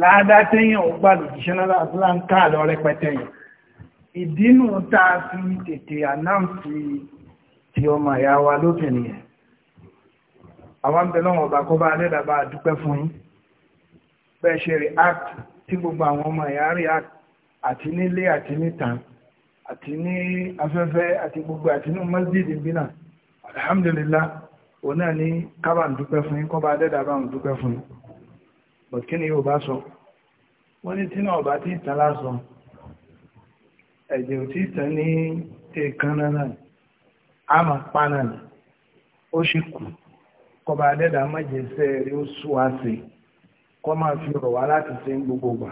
láàdá téèyàn ó gbà lòdìṣẹ́ náà láti láǹkà lọ rẹpẹtẹ yẹn ìdínú tá a fi tètè ànáǹfì ti ọmọ ìyá wa lóbìnrin yẹn àwọn ń bẹ lọ́wọ́ ọba kó bá adẹ́dàbà dúpẹ́ fún yín bẹ́ẹ̀ ṣe react tí gbogbo àwọn ọmọ ìyá react àti nílé àti níta àti ní afẹ́fẹ́ àti gbogbo àti ní masjid bínà alhamdulillah o náà ní kábà ń dúpẹ́ fún kọ́ bá dẹ́dà bá ń dúpẹ́ fún but kí ni yóò bá sọ wọ́n ní tí náà bá tí ìtàn lásán ẹ̀jẹ̀ ò tí ìtàn ní èèkan náà a máa ó sì kù kọ́ bá dẹ́dà májèsẹ́ rí ó sú wa sí kọ́ máa fi rọ̀ wá láti ṣe gbogbo gbà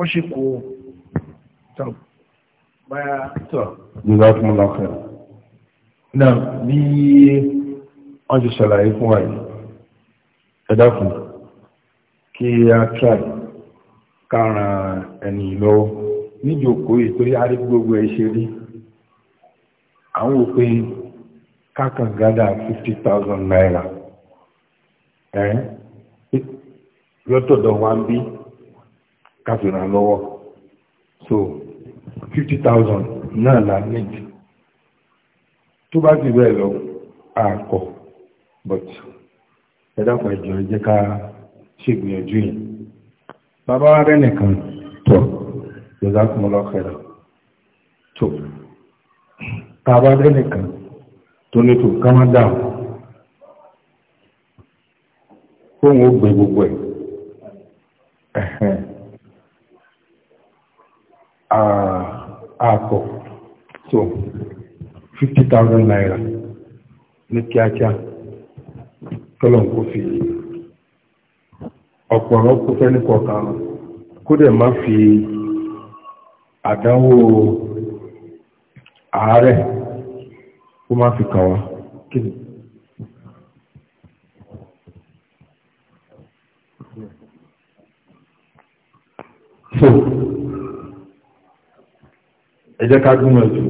ó sì kù ó tọ́pù báyá tọ́
jazakumullahu khair náà bí wọ́n ti ṣàlàyé fún wa yìí ẹ dákun kí a try káràn ẹni lọ́wọ́ níjòkó ìtorí arí gbogbo ẹ ṣe rí àwọn òpin kákan gádà 50,000 naira ẹ́ lọ́tọ̀dọ̀ wa ń bí káfíra lọ́wọ́ so 50,000 náà la need tó bá ti bẹ́ẹ̀ lọ àkọ́ but ẹ̀dàpọ̀ ìjọ jẹ́ ká ṣègbìyànjú yìí bàbá wa rẹ̀ nìkan tọ̀ jazakumullahu khairan tó tàbá rẹ̀ nìkan tó ní tó ká má dáhùn fóun ó gbé gbogbo ẹ̀ àpọ̀ ah, ah, so 50,000 naira ní kíákíá tọ́lọ̀ kó fi ọ̀pọ̀rọ̀ kó fẹ́ ní kọ̀ọ̀kan kó dẹ̀ má fi àdánwò ààrẹ kó má fi kàn wá kíni so ẹjẹ́ ká gúnmọ̀ jù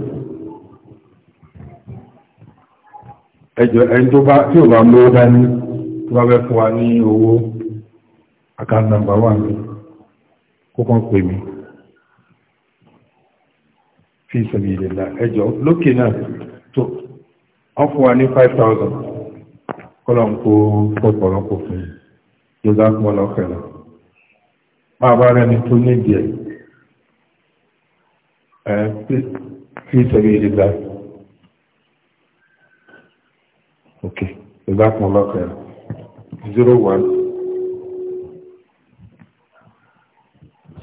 ẹjọ́ ẹni tó bá tí ò bá mọ́ dání tó bá fẹ́ fún wa ní owó account number one mi kó kàn pè mí fi ìsẹ̀lẹ̀ ìlẹ̀lá ẹjọ́ lókè náà tó ọ̀fún wa ní 5,000 kọ́lọ̀ ń kó pọ̀pọ̀lọpọ̀ fún yóò dá fún ọlọ́kẹ̀lá máa bá rẹni tó ní ìdí fi sabilillah ok ìgbà kan lọ́kẹ̀ zero one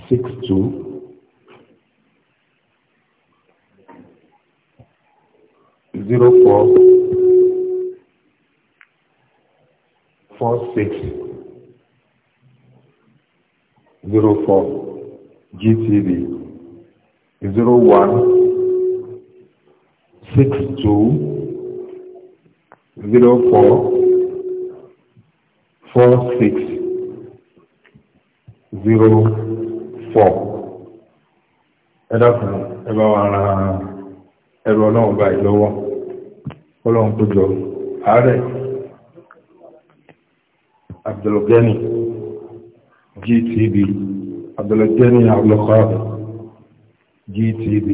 six two zero four four six zero four GTV zero one six two zero four four six zero four ẹ dákun ẹ bá wa ra ẹ̀rọ náà báyìí lọ́wọ́ ọlọ́run tó jọ ààrẹ abdulgani gtb abdulgani abdulgani GTB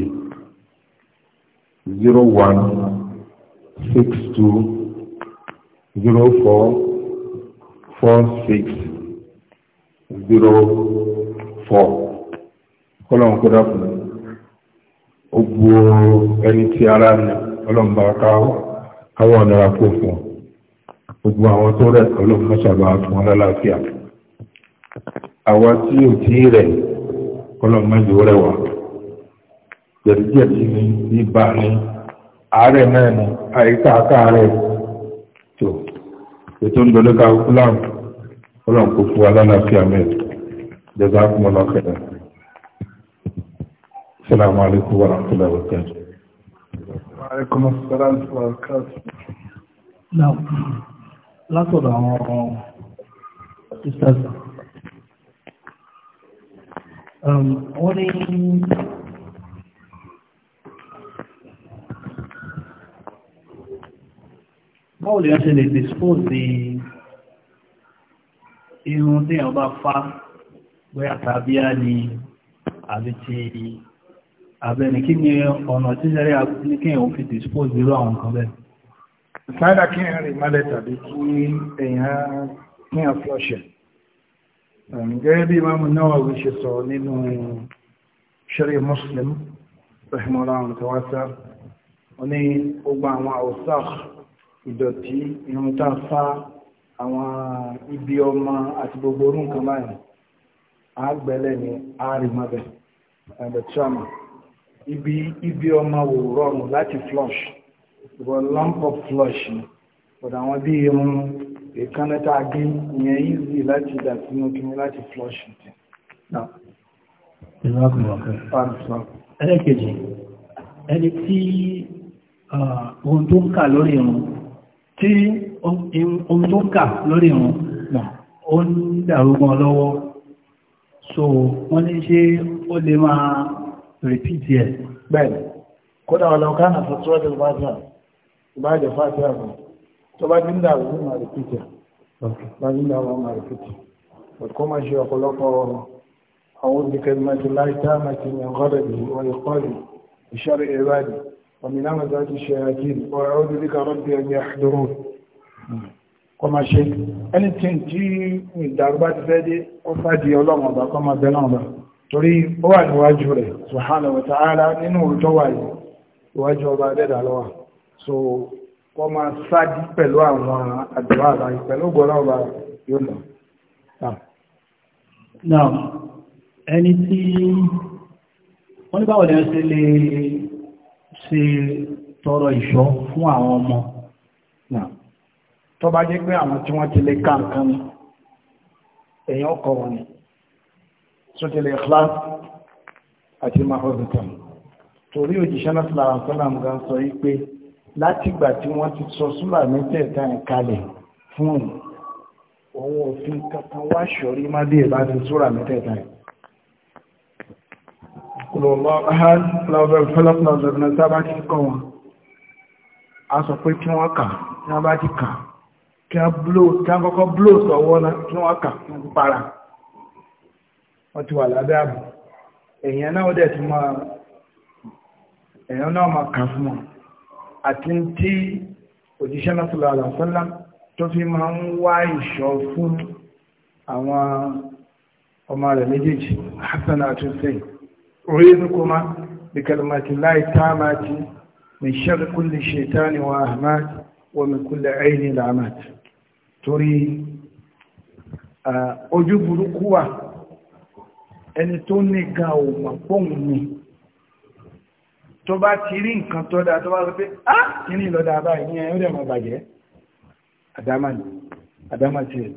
0162044604 kọ́lọ̀n kó o bu ẹni tí ara ní ọlọ́mbà káwọ̀ ọ̀nà kó fún gbogbo àwọn tó rẹ̀ ọlọ́mbà ṣàbà fún ọlọ́láfíà àwọn tí ò tí rẹ̀ kọ́lọ̀mbà yóò rẹwà jẹ̀díjẹ̀dí ni ibà ni àárẹ̀ náà ni àyíká àkàárẹ̀ tó ètò ìdọ́lẹ́ka fúlàn fúlàn kò fún alálàáfíà mẹ́rin jẹ́gbà fún ọlọ́kẹ̀ẹ́ السلام عليكم ورحمة الله وبركاته وعليكم السلام ورحمة الله وبركاته نعم látọ̀dọ̀ àwọn sisters um, wọ́n báwo lè ṣe lè dispose
irun tí èèyàn bá fá bóyá tàbíá ni àbí ti abẹ́ni kí ni ọ̀nà tí sẹ́rẹ́ ní kí èèyàn fi dispose irú àwọn nǹkan bẹ́ẹ̀. sáádà kí èèyàn rí mọ́lẹ̀ tàbí kí èèyàn kí èèyàn flọ́ṣẹ̀ gẹ́gẹ́ bí Imam Nawawi ṣe sọ nínú ṣẹ́rí Muslim rahimahullah tawasa ó ní gbogbo àwọn àwòsáà ìdọ̀tí irun tá a fá àwọn ibi ọmọ àti gbogbo orú nǹkan báyìí a gbẹ́lẹ̀ ní àrìmọ́bẹ̀ ẹ̀bẹ̀tíọ́mà ibi ọmọ wò rọrùn láti flush ìwọ lump of flush ni ọ̀dọ̀ àwọn bí irun èékánná tá a gé ìyẹn easy láti dà sínú kí wọ́n láti flush ti. ẹlẹ́kejì ẹni tí ah, ohun tó ń kà lórí irun tí ohun tó kà lórí wọn ó ń dàrúgbọ́n lọ́wọ́ so wọ́n ní ṣe ó lè máa repeat ẹ̀ bẹ́ẹ̀ kódà ọlọ́ká náà fọ́ tíwọ́dé fàtíà ìbájẹ̀ fàtíà bọ̀ tó bá dín dàrú ní máa repeat ẹ̀ bá dín dàrú máa repeat ẹ̀ kó máa ṣe ọ̀pọ̀lọpọ̀ ọ̀rọ̀ àwọn olùkẹ́lẹ́mẹ́tì láìtáàmẹ́tì ومن همزات الشياطين وأعوذ بك ربي أن يحضرون kọmọ ṣe anything tí ìdàrúbá ti fẹ́ dé ó fàájì ọlọ́run ọba kọmọ bẹ náà bá torí ó wà níwájú rẹ̀ subhanahu wa ta'ala nínú òótọ́ wà yìí ìwájú ọba adẹ́dà lọ́wà so kọmọ sáájú pẹ̀lú àwọn àdúrà àlàyé pẹ̀lú ògbọ́nà ọba yóò lọ. now ẹni tí wọ́n ní báwo ni wọ́n ṣe lè ṣe tọrọ ìṣọ́ fún àwọn ọmọ náà tó bá jẹ́ pé àwọn tí wọ́n ti lè ká nǹkan ni èèyàn ọkọ̀ wọn ni tó ti lè ikhlas àti mahorbitan torí òjíṣẹ́ náà fìlà àṣọ́làm gan sọ wípé látìgbà tí wọ́n ti sọ súlà mẹ́tẹ̀ẹ̀ta ẹ̀ kalẹ̀ fún òun òun òfin kankan wá ṣọ́rí má bí bá ti súrà mẹ́tẹ̀ẹ̀ta ẹ̀ kùlọ̀lọ́ ahad flawel fẹ́lọ́pùlọ̀ lọ́nà tí a bá ti kọ́ wọn a sọ pé kí wọ́n kà tí wọ́n bá ti kà kí wọ́n kọ́kọ́ bló sọ̀wọ́ náà kí wọ́n kà kí wọ́n para wọ́n ti wà lábẹ́ ààbò èèyàn náà ó dẹ̀ ti máa èèyàn náà máa kà fún wọn àti tí òjíṣẹ́ náà sọ̀rọ̀ àlàfẹ́lá tó fi máa ń wá ìṣọ́ fún àwọn ọmọ rẹ̀ méjèèjì Hassan àti Hussein أعيذكما بكلمات الله التامات من شر كل شيطان وأهمات ومن كل عين لعمات تري أجب burúkú أن ẹni tó ní ga òmà pọ́ùn ni tó bá ti rí nǹkan tó dáa tó bá rọ pé á kìíní lọ́dá bá ìyẹn ó dẹ̀ mọ̀ bàjẹ́ àdámà ti rẹ̀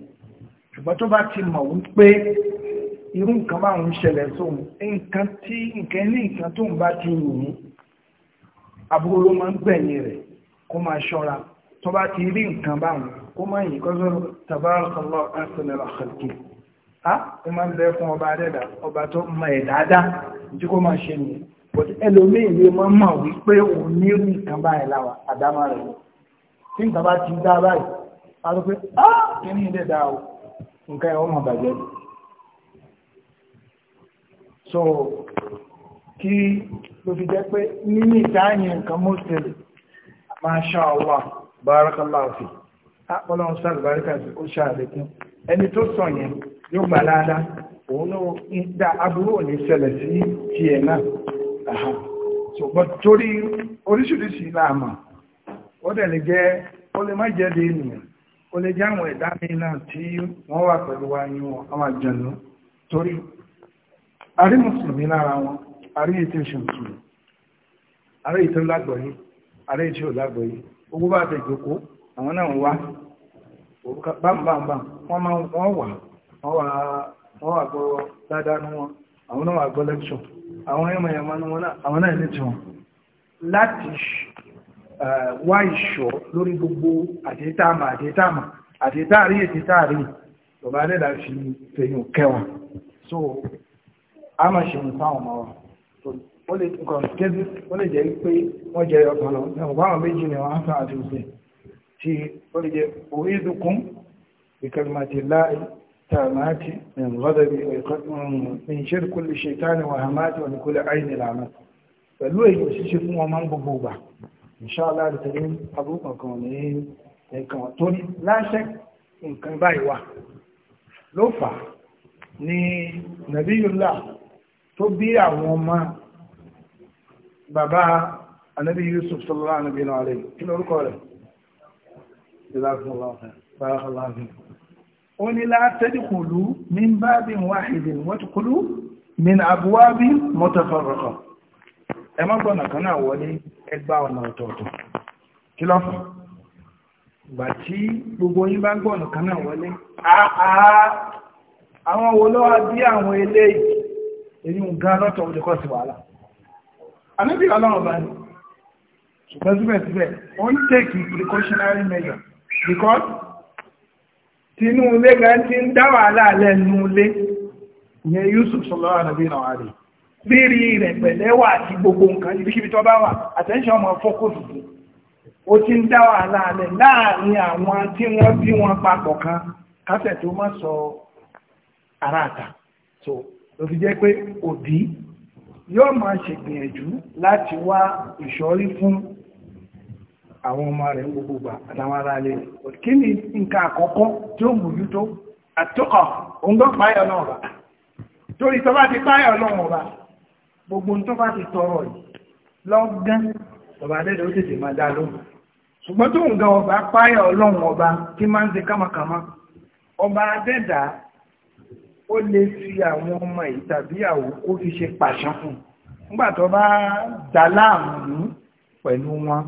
ṣùgbọ́n tó bá ti mọ̀ wípé irú nǹkan máa ń ṣẹlẹ̀ sóhun nǹkan tí nǹkan ní nǹkan tó ń bá ti rù mú aburú ló máa ń gbẹ̀yìn rẹ̀ kó máa ṣọ́ra tó bá ti rí nǹkan báwọn kó máa yìí kọ́sọ́ tabarakallah ahsanul khalqin a ó máa ń bẹ fún ọba adẹ́dà ọba nǹkan báyìí láwa bàjẹ́ bíi so kí ló fi jẹ́ pé nínú ìdáyẹ̀ nǹkan mọ́sílẹ̀ Masha ma barakallahu fi ah, ọlọ́run sáà bárakà sí ó ẹni tó sọ yẹn yóò gbà dáadáa òun ló ń dá òní ṣẹlẹ̀ sí tiẹ̀ náà ṣùgbọ́n torí oríṣiríṣi láàmà ó dẹ̀ lè jẹ́ ó lè má jẹ́ di ènìyàn ó lè jẹ́ àwọn ẹ̀dá mi náà tí wọ́n wà wa àrí mùsùlùmí lára wọn àrí ètò ìṣe àrí ètò lágbọ̀yé àrí ètò lágbọ̀yé ogun bá ti jòkó àwọn náà wá bámbàmbà wọ́n máa wọ́n wà wọ́n wà gbọ́ dáadáa ní wọn àwọn náà wà gbọ́ lẹ́kṣọ̀ àwọn ẹ̀mọ̀ ẹ̀mọ̀ ní wọn náà àwọn náà ní tiwọn láti wá ìṣọ́ lórí gbogbo àtẹ́tàmà a máa ṣe nǹkan ọmọ wa ó lè nǹkan kébí ó lè jẹ́ pé wọ́n jẹ́ ọkàn lọ ẹ̀wọ̀n báwọn méjì ni wọ́n á sàn àti òsè tí ó lè jẹ́ òwúdùkún ìkàlùmọ̀tì láì tààmàtì ẹ̀mọ́dàbí ẹ̀kọ́tùnrin ṣẹ́rì kúlù ṣètánì wàhámàtì wà ní kúlù àìní làmà pẹ̀lú èyí òṣìṣẹ́ fún wọn máa ń gbogbo gbà ìṣáàlá àdìtẹ̀lé abúkọ̀ kan ní ẹ̀kan tó ní láṣẹ nǹkan báyìí wà ló fà ní nàbíyùlá tó bí àwọn ọmọ bàbá anabi yusuf sallallahu alaihi wa sallam kí lórúkọ rẹ̀ ó ní látẹ́dì kùlú min bábin wáhìdìn wọ́tí kùlú min àbúwábí mọ́tàfàrọ̀kọ̀ ẹ má gbọ́nà kan náà wọlé ẹgbà ọ̀nà ọ̀tọ̀ọ̀tọ̀ kí lọ́fà gbà tí gbogbo yín bá gbọ́nà kan náà wọlé àwọn wo ló wá bí àwọn eléyìí èyí ń gan lọ́tọ̀ olè kọ́ sí wàhálà anábì ọlọ́run bá ní ṣùgbọ́n síbẹ̀síbẹ̀ ó ń tèkì precautionary measure because tinú ilé gan ti ń dá wàhálà alẹ́ ilé ìyẹn Yusuf sọlọ́wọ́ àdàbí ìrànwá rẹ̀ bí rí rẹ̀ pẹ̀lẹ́ wà àti gbogbo nǹkan ibikíbi tó bá wà attention ọmọ focus sí ó ti ń dá wàhálà alẹ́ láàrin àwọn tí wọ́n bí wọn papọ̀ kan kásẹ̀ tó má sọ aráàta so ló fi jẹ́ pé òbí yóò máa ṣègbìyànjú láti wá ìṣọ́rí fún àwọn ọmọ rẹ̀ gbogbogbà àtàwọn ará alẹ́ rẹ̀ kí ni nǹkan àkọ́kọ́ tí ó mòjú tó àtọ́kọ̀ òǹdọ́ páyọ̀ náà rà torí tó bá ti páyọ̀ náà rà gbogbo tó bá ti tọrọ lọ́gán ọba adẹ́dẹ́ ó tètè máa dá lóhùn ṣùgbọ́n tó ń ga ọba páyọ̀ ọlọ́run ọba tí máa ń ṣe kámakàmá ọba adẹ́dàá ó lè fi àwọn ọmọ yìí tàbí àwò kó fi ṣe pàṣán fún nígbà tó bá dá láàmú pẹ̀lú wọn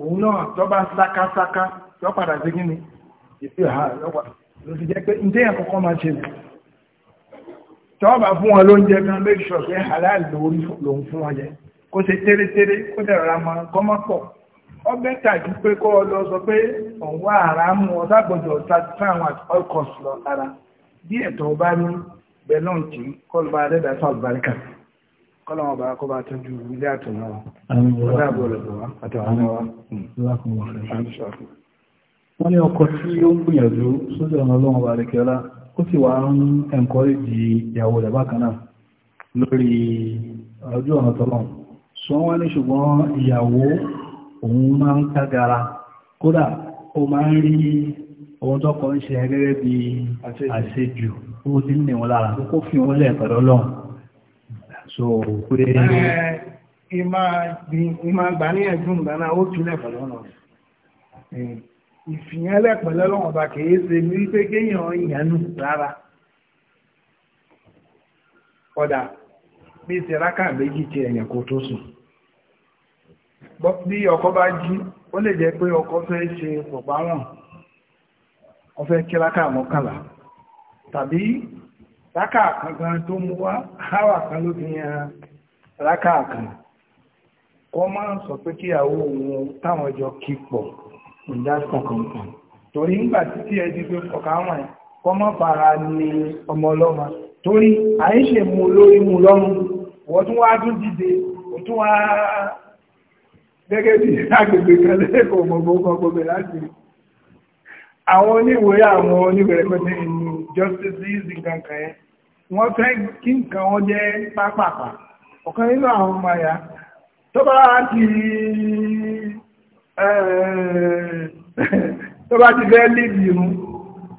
òun náà tó bá sákásáká tó padà sí kíni ìpè ha lọ́wọ́ ló fi jẹ́ pé ǹjẹ́ yẹn kọ́kọ́ máa ṣe lò tó bá fún wọn lóúnjẹ kan make sure pé halal lórí lòun fún wọn jẹ kó ṣe tẹ́rẹ́tẹ́rẹ́ kó dẹ̀rọ̀ra mọ́ kọ́mọ́ pọ̀ ọbẹ̀ tàbí pé kọ́ ọ lọ sọ pé òun wá àrà mú ọ sábọ̀dọ̀ satisfy àwọn alcohol lọ lára bí ẹ̀tọ́ bá ní bẹ̀lọ́n tí kọlọba adẹ́dà south barika kọlọba ọba akọba tọ́jú ilé àtọ̀nà wa
àtọ̀nà wa wọ́n
ní ọkọ tí ó ń gbìyànjú sójú ọ̀nà ọlọ́run ọba adékẹ́lá ó sì wá ń ẹ̀ǹkọ́rẹ́jì ìyàwó rẹ̀ bákan náà lórí ojú ọ̀nà tọ́lọ́run sọ wọ́n ní ṣùgbọ́n ìyàwó òun máa ń kágara kódà ó máa ń rí ohun tó kọ́ ń ṣe gẹ́gẹ́ bí àṣejù ó ti ní wọn lára kó fi wọn lẹ̀ pẹ̀lú ọlọ́run
so pé
ìmá gbà ní ẹ̀dùn ìgbàna ó túnlẹ̀ pẹ̀lú ìfìyànlẹ̀ pẹ̀lú ọlọ́run kìí ṣe ní pé kéèyàn ìyànú rárá ọ̀dà bí ti méjì ti ẹ̀yàn kò ọkọ bá jí ó lè jẹ́ ọkọ fẹ́ ṣe wọ́n fẹ́ kí rákà mọ́kànlá tàbí rákà kankan tó mú wá háwà kan ló fi yan rákà kan wọ́n máa ń sọ pé kíyàwó òun táwọn jọ kí pọ̀ ìjà kankan kan torí ńgbà títí ẹ di pé kọ̀ọ̀kan wọ̀n kọ́ mọ́ fara ní ọmọ ọlọ́mọ torí àyíṣe mú lórí mú lọ́rùn wọ́n tún wá tún dìde wọ́n tún wá gẹ́gẹ́ bí agbègbè kan lẹ́kọ̀ọ́ mọ̀gbọ́n kan gbogbo láti rí àwọn oníwèé àwọn oníwèé rẹpẹtẹ inú justice easy kankan yẹn wọ́n fẹ́ kí nǹkan wọn jẹ́ pápápá ọ̀kan nínú àwọn ọmọ àyà tó bá ti tó bá ti fẹ́ léèdì irun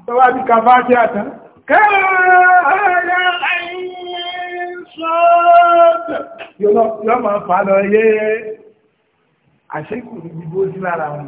tó bá ti ka fáṣí àtàn kẹ́ẹ̀ẹ́yà
ẹ̀yìn sọ́ọ̀tẹ̀
yóò máa fà lọ yé àṣẹ́kù ìdìbò sí lára wọn.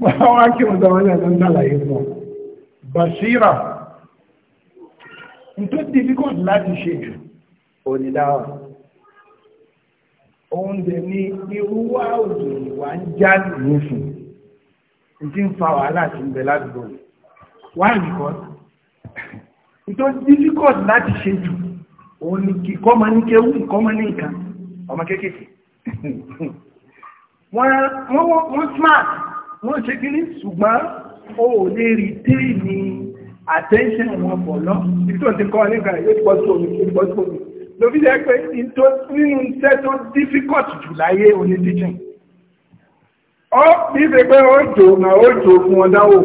Báwọn akíwọ̀n tàwọn ẹ̀sẹ̀ ń dàlàyé fún. Bàṣírà, n tó difficult láti ṣe jù, onídáwà. Òun dẹ̀ ní irú wá òjò ìwà ń já nìyẹn n ti ń fa wàhálà sí ibẹ̀ ládùúgbò rẹ̀. Why because? N tó difficult láti ṣe jù, òun ni kí kọ́ máa ní kéwù, kọ́ máa ní nǹkan, ọmọ kéékèèké wọ́n smart wọ́n ṣe kí ní ṣùgbọ́n o lè rí téèmì attention wọn pọ̀ lọ ibi tó ti kọ́ nígbà yóò ti pọ̀ sí omi yóò ti pọ̀ sí omi lóbi jẹ́ pé nínú iṣẹ́ tó difficult jù láyé oní teaching ó bí ṣe pé ó jò náà ó jò fún wọn dáwò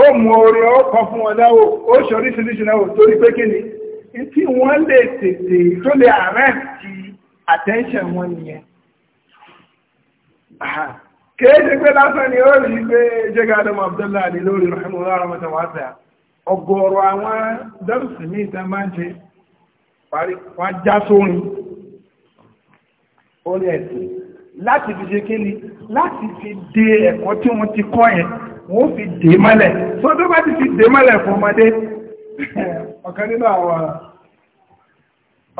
ó mú orí ó kọ fún wọn dáwò ó ṣe oríṣiríṣi náà torí pé kí ni tí wọ́n lè tètè tó lè arrest attention wọn nìyẹn kéèjì pé lásán ni ó rí je jẹ́gà adam abdullahi ni lórí rahimahullah wasa ọ̀gọ̀rọ̀ awọn dọ́rùsì ní ìta ma ń ṣe wá já láti fi ṣe kí láti fi de ẹkọ tí wọ́n ti kọ yẹn wọ́n fi dé mọ́lẹ̀ tó tó bá ti fi dé mọ́lẹ̀ fún ọmọdé ọ̀kan nínú àwọn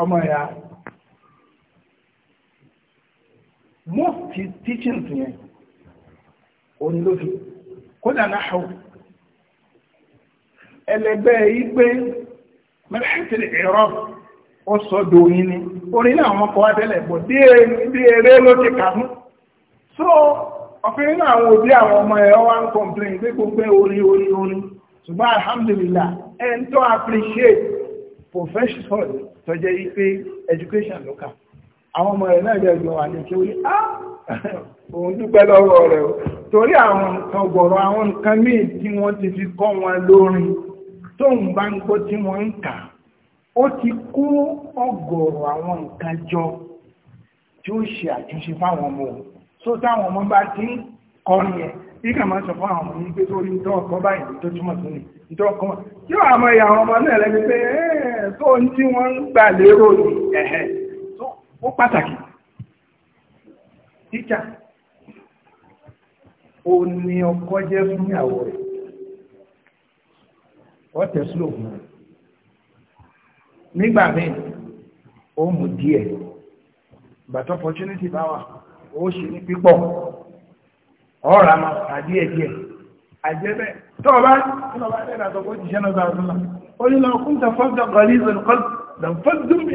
ọmọ ya. most teachings yẹn òun ló fi kódà ẹlẹgbẹ́ mẹ́lẹ́tìlì ni náà wọn kọ́ adẹ́lẹ̀ bọ̀ eré ló ti kà so àwọn òbí àwọn ọmọ complain pé gbogbo ṣùgbọ́n alhamdulillah ẹ̀ ń tọ́ appreciate àwọn ọmọ rẹ̀ náà jẹ́ ìjọ wà ní kí ó yí á òun dúpẹ́ lọ́wọ́ rẹ̀ o torí àwọn nǹkan gbọ̀rọ̀ àwọn nǹkan míì tí wọ́n ti fi kọ́ wọn lórin tó ń bá ń gbọ́ tí wọ́n ń kà ó ti kó ọ̀gọ̀rọ̀ àwọn nǹkan jọ tí ó ṣe àtúnṣe fáwọn ọmọ o só táwọn ọmọ bá ti ń kọrin yẹn bí kà máa sọ fún ọmọ yìí pé sórí nítorí ọkọ báyìí tó túmọ̀ sí ni nítorí ọkọ tí àwọn ọmọ ìyá àwọn ọmọ náà lẹ́ni pé ẹ̀ẹ́ tó ń tí wọ́n ń gbà lérò ni ẹ̀hẹ́ ó pàtàkì tíjà ó ní ọkọ jẹ́ fún ìyàwó rẹ̀ ó tẹ̀sílò fún rẹ̀ nígbà míì ó mú díẹ̀ but opportunity bá wà ó ṣe ní pípọ̀ ọ̀rọ̀ àmà àdíẹ̀ díẹ̀ àjẹ́bẹ̀ tọ́ọ̀bá tọ́ọ̀bá tẹ́lá tọ́kọ́ jíṣẹ́ náà sáà ó ní lọ kúntà fọ́dọ̀ gọlízọ̀ nǹkan dàn fọ́dọ̀ mi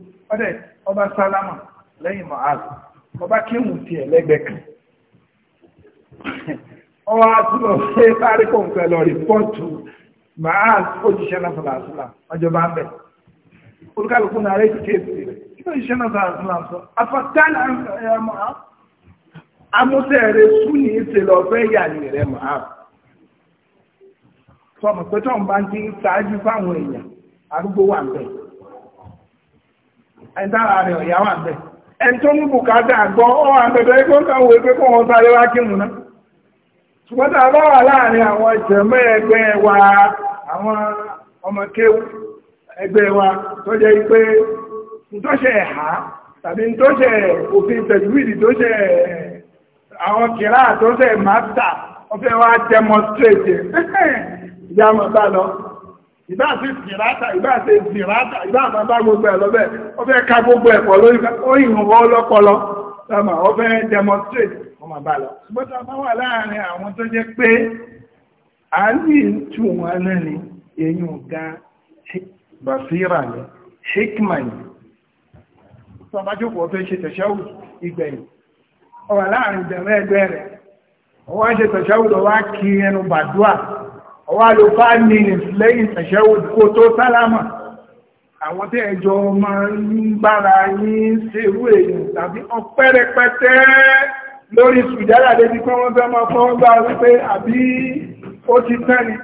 ọdẹ ọba sálámà lẹ́yìn mọ̀hálà ọba kíhùn tiẹ̀ lẹ́gbẹ̀ẹ́ kan ọwọ́ àtúbọ̀ ṣe sáré kó lọ rìpọ́ọ̀tù mọ̀hálà òjíṣẹ́ náà fọlá àtúlà ọjọ́ ń olùkàlùkù náà ti kéèsì ẹ̀dára rẹ̀ ọ̀yá wà bẹ̀ ẹn tó mú bùkátà gbọ́ ọ́ àbẹ̀bẹ̀ ẹgbẹ́ ń kàwé pé wọn sáré wá kírun náà ṣùgbọ́n a bá wà láàrin àwọn ẹgbẹ́ wa àwọn ẹgbẹ́ wa tó jẹ́ pé ẹ̀há tàbí òfin tẹ̀júwìdì àwọn kìlá ìyá mọ̀ ìbá sí ìsìnráta ìbá sí ìsìnráta ìbá àbábá gbogbo ẹ̀ lọ́bẹ̀ ó fẹ́ ká gbogbo ẹ̀pọ̀ lórí òyìnbó ọlọ́pọlọ sáàmà ó fẹ́ demonstrate ọmọ bá lọ ṣùgbọ́n tó bá wà láàrin àwọn tó jẹ́ pé a ní tù wọn náà ni èyí ò ga basira ni hikma ni sọmájókòó fẹ́ ṣe tẹ̀ṣẹ́wù ìgbẹ̀yìn ọwà láàrin ọwá ló bá ní lẹ́yìn tẹ̀ṣẹ́wò kó tó sálámà àwọn tí ẹjọ́ máa ń bára yín ṣerú èèyàn tàbí ọpẹ́rẹpẹtẹ lórí sùjádà débi pé wọ́n fẹ́ máa fọ́n gbá wípé àbí ó ti tán ni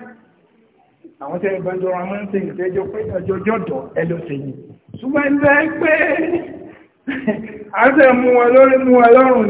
àwọn tí ẹgbẹ́ ìjọra máa ń ṣe ìtẹ́jọ́ pé ẹjọ́ jọ́dọ̀ ẹlọ́sẹ̀yìn ṣùgbọ́n ilẹ̀ pé àṣẹ mú wọn lórí mú wọn lọ́rùn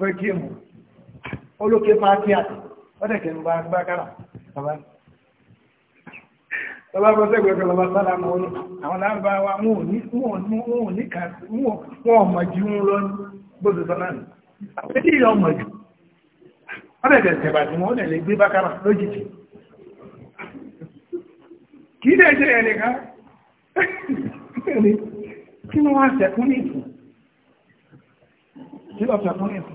fẹ́ kí èmù olókè pàtí àti ọ̀dẹ̀kẹ̀ ń bá agbákára bàbá bàbá bọ́ sẹ́gbẹ̀ẹ́ kan lọ́ba sálà mọ́ ní àwọn lábá wa wọn ò ní wọn ò ní kà wọn ò mọ̀ ju wọn lọ ní gbọ́dọ̀ sọ náà ní àwọn èdè yìí jù ọ̀dẹ̀kẹ̀ tẹ̀bà tí wọn lè gbé bákára lójijì kì í dẹ̀ ṣe ẹnìkan kí ni wọ́n á sẹ̀kún ní ìtù kí lọ́ọ́ sẹ̀kún ní ìtù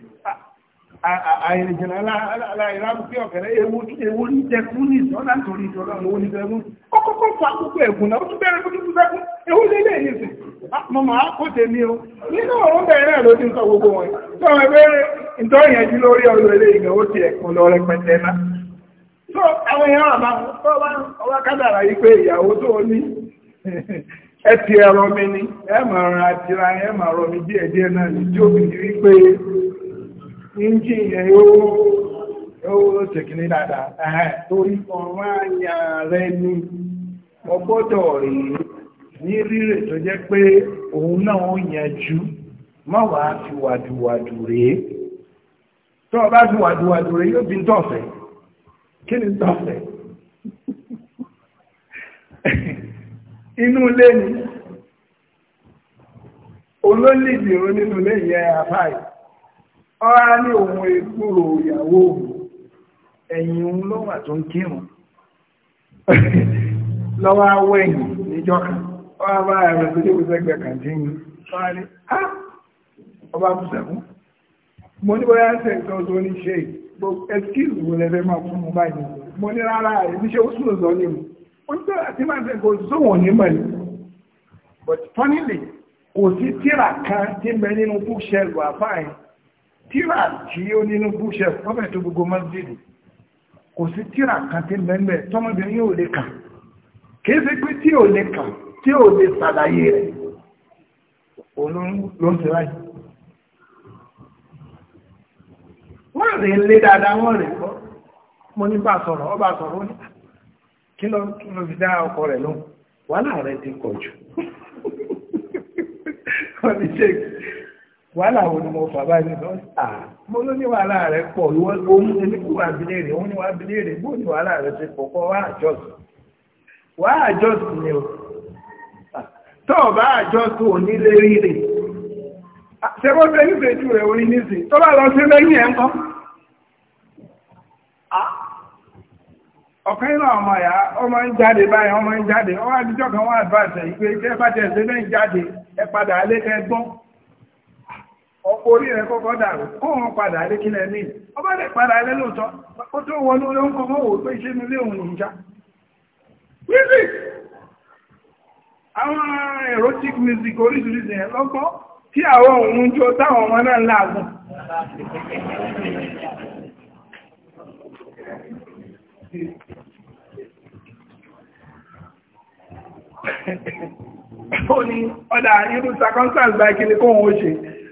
àìrìnjìnà aláìrámù pé ọ̀kẹ̀rẹ́ ewu ní jẹkún ní ìsọ́lá torí ìjọba owó ní jẹkún ó kọ́kọ́ fún àkókò ẹ̀gùn ewu o nínú ọ̀rọ̀ ní ẹ ti ẹ̀rọ mi ni ẹ mọ̀ ọ̀rọ̀ àtìrà ẹ engine yẹn ó tẹ̀kìní dáadáa torí ọ̀rọ̀ àyà rẹ ni wọ́n rí ní rírè tó jẹ́ pé òun náà ó yanjú má wàá fi wàdùwàdù rèé tó o bá fi wàdùwàdù rèé yóò fi ń tọ̀fẹ̀ kí ni tọ̀fẹ̀ inú ilé ni olólìdìrún nínú ilé yẹn ọ̀rá ní ohun ìgbúrò ìyàwó ẹ̀yìn ohun lọ́wà tó ń kírun lọ́wọ́ awọ́ ẹ̀yìn níjọ́ kan ọ̀rá bá ẹ̀rọ tó dé ìwòsẹ́gbẹ̀ kàntíyìn ọ̀rá ní ọba bùsẹ̀kún mo ní bóyá ṣe nǹkan tó ní ṣe excuse wo lẹ́fẹ́ máa fún mo báyìí mo ní rárá ẹ̀mí ṣe ó sùn lọ ní mu ó ní sọ́ra tí máa ṣe kò sóhun ní mọ̀lẹ́ but funnily kò sí tíra kan tí mẹ nínú bookshelf àfáà yẹn tíra tí ó nínú búṣẹ́ tọ́bẹ̀ tó gbogbo mọ́sídì kò sí tíra kan tí mẹ́mẹ́ tọ́mọbìnrin yóò lè kà kìí fi pé tí ò lè kà tí ò lè sàlàyé rẹ̀ ló ń tẹ́lá yìí wọ́n rè lé dáadáa wọ́n rè kọ́ mo ní bá sọ̀rọ̀ ọba sọ̀rọ̀ ó ní wàhálà wo ni mo fà báyìí nígbà ọ̀sà mo ló ní wàhálà rẹ̀ pọ̀ ìwọ ohun ẹni kú wà abilé rẹ̀ òun ni wà abilé rẹ̀ bó ni wàhálà rẹ̀ ti pọ̀ kọ́ wà àjọsì wà àjọsì ni o tó o bá àjọsì òní lè rí rè ṣé bó ṣe ní ìgbèjú rẹ̀ orí nísì tó bá lọ sí lẹ́yìn ẹ̀ ń kọ́ ọ̀kan inú ọmọ ya ọmọ ń jáde báyìí ọmọ ń jáde ọmọ àdìjọ́ kan wà bá àṣẹ ìgbé ọ̀pọ̀ orí rẹ̀ kọ́kọ́ dàrú kó wọn padà rí kí lẹ ní ọba lè padà rẹ lóòótọ́ ó tó wọnú ló ń kọ́kọ́ wò pé iṣẹ́ nílé òun ní ìjà music àwọn erotic music oríṣiríṣi yẹn lọ́gbọ́n kí àwọn òun jó táwọn ọmọ náà láàgùn ó ní ọ̀dà irú circumstance báyìí kí ni kóhun ó ṣe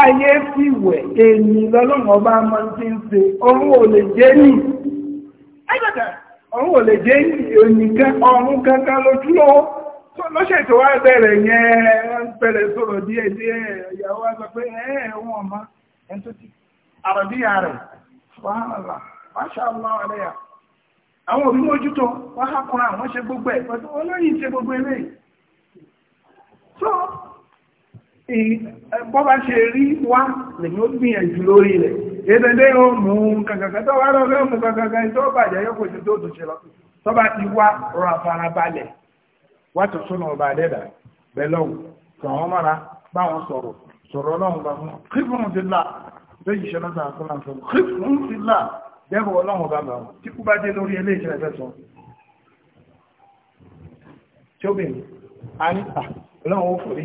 ayé fi wẹ̀ èyí lọ́lọ́wọ́ bá mọ́ tí ń ṣe ọrún ò lè jẹ́ ní ẹgbẹ̀ta ò lè jẹ́ ní kankan lójú lọ́ṣẹ̀ tó wá bẹ̀rẹ̀ yẹn bẹ̀rẹ̀ sọ̀rọ̀ díẹ̀ díẹ̀ ìyàwó àgbà pé ẹ̀ ẹ̀wọ̀n ọ̀ma tó ti rẹ̀ wàhálà àwọn òbí mójútó wàhákùnrin àwọn ṣe gbogbo ẹ̀ pẹ̀lú olóyìn ṣe gbogbo bọ́bá ṣe rí wá lèyìn ó gbìyànjú lórí rẹ̀ ẹgbẹ̀lẹ́ yóò mú kankankan tó wá lọ́rọ̀ mú kankankan tó bàjẹ́ yóò kò jù tó tó ṣe lọ tó bá ti wá rọ àfarabalẹ̀ wá tó súnà ọba àdẹ́dà bẹ́lọ́wù tọ̀wọ́n mọ́ra báwọn sọ̀rọ̀ sọ̀rọ̀ ọlọ́run bá fún kífún ti là lóyìn iṣẹ́ lọ́sàn àfún náà sọ̀rọ̀ kífún ti là dẹ́rù ọlọ́run bá bá wọn tí kú bá dé lórí ilé ìṣẹ́ ẹ̀fẹ́ sọ tí ó bẹ̀rẹ̀ a ní ah, ọlọ́run ó forí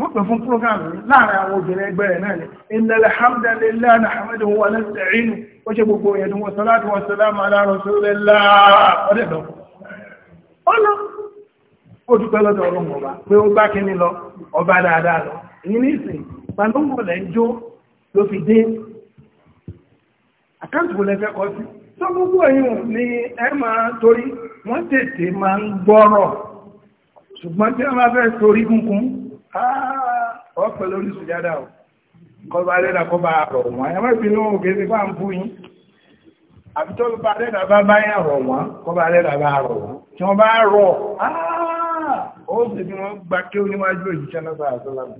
wọ́n pẹ̀ fún program láàrin àwọn obìnrin ẹgbẹ́ rẹ̀ náà ni innal hamdalillah nahmaduhu wa nasta'inu ó ṣe gbogbo ẹ̀dùn wọn salatu wa salamu ala rasulillah ọdẹ lọ ó lọ ó dúpẹ́ lọ́dọ̀ ọlọ́run ọba pé ó bá kíní lọ ọba dáadáa lọ èyí ní ìsìn pàlóńgbò lẹ́ ń jó ló ṣùgbọ́n tí wọ́n bá fẹ́ torí kúnkún Ah, ọ̀pẹ̀ lórí sùjádà ọ̀ kọba adẹ́dà kọba rọ̀ wọ́n ẹ má bínú òkèsí fà ń bú yín àbítọ́ bá adẹ́dà bá bá yà rọ̀ wọ́n kọba adẹ́dà bá rọ̀ wọ́n tí wọ́n bá rọ̀ ah, ó sì fi wọ́n gba kí oníwájú òjíṣẹ́ lọ́sọ̀ àtọ́lámù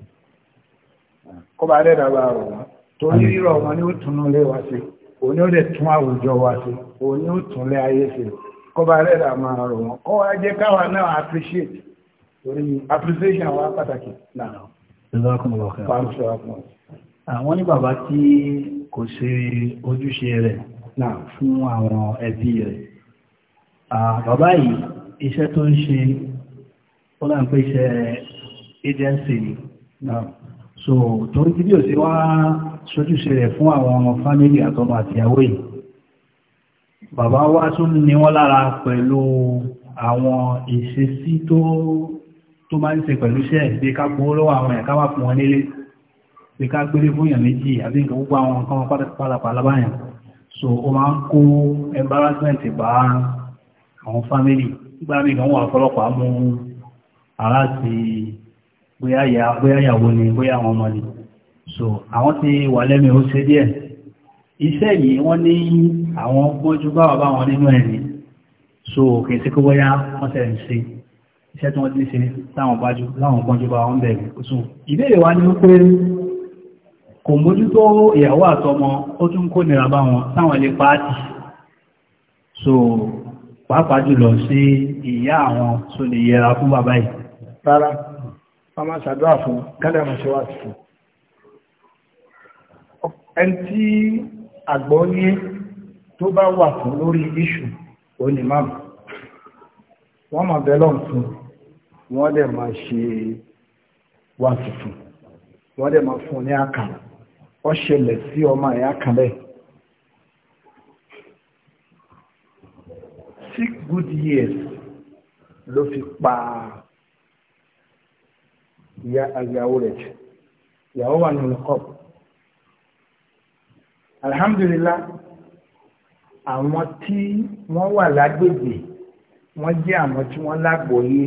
kọba adẹ́dà bá rọ̀ wọ́n torí rírọ̀ wọn ni ó túnú lé wa sí òun ni ó dẹ̀ tún àwùjọ wa sí òun ó tún lé ayé sí kọba adẹ́dà máa rọ̀ wọ́n kọ́ wa jẹ́ káwa náà appreciate torí appreciation wa pàtàkì náà. àwọn ní bàbá tí kò ṣe ojúṣe rẹ̀ fún àwọn ẹbí rẹ̀ bàbá yìí iṣẹ́ tó ń ṣe ó náà ń pè iṣẹ́ agency náà so tó ń tí bí ò sí wá sójúṣe rẹ̀ fún àwọn ọmọ fámílì àtọmọ àtìyàwó yìí bàbá wa tún ní wọ́n lára pẹ̀lú àwọn ìṣesí tó tó máa ń ṣe pẹ̀lú iṣẹ́ ìgbé ká gbowó lọ́wọ́ àwọn ẹ̀ká wà fún wọn nílé pé ká gbélé fún èèyàn méjì àbí nǹkan gbogbo àwọn nǹkan wọn pálapàla báyàn so ó máa ń kó embarrassment bá àwọn family nígbà míì kan wà fọlọ́pàá mú ara ti bóyá ìyàwó ni bóyá àwọn ọmọ ni so àwọn ti wà lẹ́mí ó ṣe díẹ̀ iṣẹ́ yìí wọ́n ní àwọn gbójú báwà báwọn nínú ẹ̀rí so kìí sí kó bóyá wọ́n tẹ̀ ń ṣe iṣẹ́ tí wọ́n ti ṣe táwọn bájú láwọn gbọ́njú bá wọ́n bẹ̀rẹ̀ oṣù ìbéèrè wa ní wípé kò mójútó ìyàwó àtọmọ ó tún kó nira bá wọn táwọn ilé pàátì so pàápàá jùlọ sí ìyá àwọn tó lè yẹra fún bàbá yìí rárá wọ́n máa ṣàdúrà wọ́n máa bẹ́ lọ́n fún wọ́n dẹ̀ máa ṣe wá tuntun wọ́n dẹ̀ máa fún ní àkàrà ó ṣẹlẹ̀ sí ọmọ ẹ̀yà kan six good years ló fi pa ìyá ìyàwó rẹ̀ jù ìyàwó wà nínú kọ́ọ̀pù alhamdulillah àwọn tí wọ́n wà lágbègbè wọ́n jẹ́ àwọn tí wọ́n lágbòóyé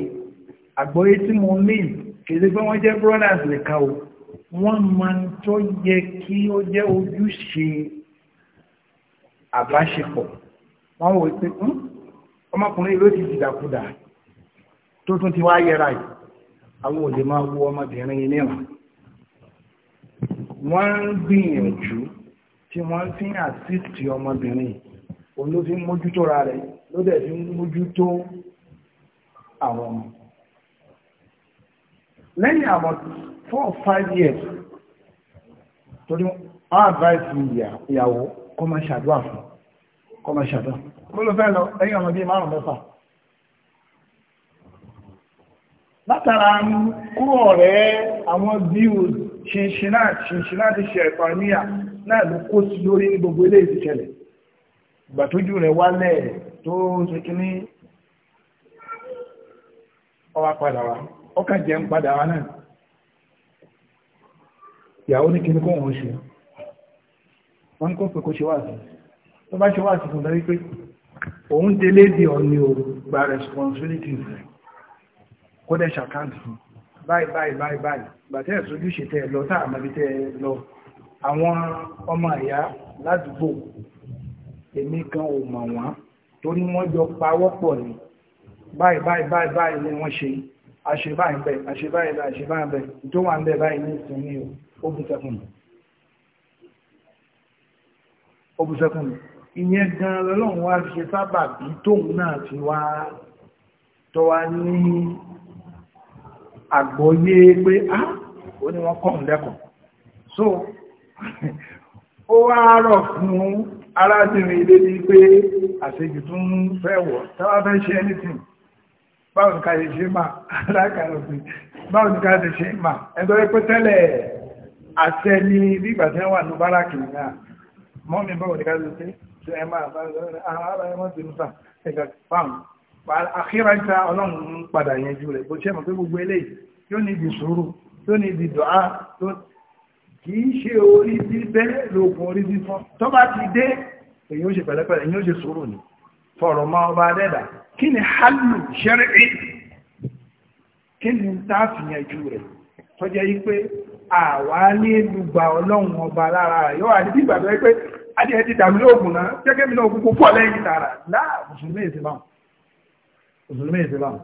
àgbọ́yé tí mo ní kìí pé wọ́n jẹ́ brothers nìkan o wọ́n máa ń tó yẹ kí ó jẹ́ ojúṣe àbáṣepọ̀ wọ́n wò pé hmm, ọmọkùnrin ló ti dìdàkudà tó tún ti wá yẹra yìí àwọn ò máa wo ọmọbìnrin yìí níwọ̀n wọ́n ń gbìyànjú tí wọ́n fi ń àsìtì ọmọbìnrin yìí òun ló fi ń mójútó ra rẹ̀ ló dẹ̀ fi ń mójútó àwọn ọmọ lẹ́yìn àwọn four or five years torí wọ́n advice ìyàwó kọ́ máa ṣàdúrà fún kọ́ máa ṣàdúrà kó ló fẹ́ lọ lẹ́yìn ọmọ bíi márùn mẹ́fà látara kúrò ọ̀rẹ́ àwọn bíu ṣinṣin náà ṣinṣin náà ti ṣe ẹ̀kọ́ níyà náà ló kó sí lórí ní gbogbo ilé ìṣẹ̀lẹ̀ ìgbà tójú rẹ̀ wálẹ̀ tó ṣe kí ní ọwá padà wá ọkà jẹ́ ń padà wá náà ìyàwó ní kíní kóhùn oṣù wọ́n ní kó pè kó ṣe wà sí tó bá ṣe wà sí fún lórí pé òun délé di ọ̀nì ò gba responsibilities rẹ̀ kó dẹ̀ ṣàkáǹtì fún báyìí báyìí báyìí báyìí gbàtẹ́ ìsojú ṣe tẹ́ lọ tá àmọ́bí tẹ́ lọ èmi gan ò mọ̀ wọ́n torí wọ́n jọ pawọ́ pọ̀ ni báyìí báyìí báyìí báyìí ni wọ́n ṣe àṣe báyìí bẹ́ẹ̀ àṣe báyìí bẹ́ẹ̀ àṣe báyìí bẹ́ẹ̀ tó wà ń bẹ́ẹ̀ báyìí ní ìsìn ní o ó bú sẹ́kùn mi ó bú sẹ́kùn mi ìyẹn gan lọ́lọ́run wá fi ṣe sábà bí tóun náà ti wá tọ́ wá ní àgbọ́yé pé á ó ní wọ́n kọ́ ń lẹ́kọ̀ọ́ so ó wá rọ̀ fún arábìnrin ilé ní pé àṣejù tó ń fẹ́ wọ̀ tọ́wọ́ fẹ́ ṣe anything báwo ni ká lè ṣe máa alákàrọ̀ pé báwo ni ká lè ṣe máa ẹ̀dọ́ pé tẹ́lẹ̀ àṣẹ ni bí ìgbà tí wọ́n wà ní báràkì náà mọ́mí báwo ni ká lè ṣe ṣe ẹ máa bá ara ẹ mọ́ sí nípa rẹ̀ kì í ṣe orí bíbẹ́ lóògùn orí fífọ́ tó bá ti dé èyí ó ṣe pẹ̀lẹ́pẹ̀lẹ́ èyí ó ṣe sùúrù ni fọ̀rọ̀ máa ọba adẹ́dà kí ni hálù ṣẹ́rìí kí ni táàfìyànjú rẹ̀ tó jẹ́ yí pé àwa ní gbùgbà ọlọ́run ọba lára rẹ̀ yóò wà ní bíbà pé adé ti dàmí lóògùn náà jẹ́gẹ́ mi náà kúkú pọ̀ lẹ́yìn tààrà láà mùsùlùmí èsì mùsùlùmí èsì báwọn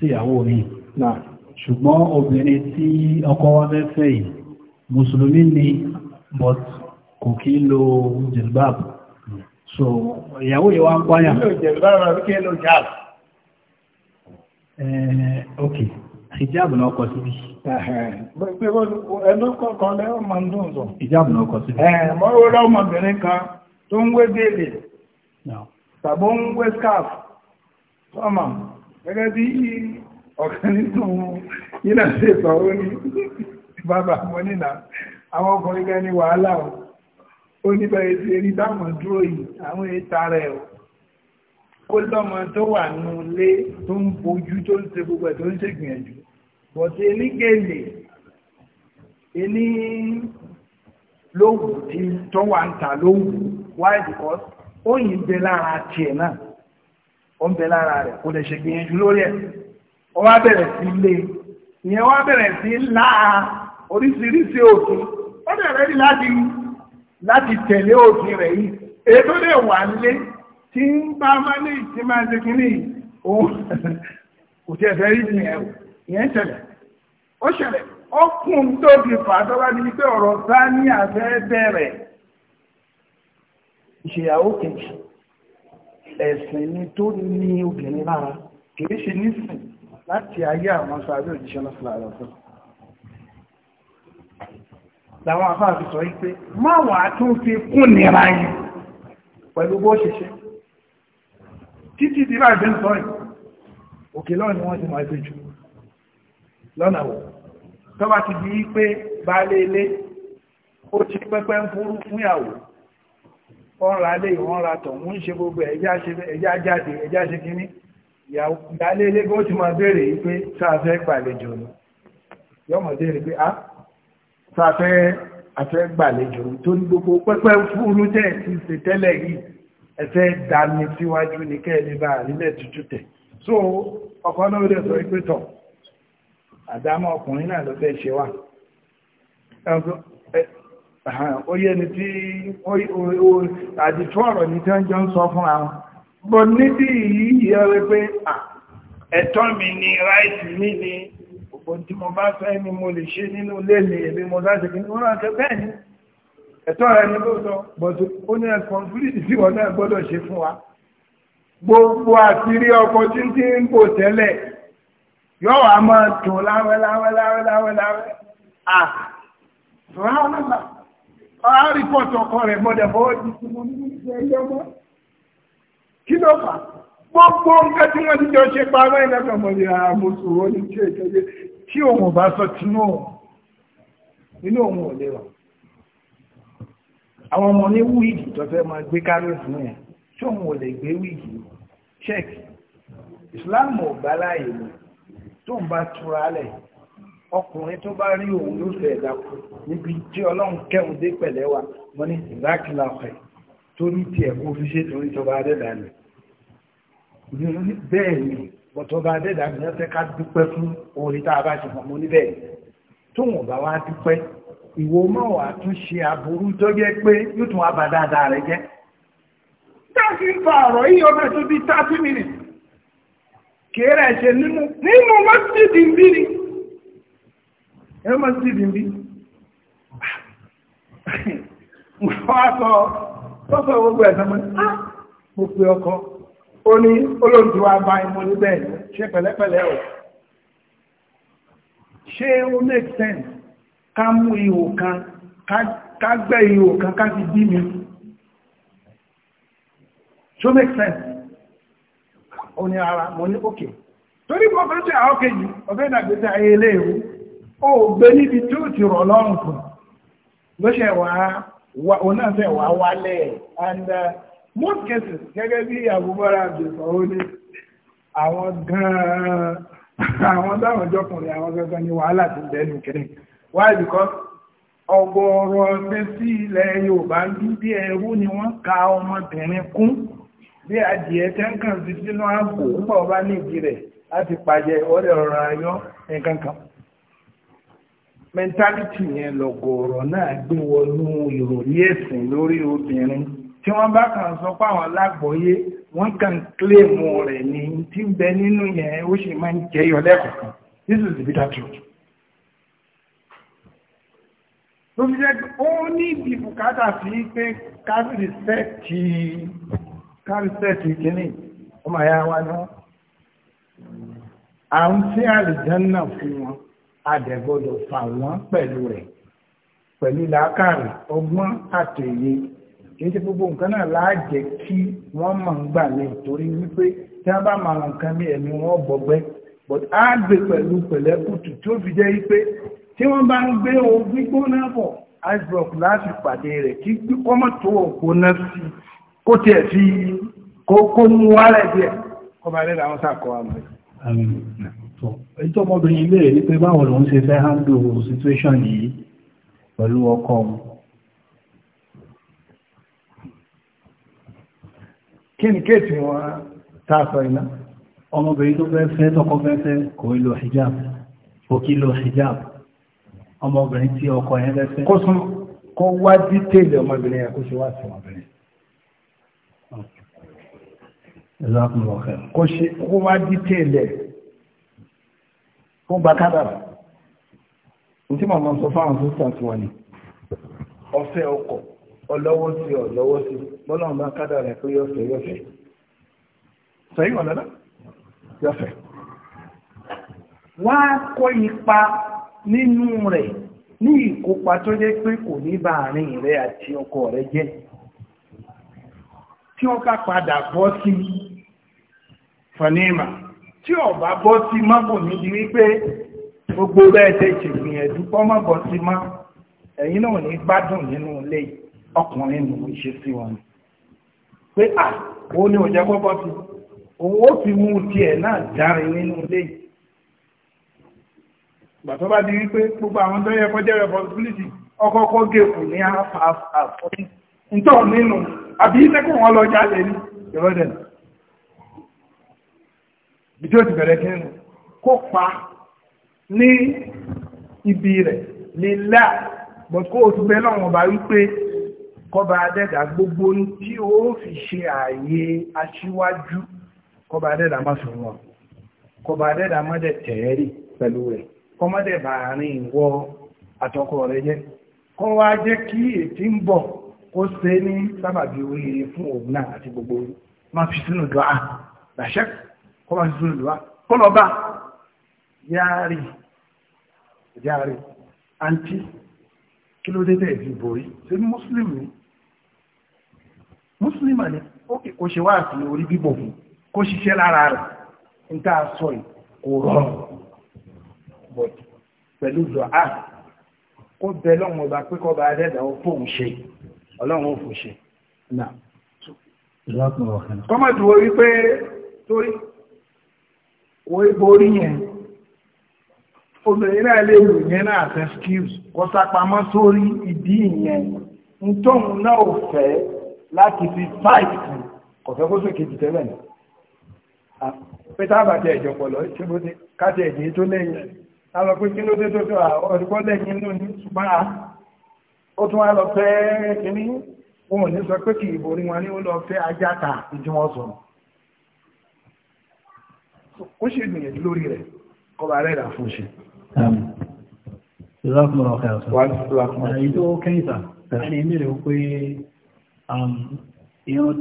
sí ìyàwó mi ṣùgbọ́n obìnrin tí ọkọ wa mẹ́fẹ́ yìí mùsùlùmí ni but kò kí lo jilbab so ìyàwó yìí wá ń pààyàn eh, ok ìjáàbù náà kọ síbí ẹ̀ẹ́dọ́ kọ̀ọ̀kan lẹ́wọ̀n máa ń dùn sọ ìjáàbù náà kọ síbí ẹ̀ẹ́mọ́ eh, ó tó ń wé bèèrè tàbí ó ń wé scarf sọ́mọ̀ gẹ́gẹ́ bí ọ̀kan nínú ilẹ̀ ṣe sọ ó ní bàbá mọ́ nínà àwọn ọkùnrin gẹ́ ní wàhálà ọ̀ ó ní bẹ̀rẹ̀ sí erí dámọ̀ dúró yìí àwọn èta rẹ̀ ọ̀ kó lọ́mọ tó wà nù lé tó ń bojú tó ń ṣe gbogbo ẹ̀ tó ń ṣe gbìyànjú bọ̀tí elégèlè ení lówù tí tó wà ń ta lówù why because ó yìí bẹ lára tiẹ̀ náà ó ń bẹ lára rẹ̀ kò lè ṣe gbìyànjú lórí ẹ̀ ó wá bẹ̀rẹ̀ sí lé ìyẹn wá bẹ̀rẹ̀ sí láà oríṣiríṣi òfin ó bẹ̀rẹ̀ rí láti láti tẹ̀lé òfin rẹ̀ yìí èyí tó lè wà nílé tí ń bá máa ní ìsinmi àti kìíní òun kò tí ẹ̀fẹ́ rí ní ẹ̀wò ìyẹn ṣẹlẹ̀ ó ṣẹlẹ̀ ó kún tó fi ní pé ọ̀rọ̀ sáníà fẹ́ bẹ̀rẹ̀ ìṣèyàwó kejì ẹ̀sìn ni tó ní obìnrin lára kìí ṣe nísìn láti ayé àwọn sàárẹ̀ òjíṣẹ́ lọ́sọ̀lọ́ làwọn afáà fi sọ wípé má wàá tún fi kún nira yẹn pẹ̀lú bó ṣe ṣe títí tí bá ṣe ń sọ yìí òkè lọ́wọ́ ni wọ́n ti máa gbé jù lọ́nà wò tọ́ba ti di pé baálé ilé ó ti pẹ́pẹ́ ń fúrú fún ìyàwó wọ́n ra lé ìwọ́n ra tọ̀ ń ṣe gbogbo ẹjá jáde ẹjá ṣe kíní ìyálé ilégó ti máa béèrè pé sáfẹ́ gbàlejò ni yọmọ béèrè pé ah sáfẹ́ afẹ́ gbàlejò ni tó ní gbogbo pẹ́pẹ́ fúru tẹ̀ ti ṣe tẹ́lẹ̀ yìí ẹ̀fẹ́ dání síwájú ní kẹ́ẹ̀lẹ́ bá àrílẹ̀ tútù tẹ̀ so ọkọ náà lè sọ pé tọ̀ àdámọ́ ọkùnrin náà ló fẹ́ ṣe wà ó yẹ ni tí àdìtú ọ̀rọ̀ ní tí wọ́n jọ ń sọ fún àwọn bọ̀ níbi yìí yẹ rẹ pé ẹ̀tọ́ mi ni ráìtì mi ni òpó tí mo bá fẹ́ ni mo lè ṣe nínú ilé mi èmi mo láti kí ni wọ́n rà kẹ́ bẹ́ẹ̀ ni ẹ̀tọ́ rẹ ni lóòótọ́ bọ̀tù ó ní responsibility sí wọn náà gbọ́dọ̀ ṣe fún wa gbogbo àṣírí ọkọ̀ tí ń tí ń bò tẹ́lẹ̀ yóò wá máa àárí pọ̀tù ọkọ rẹ̀ mọ́dẹ̀ fọwọ́ di fún mọ́ nínú ìfẹ́ ẹgbẹ́ ọmọ kí ló fà gbogbo nǹkan tí wọ́n ti jọ ṣe pa àwọn ẹ̀lẹ́gbẹ̀ mọ́lẹ̀ àmọ́sù wọ́n ní tí ìtọ́jú tí òun bá sọ tinú òun inú òun ò lè wà àwọn ọmọ ní wíìgì tó fẹ́ máa gbé kárí fún ẹ̀ tí òun ò lè gbé wíìgì check Islam ò gbá láàyè lò tó ń bá túra lẹ̀ ọkùnrin tó bá rí òun ló fẹ́ ẹ̀dàkù níbi tí ọlọ́run kẹ́hùn dé pẹ̀lẹ́ wa wọ́n ní ìbákìlá ọ̀fẹ́ tó ní ti ẹ̀kọ́ fi ṣe torí tọba adẹ́dà ni bẹ́ẹ̀ ni bọ̀tọba adẹ́dà ni wọ́n fẹ́ ká dúpẹ́ fún orí tá a bá ṣe mọ̀ ní bẹ́ẹ̀ tó wọ́n bá wá dúpẹ́ ìwọ mọ̀ wá tún ṣe aburú tó jẹ́ pé yóò tún wá bà ẹ mọ́ sí ìdí bí wọ́n sọ ah, ọkọ ó ní olóòtú wa ṣe pẹ̀lẹ́pẹ̀lẹ́ ọ̀ ṣé ó make sense ká ihò kan gbẹ́ ihò kan ká fi bí mi ṣó make sense ó ní ara mo ní òkè torí mo fẹ́ ṣe àwọn kejì ọ̀fẹ́ ìdàgbésẹ̀ ayé ilé ó gbé níbi tí ó ti rọ̀ lọ́rùn kù ló ṣe wá onáfẹ́ wá wálẹ̀ and uh, most cases gẹ́gẹ́ bí àbúbọ́ra àjòsàn ó àwọn gan-an àwọn dáwọn ọjọ́kùnrin àwọn gangan ni wàhálà ti bẹ̀ẹ́nu kiri why because ọgọ́rọ̀ ọgbẹ́ sí ilẹ̀ Yorùbá ń bí bí ẹrú ni wọ́n ka ọmọbìnrin kún bí adìẹ tẹ́ǹkan sí sínú àpò ń bọ̀ bá nídìí rẹ̀ láti pàjẹ́ ọ̀rẹ́ ọ̀rọ̀ mẹ́ntálítì yẹn lọ̀gọ̀ọ̀rọ̀ náà gbé wọnú ìròyìn ẹ̀sìn lórí obìnrin tí wọ́n bá kàn sọ páwọn alágbọ̀ọ́yé wọ́n kàn kílèmù rẹ̀ ní tí ń bẹ nínú yẹn ó sì máa ń jẹyọ lẹ́kọ̀ọ̀kan this is the bitter truth. ló fi jẹ́ ó ní ibi bùkátà sí pé kárìsẹ́ẹ̀tì kárìsẹ́ẹ̀tì kìíní ọmọ àyà wa ni wọ́n à ń fẹ́ àlìjánná fún wọn adẹ̀gbọ́dọ̀ fà wọ́n pẹ̀lú rẹ̀ pẹ̀lú làákàrẹ̀ ọgbọ́n àtòyè kìí ṣe gbogbo nǹkan náà láàjẹ́ kí wọ́n mọ̀ ń gbà lè torí wípé tí wọ́n bá máa ràn kan bí ẹ̀mí wọn bọ̀gbẹ́ but á gbé pẹ̀lú pẹ̀lẹ́kùtù tí ó fi jẹ́ wípé tí wọ́n bá ń gbé ohun gbígbóná bọ̀ iceblock láti pàdé rẹ̀ kí kọ́mọ̀ tó òpóná sí kó tiẹ̀ fi kó mú wálẹ̀ díẹ̀ kọ́mọ̀ rẹ̀ làwọn sàkọ́ àmọ́
èyí tó ọmọbìnrin ilé rẹ̀ wípé báwo lòun ṣe fẹ́ handle situation yìí pẹ̀lú ọkọ wọn
kí ni kéètì wọn tààsọ iná ọmọbìnrin tó fẹ́ fẹ́ tọkọ fẹ́ fẹ́ kò ìlò hijab kò kí lo hijab ọmọbìnrin tí ọkọ yẹn fẹ́ fẹ́ kó wá dítèlè ọmọbìnrin yẹn kó ṣe wá sí ọmọbìnrin kó wá dítèlè fún bàkádàrà tí màá máa sọ fáwọn
sọ́sà tí wọ́n ní
ọ̀fẹ́ ọkọ̀ ọlọ́wọ́ sí ọlọ́wọ́ sí bọ́lá bá kádàrà pé yọ̀fẹ́ yọ̀fẹ́ sẹ́yìn ọ̀lọ́lá yọ̀fẹ́ wá kọ́ ipa nínú rẹ̀ ní ìkópa tó jẹ́ pé kò ní bá àárín rẹ̀ àti ọkọ rẹ̀ jẹ́ tí wọ́n ká padà bọ́ sí fanima tí ọba bọ́ sí má kò ní di wípé gbogbo bẹ́ẹ̀ ṣe ṣègbìyànjú má bọ́ sí má ẹ̀yin náà ní gbádùn nínú ilé ọkùnrin nù ìṣesí wọn pé à òun ni òjẹ́ gbọ́gbọ́ sí òun ó mú tiẹ̀ náà nínú gbogbo àwọn tó yẹ kọjá ní nítorí nínú àbí sẹ́kùn wọn lọ jáde ní bí tí ó ti bẹ̀rẹ̀ kí nínú kó pa ní ibi rẹ̀ lílá bọ̀ kó o ti bẹ́ lọ́wọ́n bá wípé kọba adẹ́dà gbogbo tí ó fi ṣe ààyè aṣíwájú kọba adẹ́dà má sọ wọn kọba adẹ́dà má dẹ̀ tẹ̀ẹ́rì pẹ̀lú rẹ̀ kọmọdẹ̀ bàárín ìwọ àtọkọ rẹ̀ jẹ́ kọ́ wá jẹ́ kí ètí ń bọ̀ kó ṣe ní sábàbí oríire fún òun náà àti gbogbo má fi sínú dọ́à làṣẹ́kù kọ́ba ń sọ̀rọ̀ lùwà kọ́lọ́ba yáàrì yáàrì àǹtí kí ló dé tẹ̀ fi borí ṣe ní mùsùlùmí ni mùsùlùmí ni ókè kò ṣe wá sí orí bíbò fún kó ṣiṣẹ́ lára rẹ̀ ń tá a sọ yìí kò rọrùn but pẹ̀lú dọ̀á kó bẹ lọ́wọ́ ọba pé kọ́ba adẹ́dàá ó fóun ṣe ọlọ́run ó fò ṣe náà. kọ́mọ̀dù wo wípé torí wọ́n borí yẹn obìnrin náà lè lò yẹn náà àti skills kó sápamọ́ sórí ìdí ìyẹn ń tóun náà ò fẹ́ láti fi fight kọ̀fẹ́ kó sókè jù tẹ́lẹ̀ ní pété àbàtẹ ẹ̀jọ̀ pọ̀lọ́ ṣé bó ẹ̀jẹ̀ tó lẹ́yìn a kó ṣe lórí rẹ̀ kọba rẹ̀ rà fún ṣe. ìlàkùnrin um,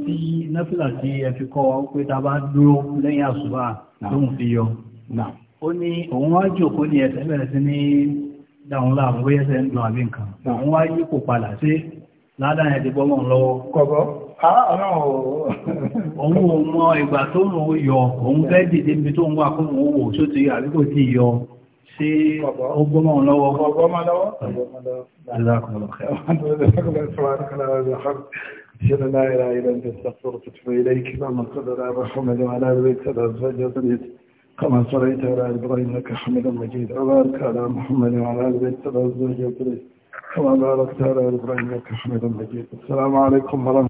tí nẹ́fìlà tí ẹ fi kọ́ pé ta bá dúró lẹ́yìn àṣùbà lóhun fi yọ ó ní òun wá jòkó ní ẹsẹ̀ bẹ̀rẹ̀ sí ní dáhùn láàmú bóyá ń dùn àbí nǹkan òun wá yípo padà sí ládàá ti bọ́ lọ́wọ́ Ah, òun ò mọ ìgbà tó ń yọ, òun fẹ́ dìde níbi tó ń wà fún òun wò tó ti àbí kò ti yọ sí ọgbọ́mọ̀ lọ́wọ́.
Ọgbọ́mọ̀ كما صليت على إبراهيم إنك حميد مجيد وبارك على محمد وعلى آل الأزواج والبيت كما باركت على إبراهيم إنك حميد مجيد السلام عليكم ورحمة